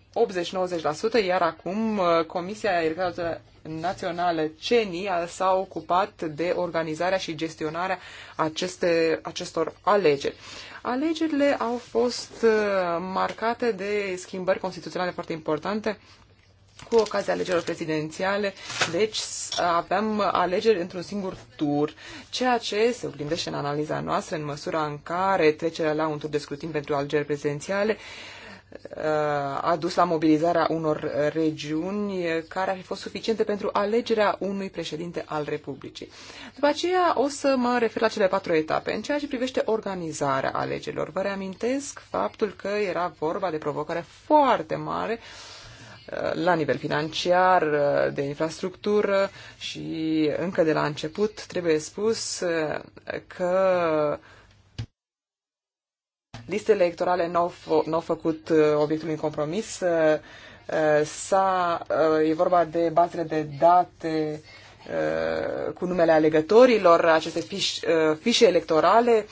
80-90%, iar acum uh, Comisia Agricultură Națională CENI s-a ocupat de organizarea și gestionarea aceste, acestor alegeri. Alegerile au fost marcate de schimbări constituționale foarte importante cu ocazia alegerilor prezidențiale, deci aveam alegeri într-un singur tur, ceea ce se oglindește în analiza noastră în măsura în care trecerea la un tur de scrutin pentru alegeri prezidențiale uh, a dus la mobilizarea unor regiuni care ar fi fost suficiente pentru alegerea unui președinte al Republicii. După aceea o să mă refer la cele patru etape. În ceea ce privește organizarea alegerilor, vă reamintesc faptul că era vorba de provocare foarte mare uh, Uh, la nivel financiar, uh, de infrastructură și încă de la început trebuie spus uh, că listele electorale n-au, n-au făcut obiectul în compromis. S-a, e vorba de bazele de date cu numele alegătorilor, aceste fiș, fișe electorale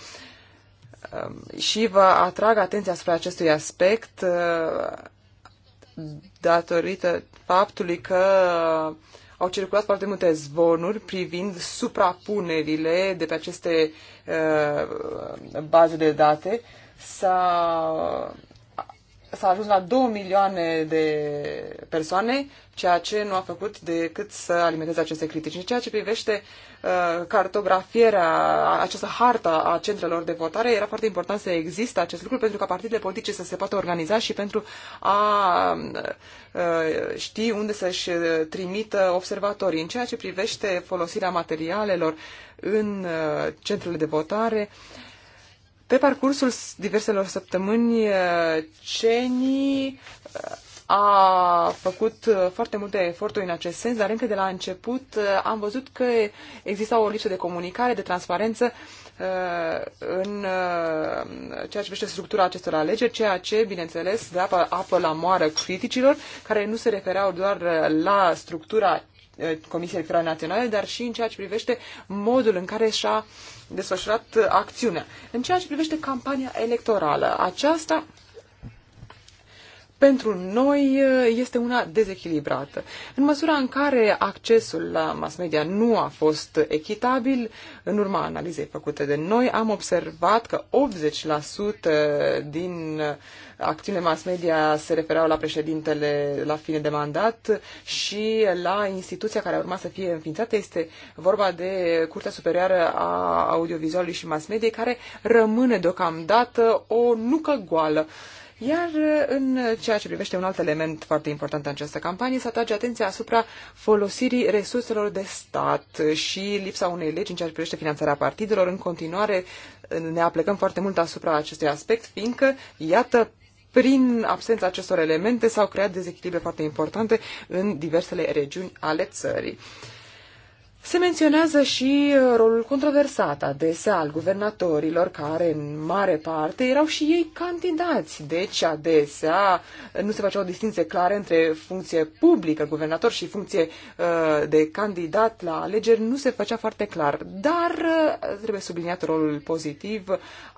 um, și vă atrag atenția asupra acestui aspect datorită faptului că au circulat foarte multe zvonuri privind suprapunerile de pe aceste uh, baze de date. S-a, s-a ajuns la 2 milioane de persoane, ceea ce nu a făcut decât să alimenteze aceste critici. În ceea ce privește Uh, cartografierea, această hartă a centrelor de votare, era foarte important să existe acest lucru pentru ca partidele politice să se poată organiza și pentru a uh, ști unde să-și trimită observatorii. În ceea ce privește folosirea materialelor în uh, centrele de votare, pe parcursul diverselor săptămâni, cenii a făcut uh, foarte multe eforturi în acest sens, dar încă de la început uh, am văzut că exista o lipsă de comunicare, de transparență uh, în ceea ce privește structura acestor alegeri, ceea ce, bineînțeles, de apă, apă la moară criticilor, care nu se refereau doar la structura Comisiei Electorale Naționale, dar și în ceea ce privește modul în care și-a desfășurat acțiunea. În ceea ce privește campania electorală, aceasta pentru noi eh, este una dezechilibrată. În măsura în care accesul la mass media nu a fost echitabil, în urma analizei făcute de noi, am observat că 80% din acțiunile mass media se refereau la președintele la fine de mandat și la instituția care urma să fie înființată. Este vorba de Curtea Superioară a Audiovizualului și Mass Media, care rămâne deocamdată o nucă goală. Iar uh, în ceea ce privește un alt element foarte important în această campanie, se atrage atenția asupra folosirii resurselor de stat și lipsa unei legi în ceea ce privește finanțarea partidelor. În continuare uh, ne aplecăm foarte mult asupra acestui aspect, fiindcă, iată, prin absența acestor elemente s-au creat dezechilibre foarte importante în diversele regiuni ale țării. Se menționează și uh, rolul controversat adesea al guvernatorilor, care în mare parte erau și ei candidați. Deci adesea nu se facea o distinție clară între funcție publică, guvernator, și funcție uh, de candidat la alegeri, nu se făcea foarte clar. Dar uh, trebuie subliniat rolul pozitiv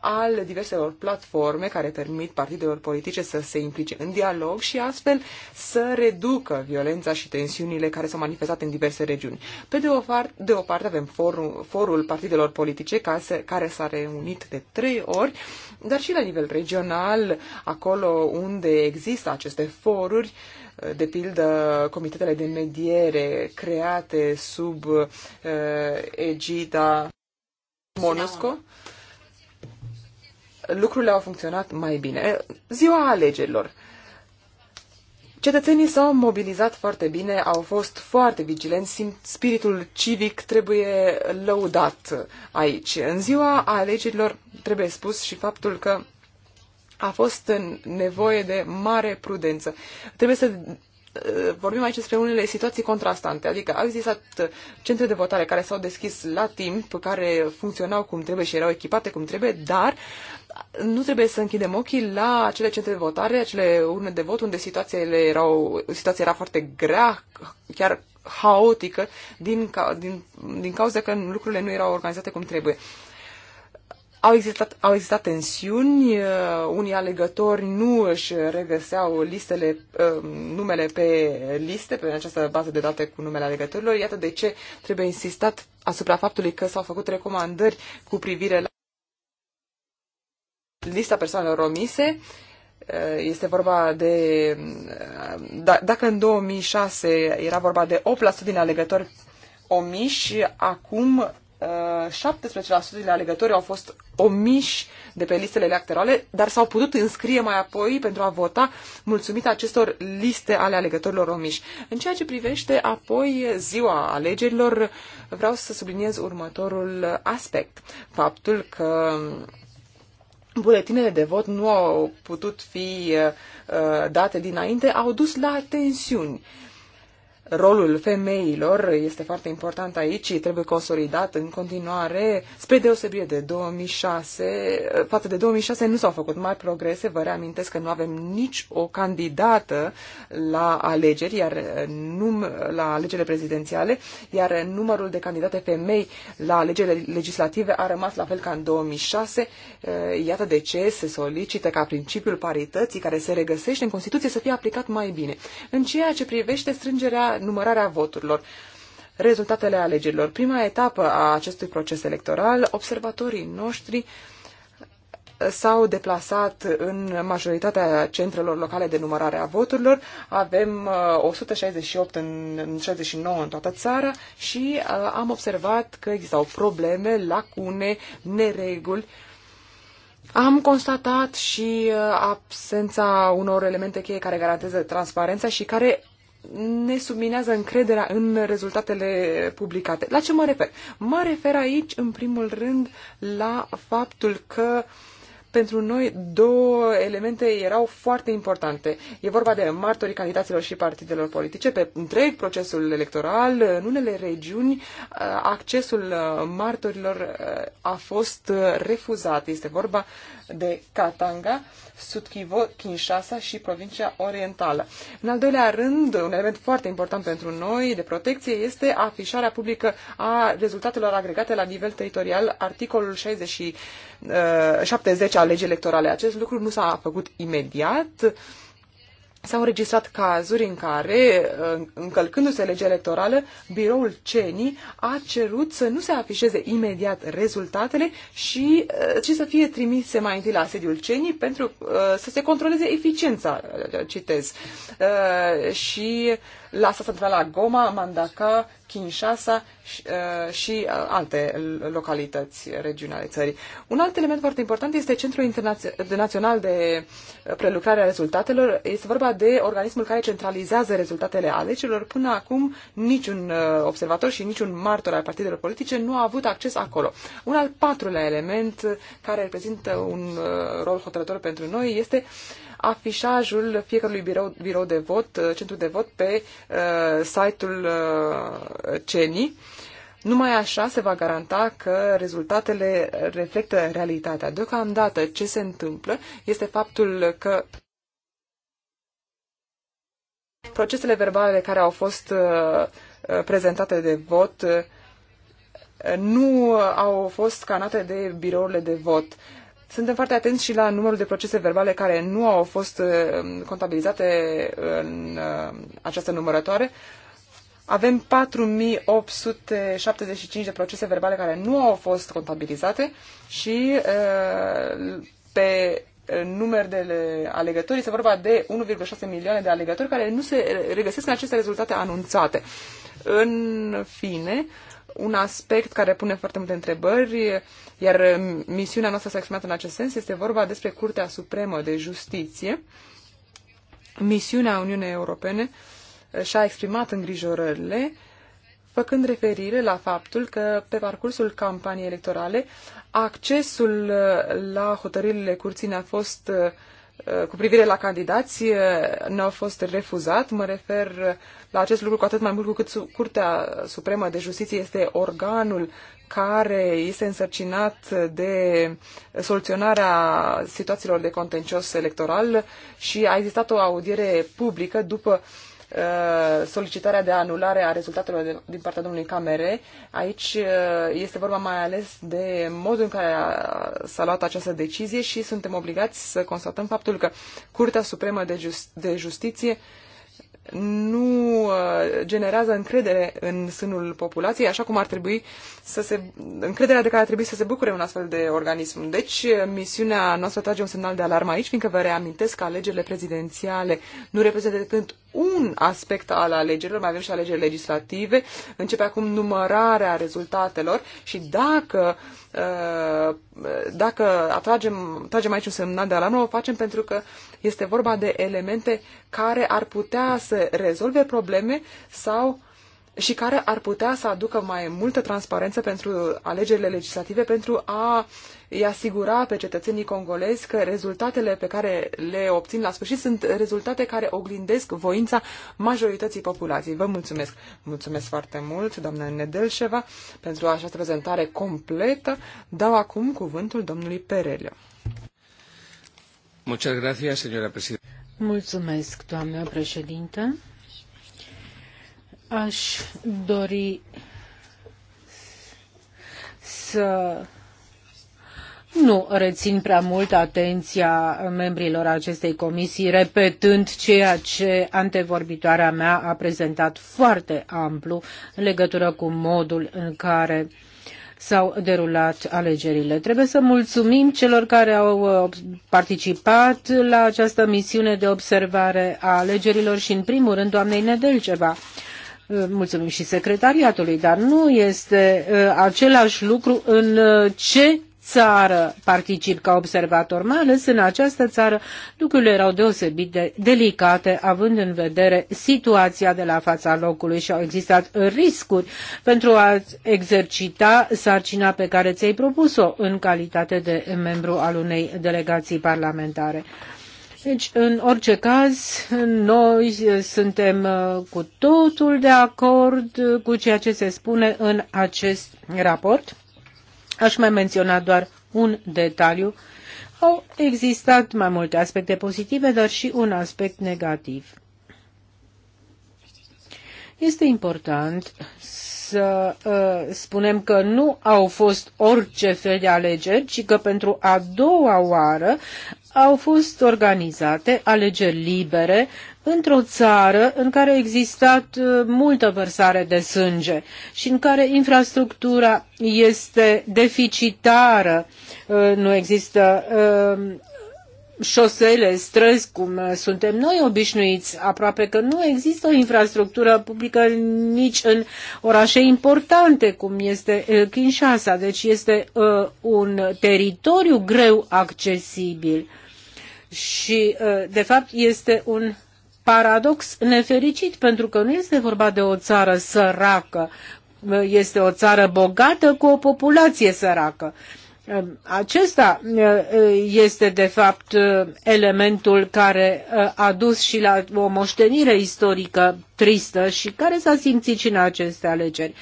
al diverselor platforme care permit partidelor politice să se implice în dialog și astfel să reducă violența și tensiunile care s-au manifestat în diverse regiuni. Pe de o parte, part, de o parte avem forul, forul partidelor politice case, care s-a reunit de trei ori, dar și la nivel regional, acolo unde există aceste foruri, de pildă comitetele de mediere create sub uh, egida MONUSCO, lucrurile au funcționat mai bine. Ziua alegerilor. Uh, Cetățenii s-au mobilizat foarte bine, au fost foarte vigilenți, spiritul civic trebuie lăudat aici. În ziua alegerilor trebuie spus și faptul că a fost nevoie de mare prudență. Trebuie să uh, vorbim aici despre unele situații contrastante, adică au existat uh, centre de votare care s-au deschis la timp, care funcționau cum trebuie și erau echipate cum trebuie, dar nu trebuie să închidem ochii la acele centre de votare, acele urne de vot unde situațiile erau, situația era foarte grea, chiar haotică, din, din, din cauza că lucrurile nu erau organizate cum trebuie. Au existat, au existat tensiuni, uh, unii alegători nu își regăseau listele, uh, numele pe liste, pe această bază de date cu numele alegătorilor. Iată de ce trebuie insistat asupra faptului că s-au făcut recomandări cu privire la lista persoanelor omise. Uh, este vorba de. Uh, da, dacă în 2006 era vorba de 8% din alegători omiși, acum 17% uh, din alegători au fost omiși de pe listele electorale, dar s-au putut înscrie mai apoi pentru a vota mulțumit acestor liste ale alegătorilor omiși. În ceea ce privește apoi ziua alegerilor, vreau să subliniez următorul aspect. Faptul că buletinele de vot nu au putut fi uh, date dinainte, au dus la tensiuni rolul femeilor este foarte important aici, trebuie consolidat în continuare. Spre deosebire de 2006, față de 2006 nu s-au făcut mai progrese, vă reamintesc că nu avem nici o candidată la alegeri, iar num- la alegerile prezidențiale, iar numărul de candidate femei la alegerile legislative a rămas la fel ca în 2006. Eh, iată de ce se solicită ca principiul parității care se regăsește în Constituție să fie aplicat mai bine. În ceea ce privește strângerea numărarea voturilor. Rezultatele alegerilor. Prima etapă a acestui proces electoral, observatorii noștri s-au deplasat în majoritatea centrelor locale de numărare a voturilor. Avem 168 uh, în 69 în toată țara și uh, am observat că existau probleme, lacune, nereguli. Am constatat și uh, absența unor elemente cheie care garantează transparența și care ne subminează încrederea în rezultatele publicate. La ce mă refer? Mă refer aici, în primul rând, la faptul că pentru noi două elemente erau foarte importante. E vorba de martorii candidaților și partidelor politice pe întreg procesul electoral. În unele regiuni uh, accesul uh, martorilor uh, a fost refuzat. Este vorba de Katanga, Sud-Kivu, Kinshasa și provincia orientală. În al doilea rând, un element foarte important pentru noi de protecție este afișarea publică a rezultatelor agregate la nivel teritorial, articolul 60 și, uh, 70 al legii electorale. Acest lucru nu s-a făcut imediat s-au înregistrat cazuri în care, încălcându-se legea electorală, biroul CENI a cerut să nu se afișeze imediat rezultatele și, uh, ci să fie trimise mai întâi la sediul CENI pentru uh, să se controleze eficiența, uh, citez. Și la asta se la Goma, Mandaka, Kinshasa și, uh, și uh, alte localități regionale țării. Un alt element foarte important este Centrul Internaț- Național de Prelucrare a Rezultatelor. Este vorba de organismul care centralizează rezultatele alegerilor. Până acum niciun uh, observator și niciun martor al partidelor politice nu a avut acces acolo. Un al patrulea element care reprezintă un uh, rol hotărător pentru noi este uh, afișajul fiecărui birou, birou de vot, uh, centru de vot pe uh, site-ul uh, CENI. Numai așa se va garanta că rezultatele reflectă realitatea. Deocamdată ce se întâmplă este faptul că procesele verbale care au fost uh, uh prezentate de vot uh, nu au fost scanate de birourile de vot. Suntem foarte atenți și la numărul de procese verbale care nu au fost uh, contabilizate în uh, această numărătoare. Avem 4875 de procese verbale care nu au fost contabilizate și uh, pe număr de alegători, este vorba de 1,6 milioane de alegători care nu se regăsesc în aceste rezultate anunțate. În fine, uh, un aspect care pune foarte multe întrebări, iar misiunea noastră s-a exprimat în acest sens. Este vorba despre Curtea Supremă de Justiție. Misiunea Uniunii Europene și-a exprimat îngrijorările făcând referire la faptul că pe parcursul campaniei electorale accesul la hotărârile curții a fost uh, Uh, cu privire la candidați uh, ne-au fost refuzat. Mă refer uh, la acest lucru cu atât mai mult cu cât Curtea Supremă de Justiție este organul care este însărcinat de soluționarea situațiilor de contencios electoral și a existat o audiere publică după uh, Uh, solicitarea de anulare a rezultatelor din partea domnului Camere. Aici uh, este vorba mai ales de modul în care s-a luat această decizie și suntem obligați să constatăm faptul că Curtea Supremă de, Just- de Justiție nu uh, generează încredere în sânul populației, așa cum ar trebui să se, încrederea de care ar trebui să se bucure un astfel de organism. Deci, misiunea noastră trage un semnal de alarmă aici, fiindcă vă reamintesc că alegerile prezidențiale nu reprezintă decât un aspect al alegerilor, mai avem și alegeri legislative, începe acum numărarea rezultatelor și dacă, uh, dacă atragem, tragem aici un semnal de alarmă, o facem pentru că este vorba de elemente care ar putea să rezolve probleme sau și care ar putea să aducă mai multă transparență pentru alegerile legislative, pentru a îi asigura pe cetățenii congolezi că rezultatele pe care le obțin la sfârșit sunt rezultate care oglindesc voința majorității populației. Vă mulțumesc! Mulțumesc foarte mult, doamna Nedelșeva, pentru această prezentare completă. Dau acum cuvântul domnului Perelio. Mulțumesc, doamnă președinte. Aș dori să nu rețin prea mult atenția membrilor acestei comisii, repetând ceea ce antevorbitoarea mea a prezentat foarte amplu în legătură cu modul în care s-au derulat alegerile. Trebuie să mulțumim celor care au uh, participat la această misiune de observare a alegerilor și, în primul rând, doamnei Nedelceva, Eh, mulțumim și secretariatului, dar nu este eh, același lucru în eh, ce țară particip ca observator, mai ales în această țară, lucrurile erau deosebit de delicate, având în vedere situația de la fața locului și au existat riscuri pentru a exercita sarcina pe care ți-ai propus-o în calitate de membru al unei delegații parlamentare. Deci, în orice caz, noi eh, suntem eh, cu totul de acord eh, cu ceea ce se spune în acest raport. Aș mai menționa doar un detaliu. Au existat mai multe aspecte pozitive, dar și un aspect negativ. Este important să uh, spunem că nu au fost orice fel de alegeri, ci că pentru a doua oară au fost organizate alegeri libere într-o țară în care a existat uh, multă vărsare de sânge și în care infrastructura este deficitară, uh, nu există uh, șosele, străzi, cum suntem noi obișnuiți, aproape că nu există o infrastructură publică nici în orașe importante, cum este Kinshasa, deci este un teritoriu greu accesibil. Și, ă, de fapt, este un paradox nefericit, pentru că nu este vorba de o țară săracă, ă, este o țară bogată cu o populație săracă. Ă, acesta este, de fapt, elementul care a dus și la o moștenire istorică tristă și care s-a simțit și în aceste alegeri.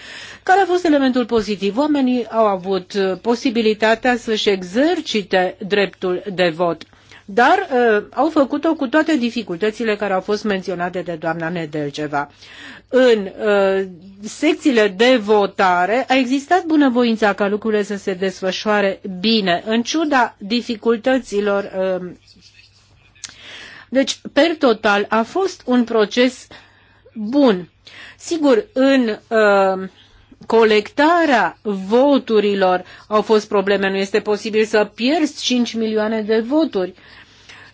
Care a fost elementul pozitiv? Oamenii au avut posibilitatea să-și exercite dreptul de vot dar uh, au făcut-o cu toate dificultățile care au fost menționate de doamna Nedelceva. În uh, secțiile de votare a existat bunăvoința ca lucrurile să se desfășoare bine, în ciuda dificultăților. Uh, deci, per total, a fost un proces bun. Sigur, în uh, colectarea voturilor au fost probleme. Nu este posibil să pierzi 5 milioane de voturi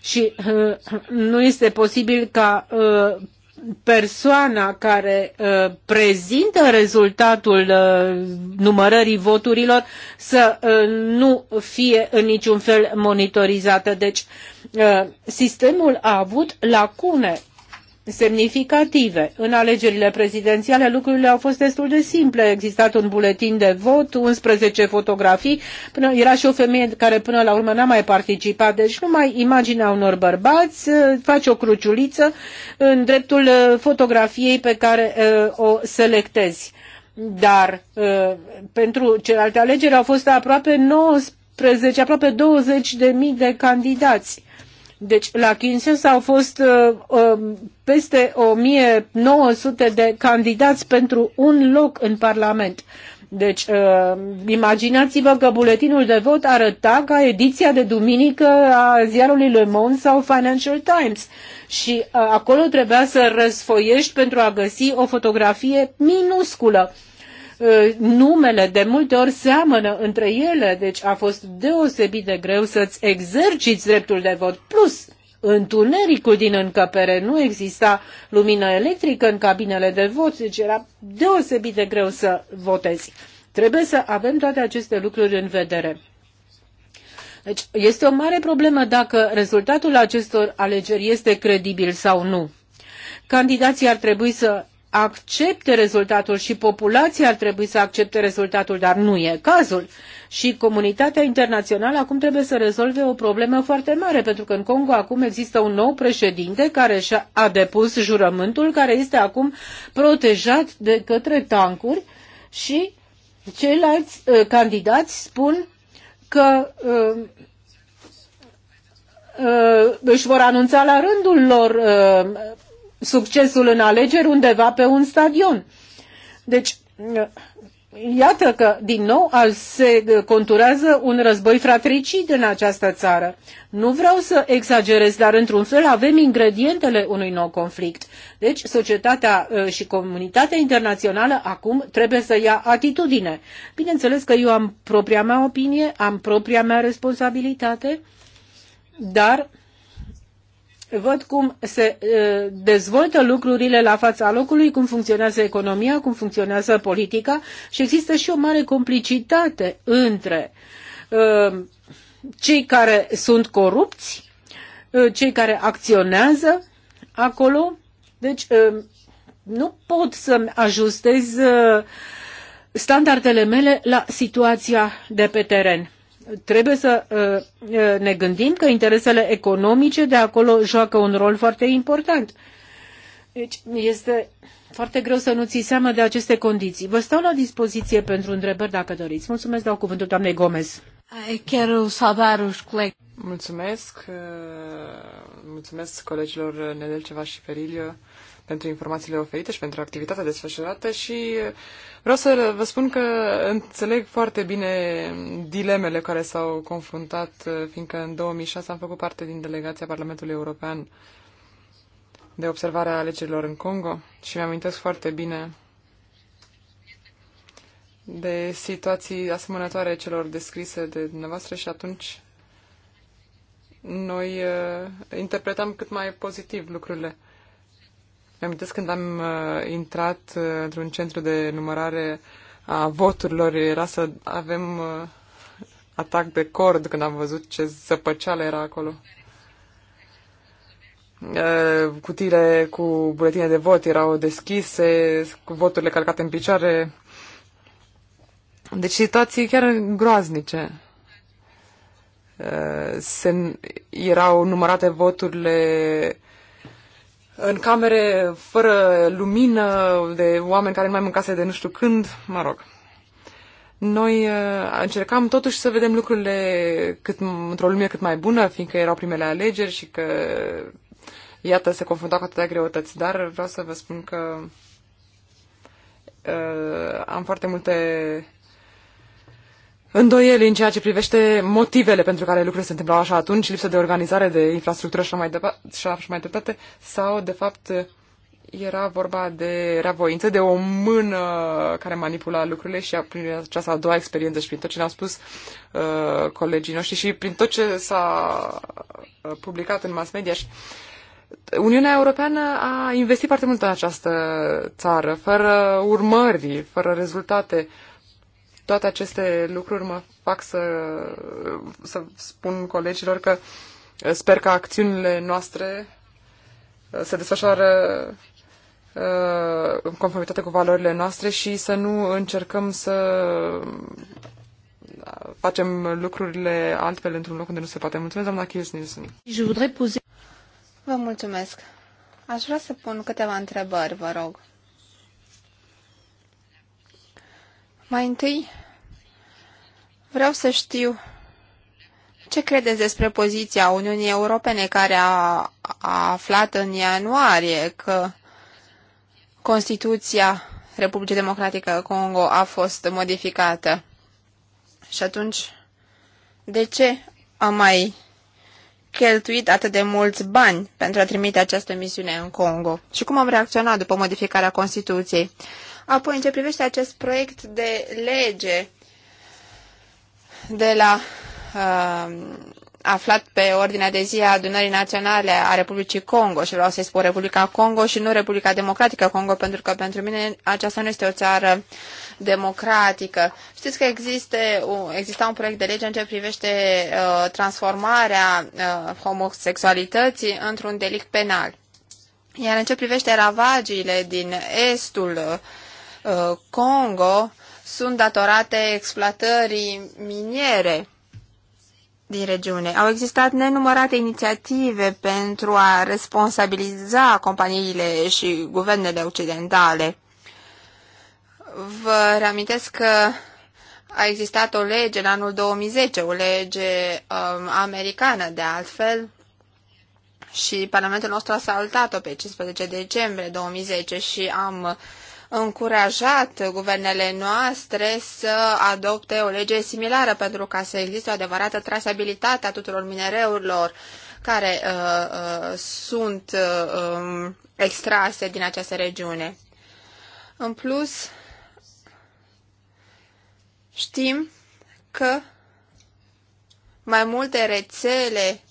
și uh, nu este posibil ca uh, persoana care uh, prezintă rezultatul uh, numărării voturilor să uh, nu fie în niciun fel monitorizată. Deci uh, sistemul a avut lacune semnificative. În alegerile prezidențiale lucrurile au fost destul de simple. A existat un buletin de vot, 11 fotografii, până, era și o femeie care până la urmă n-a mai participat, deci numai imaginea unor bărbați, uh, face o cruciuliță în dreptul uh, fotografiei pe care uh, o selectezi. Dar pentru celelalte alegeri au fost aproape 19, aproape 20 de mii de candidați deci la Kinshasa au fost uh, um, peste 1900 de candidați pentru un loc în Parlament. Deci, uh, imaginați-vă că buletinul de vot arăta ca ediția de duminică a ziarului Le Monde sau Financial Times. Și uh, acolo trebuia să răsfoiești pentru a găsi o fotografie minusculă. Uh, Uh, numele de multe ori seamănă între ele, deci a fost deosebit de greu să-ți exerciți dreptul de vot. Plus, întunericul din încăpere, nu exista lumină electrică în cabinele de vot, deci era deosebit de greu să votezi. Trebuie să avem toate aceste lucruri în vedere. Deci este o mare problemă dacă rezultatul acestor alegeri este credibil sau nu. Candidații ar trebui să accepte rezultatul și populația ar trebui să accepte rezultatul, dar nu e cazul. Și comunitatea internațională acum trebuie să rezolve o problemă foarte mare, pentru că în Congo acum există un nou președinte care și-a a depus jurământul, care este acum protejat de către tancuri și ceilalți uh, candidați spun că uh, uh, își vor anunța la rândul lor uh, succesul în alegeri undeva pe un stadion. Deci, iată că din nou se conturează un război fratricid în această țară. Nu vreau să exagerez, dar într-un fel avem ingredientele unui nou conflict. Deci societatea ă, și comunitatea internațională acum trebuie să ia atitudine. Bineînțeles că eu am propria mea opinie, am propria mea responsabilitate, dar văd cum se dezvoltă lucrurile la fața locului, cum funcționează economia, cum funcționează politica și există și o mare complicitate între cei care sunt corupți, cei care acționează acolo. Deci nu pot să-mi ajustez standardele mele la situația de pe teren trebuie să uh, uh, ne gândim că interesele economice de acolo joacă un rol foarte important. Deci este foarte greu să nu ții seama de aceste condiții. Vă stau la dispoziție pentru întrebări dacă doriți. Mulțumesc, dau cuvântul doamnei Gomez. Mulțumesc. Uh, mulțumesc colegilor Nedelceva și Perilio pentru informațiile oferite și pentru activitatea desfășurată și vreau să vă spun că înțeleg foarte bine dilemele care s-au confruntat, fiindcă în 2006 am făcut parte din delegația Parlamentului European de observare a alegerilor în Congo și mi-amintesc foarte bine de situații asemănătoare celor descrise de dumneavoastră și atunci noi uh, interpretăm cât mai pozitiv lucrurile amintesc când am uh, intrat uh, într-un centru de numărare a voturilor, era să avem uh, atac de cord când am văzut ce zăpăceală era acolo. Uh, cutiile cu buletine de vot erau deschise, cu voturile calcate în picioare. Deci situații chiar groaznice. Uh, se, erau numărate voturile în camere fără lumină, de oameni care nu mai mâncase de nu știu când, mă rog. Noi uh, încercam totuși să vedem lucrurile cât, într-o lume cât mai bună, fiindcă erau primele alegeri și că, iată, se confruntau cu atâtea greutăți. Dar vreau să vă spun că uh, am foarte multe îndoieli în ceea ce privește motivele pentru care lucrurile se întâmplau așa atunci, lipsă de organizare, de infrastructură și așa mai departe, sau, de fapt, era vorba de reavoință, de o mână care manipula lucrurile și a, prin această a doua experiență și prin tot ce ne-au spus uh, colegii noștri și prin tot ce s-a uh, publicat în mass media și Uniunea Europeană a investit foarte mult în această țară, fără urmări, fără rezultate uh, toate aceste lucruri mă fac să, să spun colegilor că sper că acțiunile noastre uh, se desfășoară uh, în conformitate cu valorile noastre și să nu încercăm să facem lucrurile altfel într-un loc unde nu se poate. Mulțumesc, doamna Kiels Vă mulțumesc. Aș vrea să pun câteva întrebări, vă rog. Mai întâi, vreau să știu ce credeți despre poziția Uniunii Europene care a, a aflat în ianuarie că Constituția Republicii Democratică Congo a fost modificată? Și atunci, de ce am mai cheltuit atât de mulți bani pentru a trimite această misiune în Congo? Și cum am reacționat după modificarea Constituției? Apoi, în ce privește acest proiect de lege de la uh, aflat pe ordinea de zi a adunării naționale a Republicii Congo și vreau să-i spun Republica Congo și nu Republica Democratică Congo, pentru că pentru mine aceasta nu este o țară democratică. Știți că existe, exista un proiect de lege în ce privește uh, transformarea uh, homosexualității într-un delict penal. Iar în ce privește ravagiile din estul uh, Uh, Congo sunt datorate exploatării miniere din regiune. Au existat nenumărate inițiative pentru a responsabiliza companiile și guvernele occidentale. Vă reamintesc că a existat o lege în anul 2010, o lege um, americană de altfel, și Parlamentul nostru a salutat-o pe 15 decembrie 2010 și am uh, încurajat guvernele noastre să adopte o lege similară pentru ca să existe o adevărată trasabilitate a tuturor minereurilor care uh, uh, sunt uh, um, extrase din această regiune. În plus, știm că mai multe rețele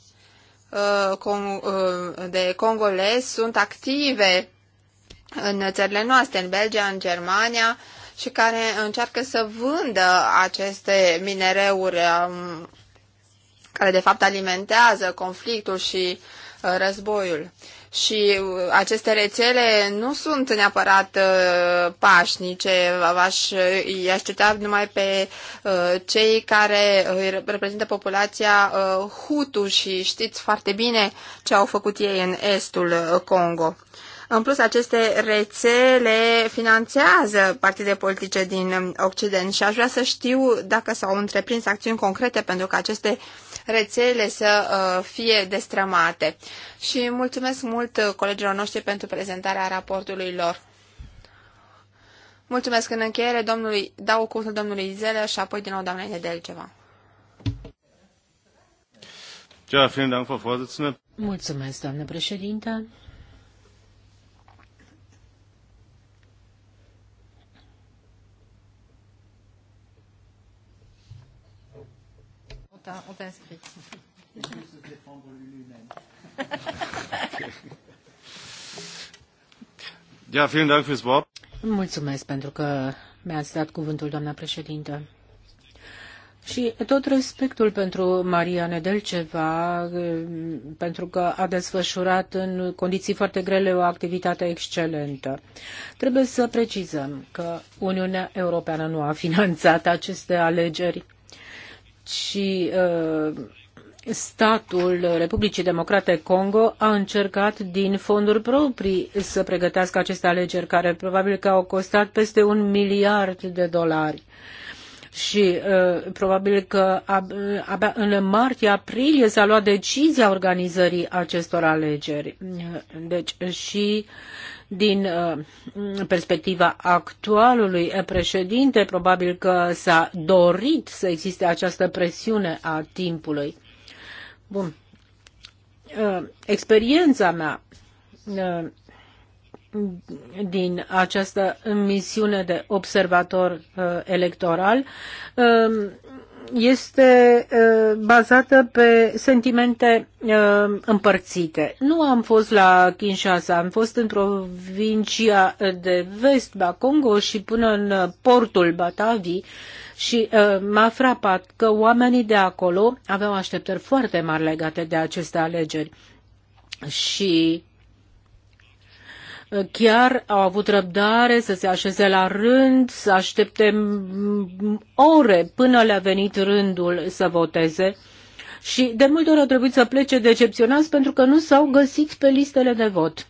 uh, uh, de congolezi sunt active în țările noastre, în Belgia, în Germania, și care încearcă să vândă aceste minereuri um, care de fapt alimentează conflictul și uh, războiul. Și uh, aceste rețele nu sunt neapărat uh, pașnice, aș, aș cita numai pe cei care reprezintă populația Hutu și știți foarte bine ce au făcut ei în estul Congo. În plus, aceste rețele finanțează partide politice din Occident și aș vrea să știu dacă s-au întreprins acțiuni concrete pentru că aceste rețele să uh, fie destrămate. Și mulțumesc mult uh, colegilor noștri pentru prezentarea raportului lor. Mulțumesc în încheiere, domnului, dau cuvântul domnului Izele și apoi din nou doamnei Nedel ceva. Mulțumesc, doamnă președinte. Quentin inscrit. Ja, vielen Dank fürs Wort. Mulțumesc pentru că mi-ați dat cuvântul, doamna președintă. Și tot respectul pentru Maria Nedelceva, pentru că a desfășurat în condiții foarte grele o activitate excelentă. Trebuie să precizăm că Uniunea Europeană nu a finanțat aceste alegeri și uh, statul Republicii Democrate Congo a încercat din fonduri proprii să pregătească aceste alegeri, care probabil că au costat peste un miliard de dolari. Și uh, probabil că ab abia în martie-aprilie s-a luat decizia organizării acestor alegeri. Deci și uh, din uh, perspectiva actualului președinte, probabil că s-a dorit să existe această presiune a timpului. Bun. Uh, experiența mea uh, din această misiune de observator electoral este uh, bazată pe sentimente uh, împărțite. Nu am fost la Kinshasa, am fost în provincia de vest, Congo și până în portul Batavi și uh, m-a frapat că oamenii de acolo aveau așteptări foarte mari legate de aceste alegeri. Și chiar au avut răbdare să se așeze la rând, să aștepte ore până le-a venit rândul să voteze și de multe ori au trebuit să plece decepționați pentru că nu s-au găsit pe listele de vot.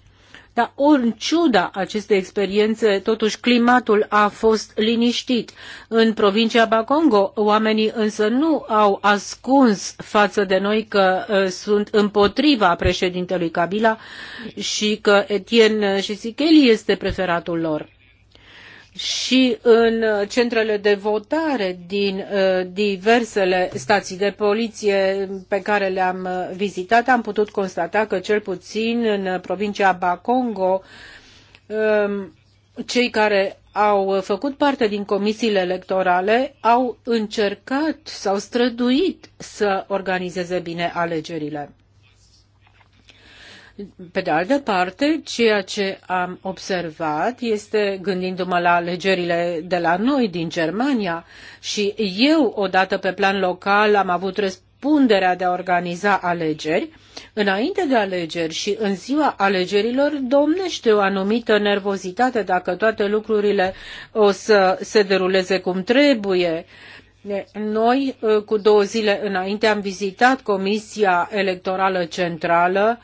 Dar ori în ciuda acestei experiențe, totuși climatul a fost liniștit. În provincia Bacongo, oamenii însă nu au ascuns față de noi că uh, sunt împotriva președintelui Kabila și că Etienne Shisekeli este preferatul lor și în centrele de votare din uh, diversele stații de poliție pe care le-am uh, vizitat, am putut constata că cel puțin în uh, provincia Bacongo um, cei care au făcut parte din comisiile electorale au încercat, s-au străduit să organizeze bine alegerile. Pe de altă parte, ceea ce am observat este, gândindu-mă la alegerile de la noi din Germania, și eu, odată pe plan local, am avut răspunderea de a organiza alegeri, înainte de alegeri și în ziua alegerilor domnește o anumită nervozitate dacă toate lucrurile o să se deruleze cum trebuie. Noi, cu două zile înainte, am vizitat Comisia Electorală Centrală,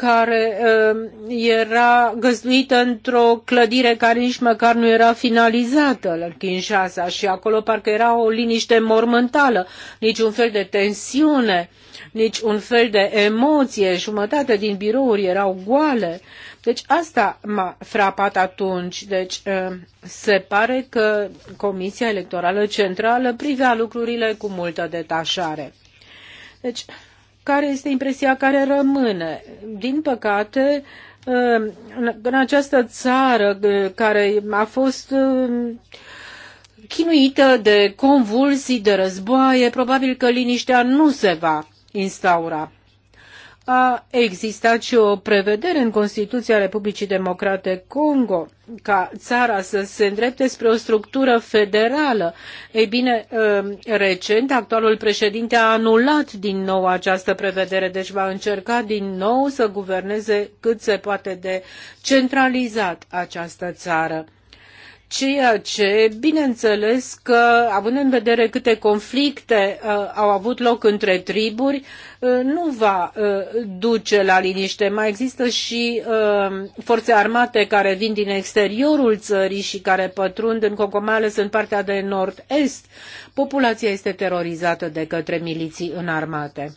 care um, era găzduită într-o clădire care nici măcar nu era finalizată la Kinshasa și acolo parcă era o liniște mormântală, niciun fel de tensiune, nici un fel de emoție, jumătate din birouri erau goale. Deci asta m-a frapat atunci. Deci um, se pare că Comisia Electorală Centrală privea lucrurile cu multă detașare. Deci care este impresia care rămâne? Din păcate, uh, în această țară uh, care a fost uh, chinuită de convulsii, de războaie, probabil că liniștea nu se va instaura a existat și o prevedere în Constituția Republicii Democrate Congo ca țara să se îndrepte spre o structură federală. Ei bine, um, recent, actualul președinte a anulat din nou această prevedere, deci va încerca din nou să guverneze cât se poate de centralizat această țară. Ceea ce, bineînțeles că, având în vedere câte conflicte uh, au avut loc între triburi, uh, nu va uh, duce la liniște. Mai există și uh, forțe armate care vin din exteriorul țării și care pătrund în Congo, mai ales în partea de nord-est. Populația este terorizată de către miliții înarmate.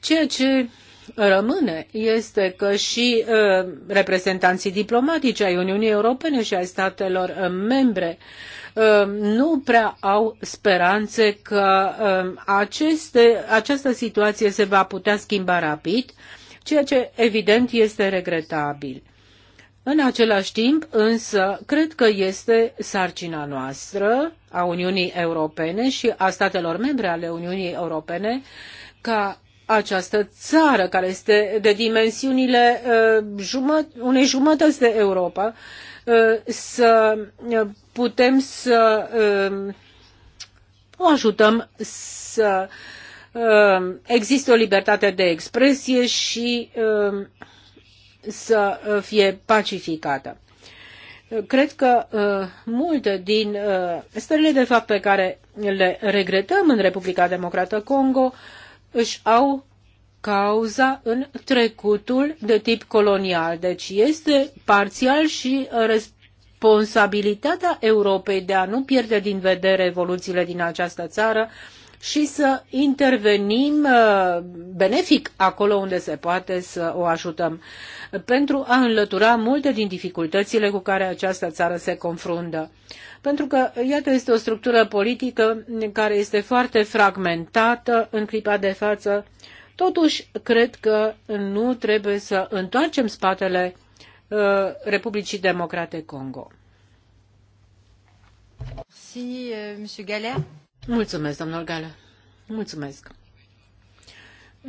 Ceea ce rămâne este că și uh, reprezentanții diplomatici ai Uniunii Europene și ai statelor uh, membre uh, nu prea au speranțe că aceste, această situație se va putea schimba rapid, ceea ce evident este regretabil. În același timp, însă, cred că este sarcina noastră a Uniunii Europene și a statelor membre ale Uniunii Europene ca această țară care este de dimensiunile uh, unei jumătăți de Europa uh, să uh, putem să o ajutăm să existe o libertate de expresie și să fie pacificată. Cred că multe din stările de fapt pe care le regretăm în Republica Democrată Congo uh, își au cauza în trecutul de tip colonial. Deci este parțial și uh, responsabilitatea Europei de a nu pierde din vedere evoluțiile din această țară și să intervenim uh, benefic acolo unde se poate să o ajutăm pentru a înlătura multe din dificultățile cu care această țară se confruntă. Pentru că, iată, este o structură politică care este foarte fragmentată în clipa de față. Totuși, cred că nu trebuie să întoarcem spatele uh, Republicii Democrate Congo. Merci, euh, Monsieur Galère. Mulțumesc, domnul Gale. Mulțumesc.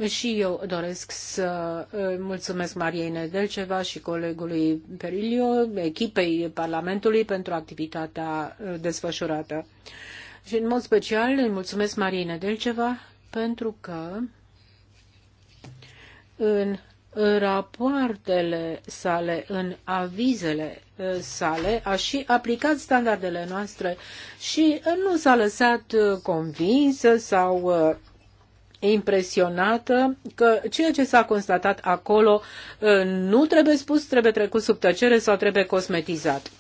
Și eu doresc să uh, mulțumesc Mariei Nedelceva și colegului Perilio, echipei Parlamentului pentru activitatea uh, desfășurată. Și în mod special îi mulțumesc Mariei Nedelceva pentru că în rapoartele sale, în avizele uh, sale, a și aplicat standardele noastre și uh, nu s-a lăsat uh, convinsă sau impresionată că ceea ce s-a constatat acolo nu trebuie spus, trebuie trecut sub tăcere sau trebuie cosmetizat.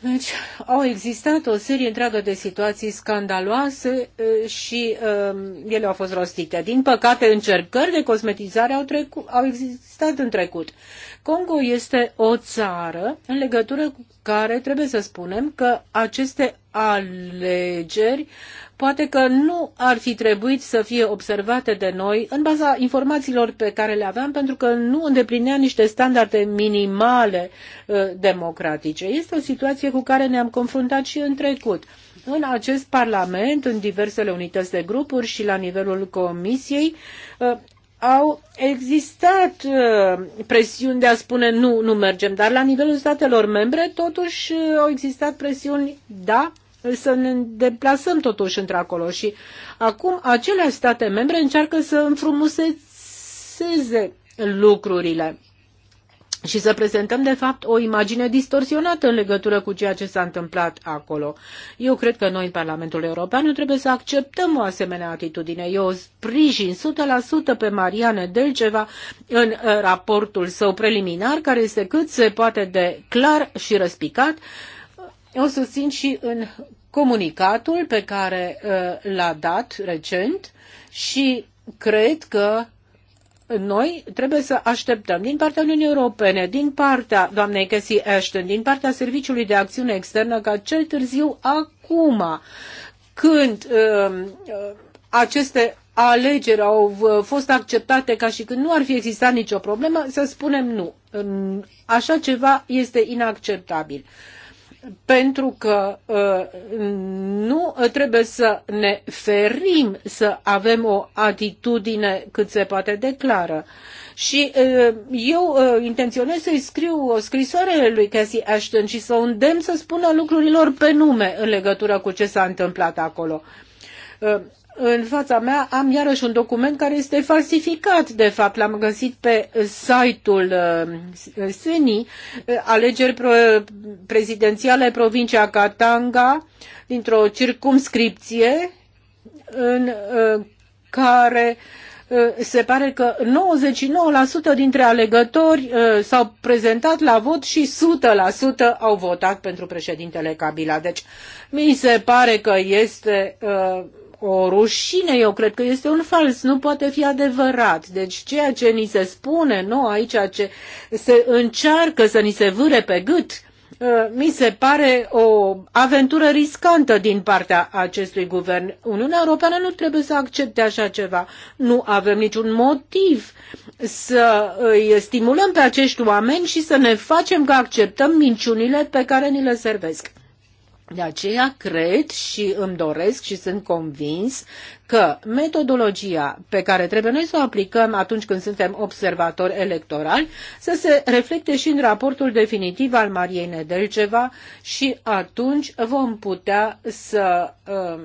Deci au existat o serie întreagă de situații scandaloase și um, ele au fost rostite. Din păcate, încercări de cosmetizare au, trecu- au existat în trecut. Congo este o țară în legătură cu care trebuie să spunem că aceste alegeri poate că nu ar fi trebuit să fie observate de noi în baza informațiilor pe care le aveam, pentru că nu îndeplinea niște standarde minimale uh, democratice. Este o situație cu care ne-am confruntat și în trecut. În acest Parlament, în diversele unități de grupuri și la nivelul Comisiei, uh, au existat uh, presiuni de a spune nu, nu mergem, dar la nivelul statelor membre totuși au existat presiuni da, să ne deplasăm totuși într-acolo și acum acele state membre încearcă să înfrumusețeze lucrurile și să prezentăm, de fapt, o imagine distorsionată în legătură cu ceea ce s-a întâmplat acolo. Eu cred că noi, în Parlamentul European, nu trebuie să acceptăm o asemenea atitudine. Eu sprijin 100% pe Mariane Delceva în uh, raportul său preliminar, care este cât se poate de clar și răspicat. O susțin și în comunicatul pe care uh, l-a dat recent și cred că noi trebuie să așteptăm din partea Uniunii Europene, din partea doamnei Cassie Ashton, din partea Serviciului de Acțiune Externă, ca cel târziu acum, când uh, uh aceste alegeri au uh, fost acceptate ca și când nu ar fi existat nicio problemă, să spunem nu. Așa ceva este inacceptabil. Uh, pentru că uh, nu uh, trebuie să ne ferim să avem o atitudine cât se poate de clară. Și uh, eu intenționez să-i scriu o scrisoare lui Cassie Ashton și să o îndemn să spună lucrurilor pe nume în legătură cu ce s-a întâmplat acolo în fața mea am iarăși un document care este falsificat, de fapt. L-am găsit pe site-ul uh, SENI, uh, alegeri prezidențiale provincia Katanga, dintr-o circumscripție în uh, care se pare că 99% dintre alegători s-au prezentat la vot și 100% au votat pentru președintele Kabila. Deci mi se pare că este o rușine, eu cred că este un fals, nu poate fi adevărat. Deci ceea ce ni se spune, nu aici ce se încearcă să ni se vâre pe gât, uh, mi se pare o aventură riscantă din partea acestui guvern. Uniunea Europeană nu trebuie să accepte așa ceva. Nu avem niciun motiv să îi stimulăm pe acești oameni și să ne facem că acceptăm minciunile pe care ni le servesc. De aceea cred și îmi doresc și sunt convins că metodologia pe care trebuie noi să o aplicăm atunci când suntem observatori electorali să se reflecte și în raportul definitiv al Mariei Nedelceva și atunci vom putea să uh,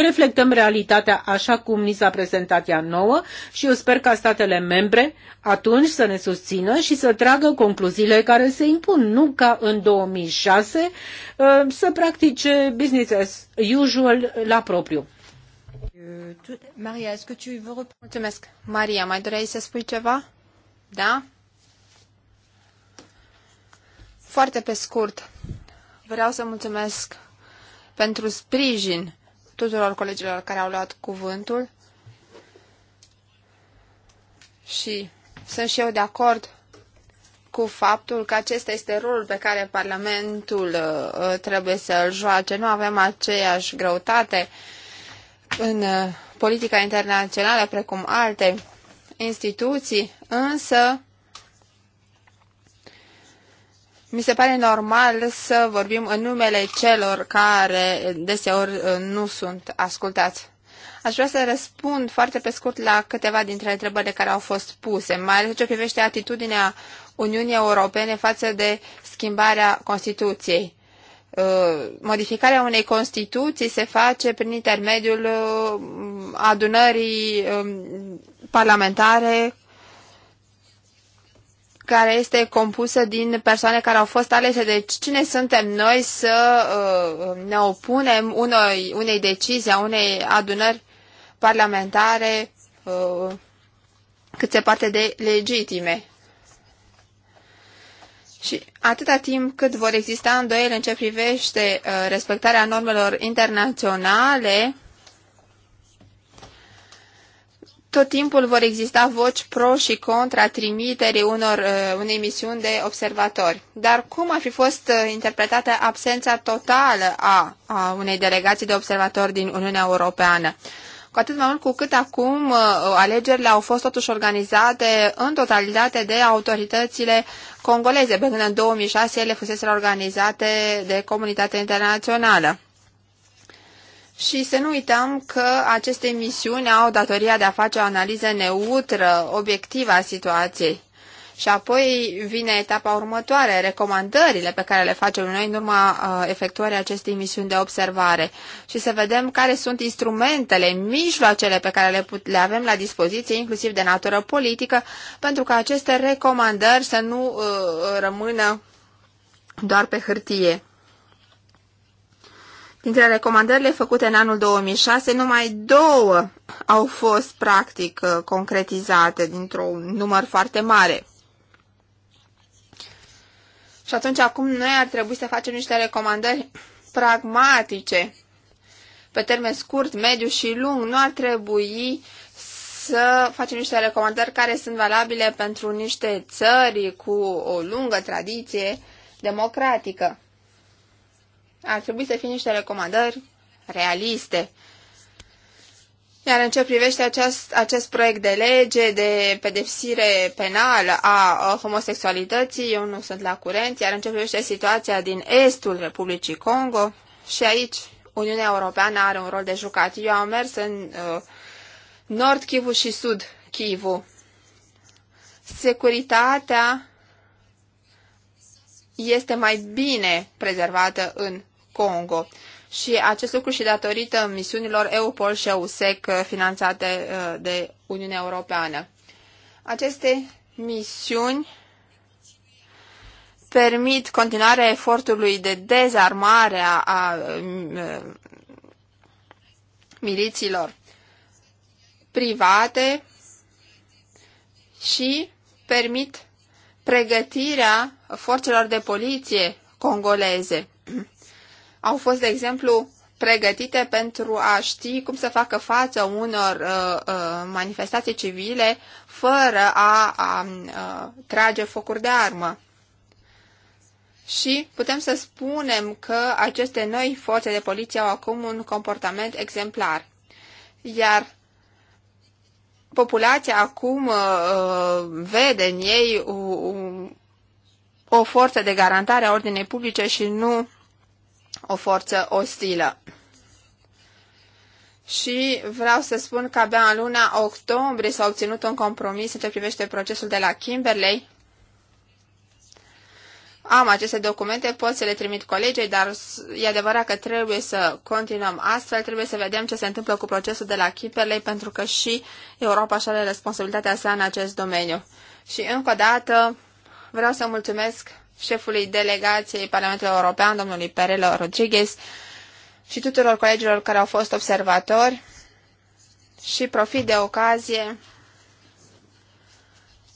reflectăm realitatea așa cum ni s-a prezentat ea nouă și eu sper ca statele membre atunci să ne susțină și să tragă concluziile care se impun, nu ca în 2006 uh, să practice business as usual la propriu. Maria, est-ce que tu veux... Mulțumesc. Maria, mai doreai să spui ceva? Da? Foarte pe scurt, vreau să mulțumesc pentru sprijin tuturor colegilor care au luat cuvântul și sunt și eu de acord cu faptul că acesta este rolul pe care Parlamentul uh, uh trebuie să-l joace. Nu avem aceeași greutate în uh, politica internațională precum alte instituții, însă mi se pare normal să vorbim în numele celor care deseori uh, nu sunt ascultați. Aș vrea să răspund foarte pe scurt la câteva dintre întrebările care au fost puse, mai ales ce privește atitudinea Uniunii Europene față de schimbarea Constituției. Uh, modificarea unei Constituții se face prin intermediul uh, adunării um, parlamentare care este compusă din persoane care au fost alese. Deci cine suntem noi să uh, ne opunem unei, unei decizii, a unei adunări parlamentare uh, cât se poate de legitime? Și atâta timp cât vor exista îndoieli în ce privește uh, respectarea normelor internaționale, Tot timpul vor exista voci pro și contra trimiterii unor, uh, unei misiuni de observatori. Dar cum ar fi fost uh, interpretată absența totală a, a unei delegații de observatori din Uniunea Europeană? Cu atât mai mult cu cât acum uh, alegerile au fost totuși organizate în totalitate de autoritățile congoleze, pe când în 2006 ele fusese organizate de comunitatea internațională. Și să nu uităm că aceste misiuni au datoria de a face o analiză neutră, obiectivă a situației. Și apoi vine etapa următoare, recomandările pe care le facem noi în urma uh, efectuării acestei misiuni de observare și să vedem care sunt instrumentele, mijloacele pe care le, avem la dispoziție, inclusiv de natură politică, pentru că aceste recomandări să nu uh, rămână doar pe hârtie. Dintre recomandările făcute în anul 2006, numai două au fost practic uh, concretizate dintr-un număr foarte mare. Și atunci acum noi ar trebui să facem niște recomandări pragmatice, pe termen scurt, mediu și lung. Nu ar trebui să facem niște recomandări care sunt valabile pentru niște țări cu o lungă tradiție democratică. Ar trebui să fie niște recomandări realiste. Iar în ce privește acest, acest proiect de lege de pedepsire penală a homosexualității, eu nu sunt la curent, iar în ce privește situația din estul Republicii Congo, și aici Uniunea Europeană are un rol de jucat. Eu am mers în uh, Nord Kivu și Sud Kivu. Securitatea este mai bine prezervată în Congo. Și acest lucru și datorită misiunilor EUPOL și EUSEC uh, finanțate uh, de Uniunea Europeană. Aceste misiuni permit continuarea efortului de dezarmare a, a, a uh, miliților private și permit pregătirea forțelor de poliție congoleze au fost, de exemplu, pregătite pentru a ști cum să facă față unor uh, uh, manifestații civile fără a, a uh, trage focuri de armă. Și putem să spunem că aceste noi forțe de poliție au acum un comportament exemplar. Iar populația acum uh, uh vede în ei o, o forță de garantare a ordinei publice și nu o forță ostilă. Și vreau să spun că abia în luna octombrie s-a obținut un compromis în ce privește procesul de la Kimberley. Am aceste documente, pot să le trimit colegii, dar e adevărat că trebuie să continuăm astfel, trebuie să vedem ce se întâmplă cu procesul de la Kimberley, pentru că și Europa și are responsabilitatea sa în acest domeniu. Și încă o dată vreau să mulțumesc șefului delegației Parlamentului European, domnului Perelo Rodriguez, și tuturor colegilor care au fost observatori și profit de ocazie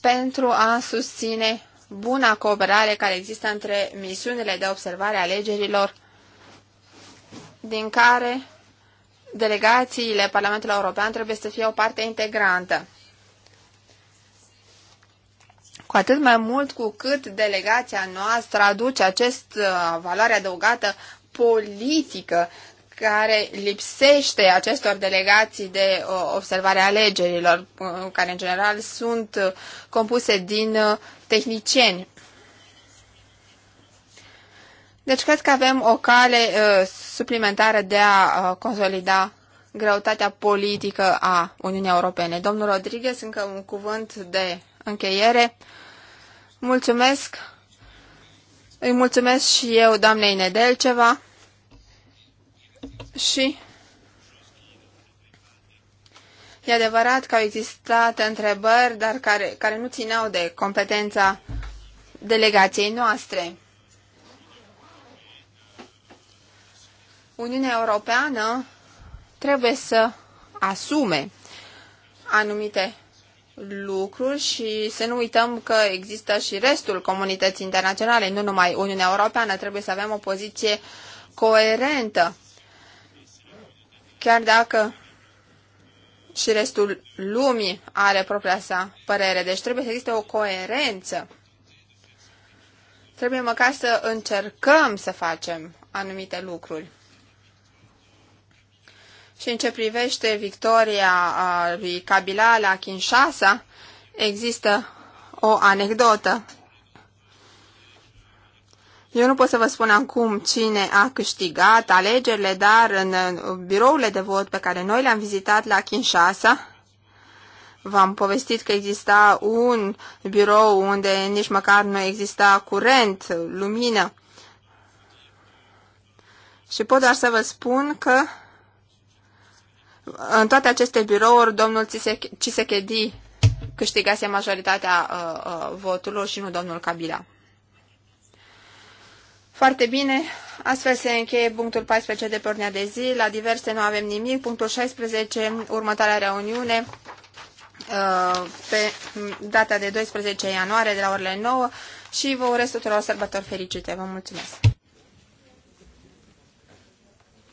pentru a susține buna cooperare care există între misiunile de observare a alegerilor din care delegațiile Parlamentului European trebuie să fie o parte integrantă cu atât mai mult cu cât delegația noastră aduce acest uh, valoare adăugată politică care lipsește acestor delegații de uh, observare a alegerilor, uh, care în general sunt compuse din tehnicieni. Deci cred că avem o cale suplimentară de a consolida greutatea politică a Uniunii Europene. Domnul Rodriguez, încă un cuvânt de încheiere, mulțumesc, îi mulțumesc și eu doamnei Nedelceva și e adevărat că au existat întrebări, dar care, care nu țineau de competența delegației noastre. Uniunea Europeană trebuie să asume anumite lucruri și să nu uităm că există și restul comunității internaționale, nu numai Uniunea Europeană, trebuie să avem o poziție coerentă. Chiar dacă și restul lumii are propria sa părere, deci trebuie să existe o coerență. Trebuie măcar să încercăm să facem anumite lucruri. Și în ce privește victoria lui Kabila la Kinshasa, există o anecdotă. Eu nu pot să vă spun acum cine a câștigat alegerile, dar în birourile de vot pe care noi le-am vizitat la Kinshasa, v-am povestit că exista un birou unde nici măcar nu exista curent, lumină. Și pot doar să vă spun că în toate aceste birouri, domnul Cisechedi câștigase majoritatea uh, uh, voturilor și nu domnul Kabila. Foarte bine, astfel se încheie punctul 14 de pornea de zi. La diverse nu avem nimic. Punctul 16, următoarea reuniune uh, pe data de 12 ianuarie de la orele 9 și vă urez tuturor sărbători fericite. Vă mulțumesc!